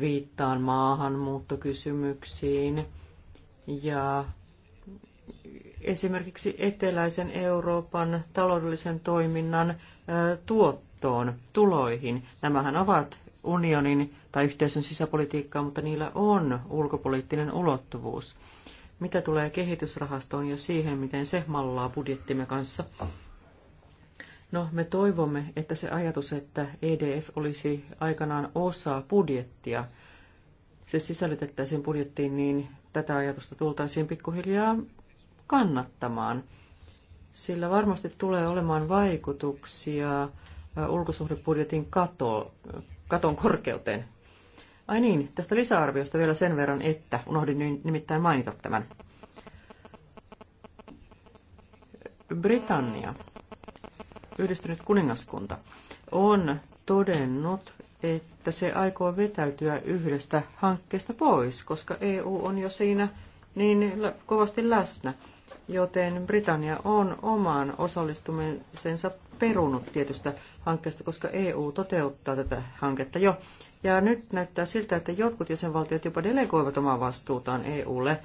viittaan maahanmuuttokysymyksiin ja esimerkiksi eteläisen Euroopan taloudellisen toiminnan tuottoon, tuloihin. Nämähän ovat unionin tai yhteisön sisäpolitiikkaa, mutta niillä on ulkopoliittinen ulottuvuus. Mitä tulee kehitysrahastoon ja siihen, miten se mallaa budjettimme kanssa, No, me toivomme, että se ajatus, että EDF olisi aikanaan osa budjettia, se sisällytettäisiin budjettiin, niin tätä ajatusta tultaisiin pikkuhiljaa kannattamaan. Sillä varmasti tulee olemaan vaikutuksia ulkosuhdebudjetin kato, katon korkeuteen. Ai niin, tästä lisäarviosta vielä sen verran, että unohdin nimittäin mainita tämän. Britannia yhdistynyt kuningaskunta on todennut, että se aikoo vetäytyä yhdestä hankkeesta pois, koska EU on jo siinä niin kovasti läsnä, joten Britannia on oman osallistumisensa perunut tietystä hankkeesta, koska EU toteuttaa tätä hanketta jo. Ja nyt näyttää siltä, että jotkut jäsenvaltiot jopa delegoivat omaa vastuutaan EUlle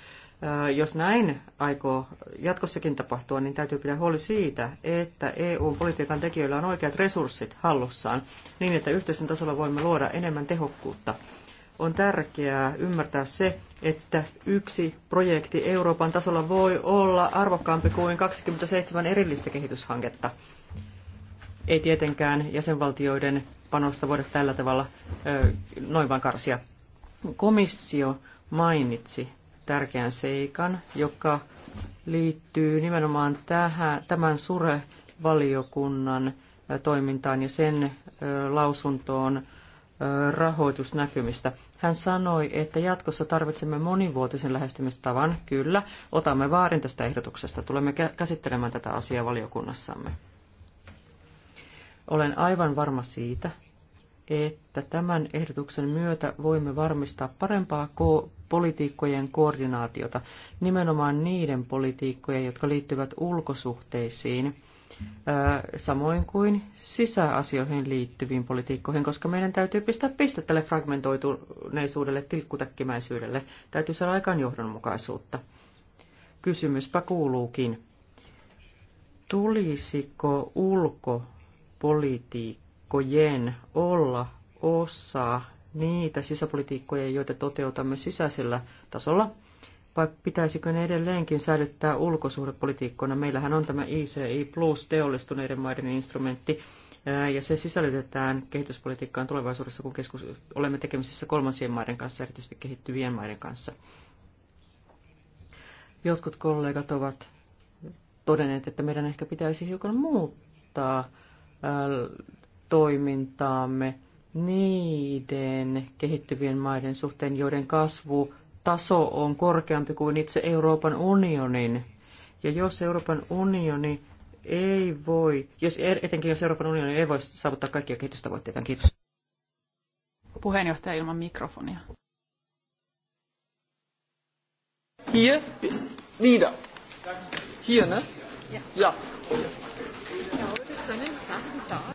jos näin aikoo jatkossakin tapahtua, niin täytyy pitää huoli siitä, että EU-politiikan tekijöillä on oikeat resurssit hallussaan, niin että yhteisen tasolla voimme luoda enemmän tehokkuutta. On tärkeää ymmärtää se, että yksi projekti Euroopan tasolla voi olla arvokkaampi kuin 27 erillistä kehityshanketta. Ei tietenkään jäsenvaltioiden panosta voida tällä tavalla noin vain karsia. Komissio mainitsi tärkeän seikan, joka liittyy nimenomaan tähän, tämän SURE-valiokunnan toimintaan ja sen lausuntoon rahoitusnäkymistä. Hän sanoi, että jatkossa tarvitsemme monivuotisen lähestymistavan. Kyllä, otamme vaarin tästä ehdotuksesta. Tulemme käsittelemään tätä asiaa valiokunnassamme. Olen aivan varma siitä, että tämän ehdotuksen myötä voimme varmistaa parempaa politiikkojen koordinaatiota, nimenomaan niiden politiikkojen, jotka liittyvät ulkosuhteisiin, samoin kuin sisäasioihin liittyviin politiikkoihin, koska meidän täytyy pistää piste tälle fragmentoituneisuudelle, tilkkutäkkimäisyydelle. Täytyy saada aikaan johdonmukaisuutta. Kysymyspä kuuluukin, tulisiko ulkopolitiikkojen olla osa niitä sisäpolitiikkoja, joita toteutamme sisäisellä tasolla, vai pitäisikö ne edelleenkin säilyttää ulkosuhdepolitiikkoina? Meillähän on tämä ICI plus teollistuneiden maiden instrumentti, ja se sisällytetään kehityspolitiikkaan tulevaisuudessa, kun keskus, olemme tekemisissä kolmansien maiden kanssa, erityisesti kehittyvien maiden kanssa. Jotkut kollegat ovat todenneet, että meidän ehkä pitäisi hiukan muuttaa toimintaamme niiden kehittyvien maiden suhteen, joiden kasvu taso on korkeampi kuin itse Euroopan unionin. Ja jos Euroopan unioni ei voi, jos, etenkin jos Euroopan unioni ei voi saavuttaa kaikkia kehitystavoitteita. Niin kiitos. Puheenjohtaja ilman mikrofonia. Hier, wieder. Hier, ne? Ja. ja.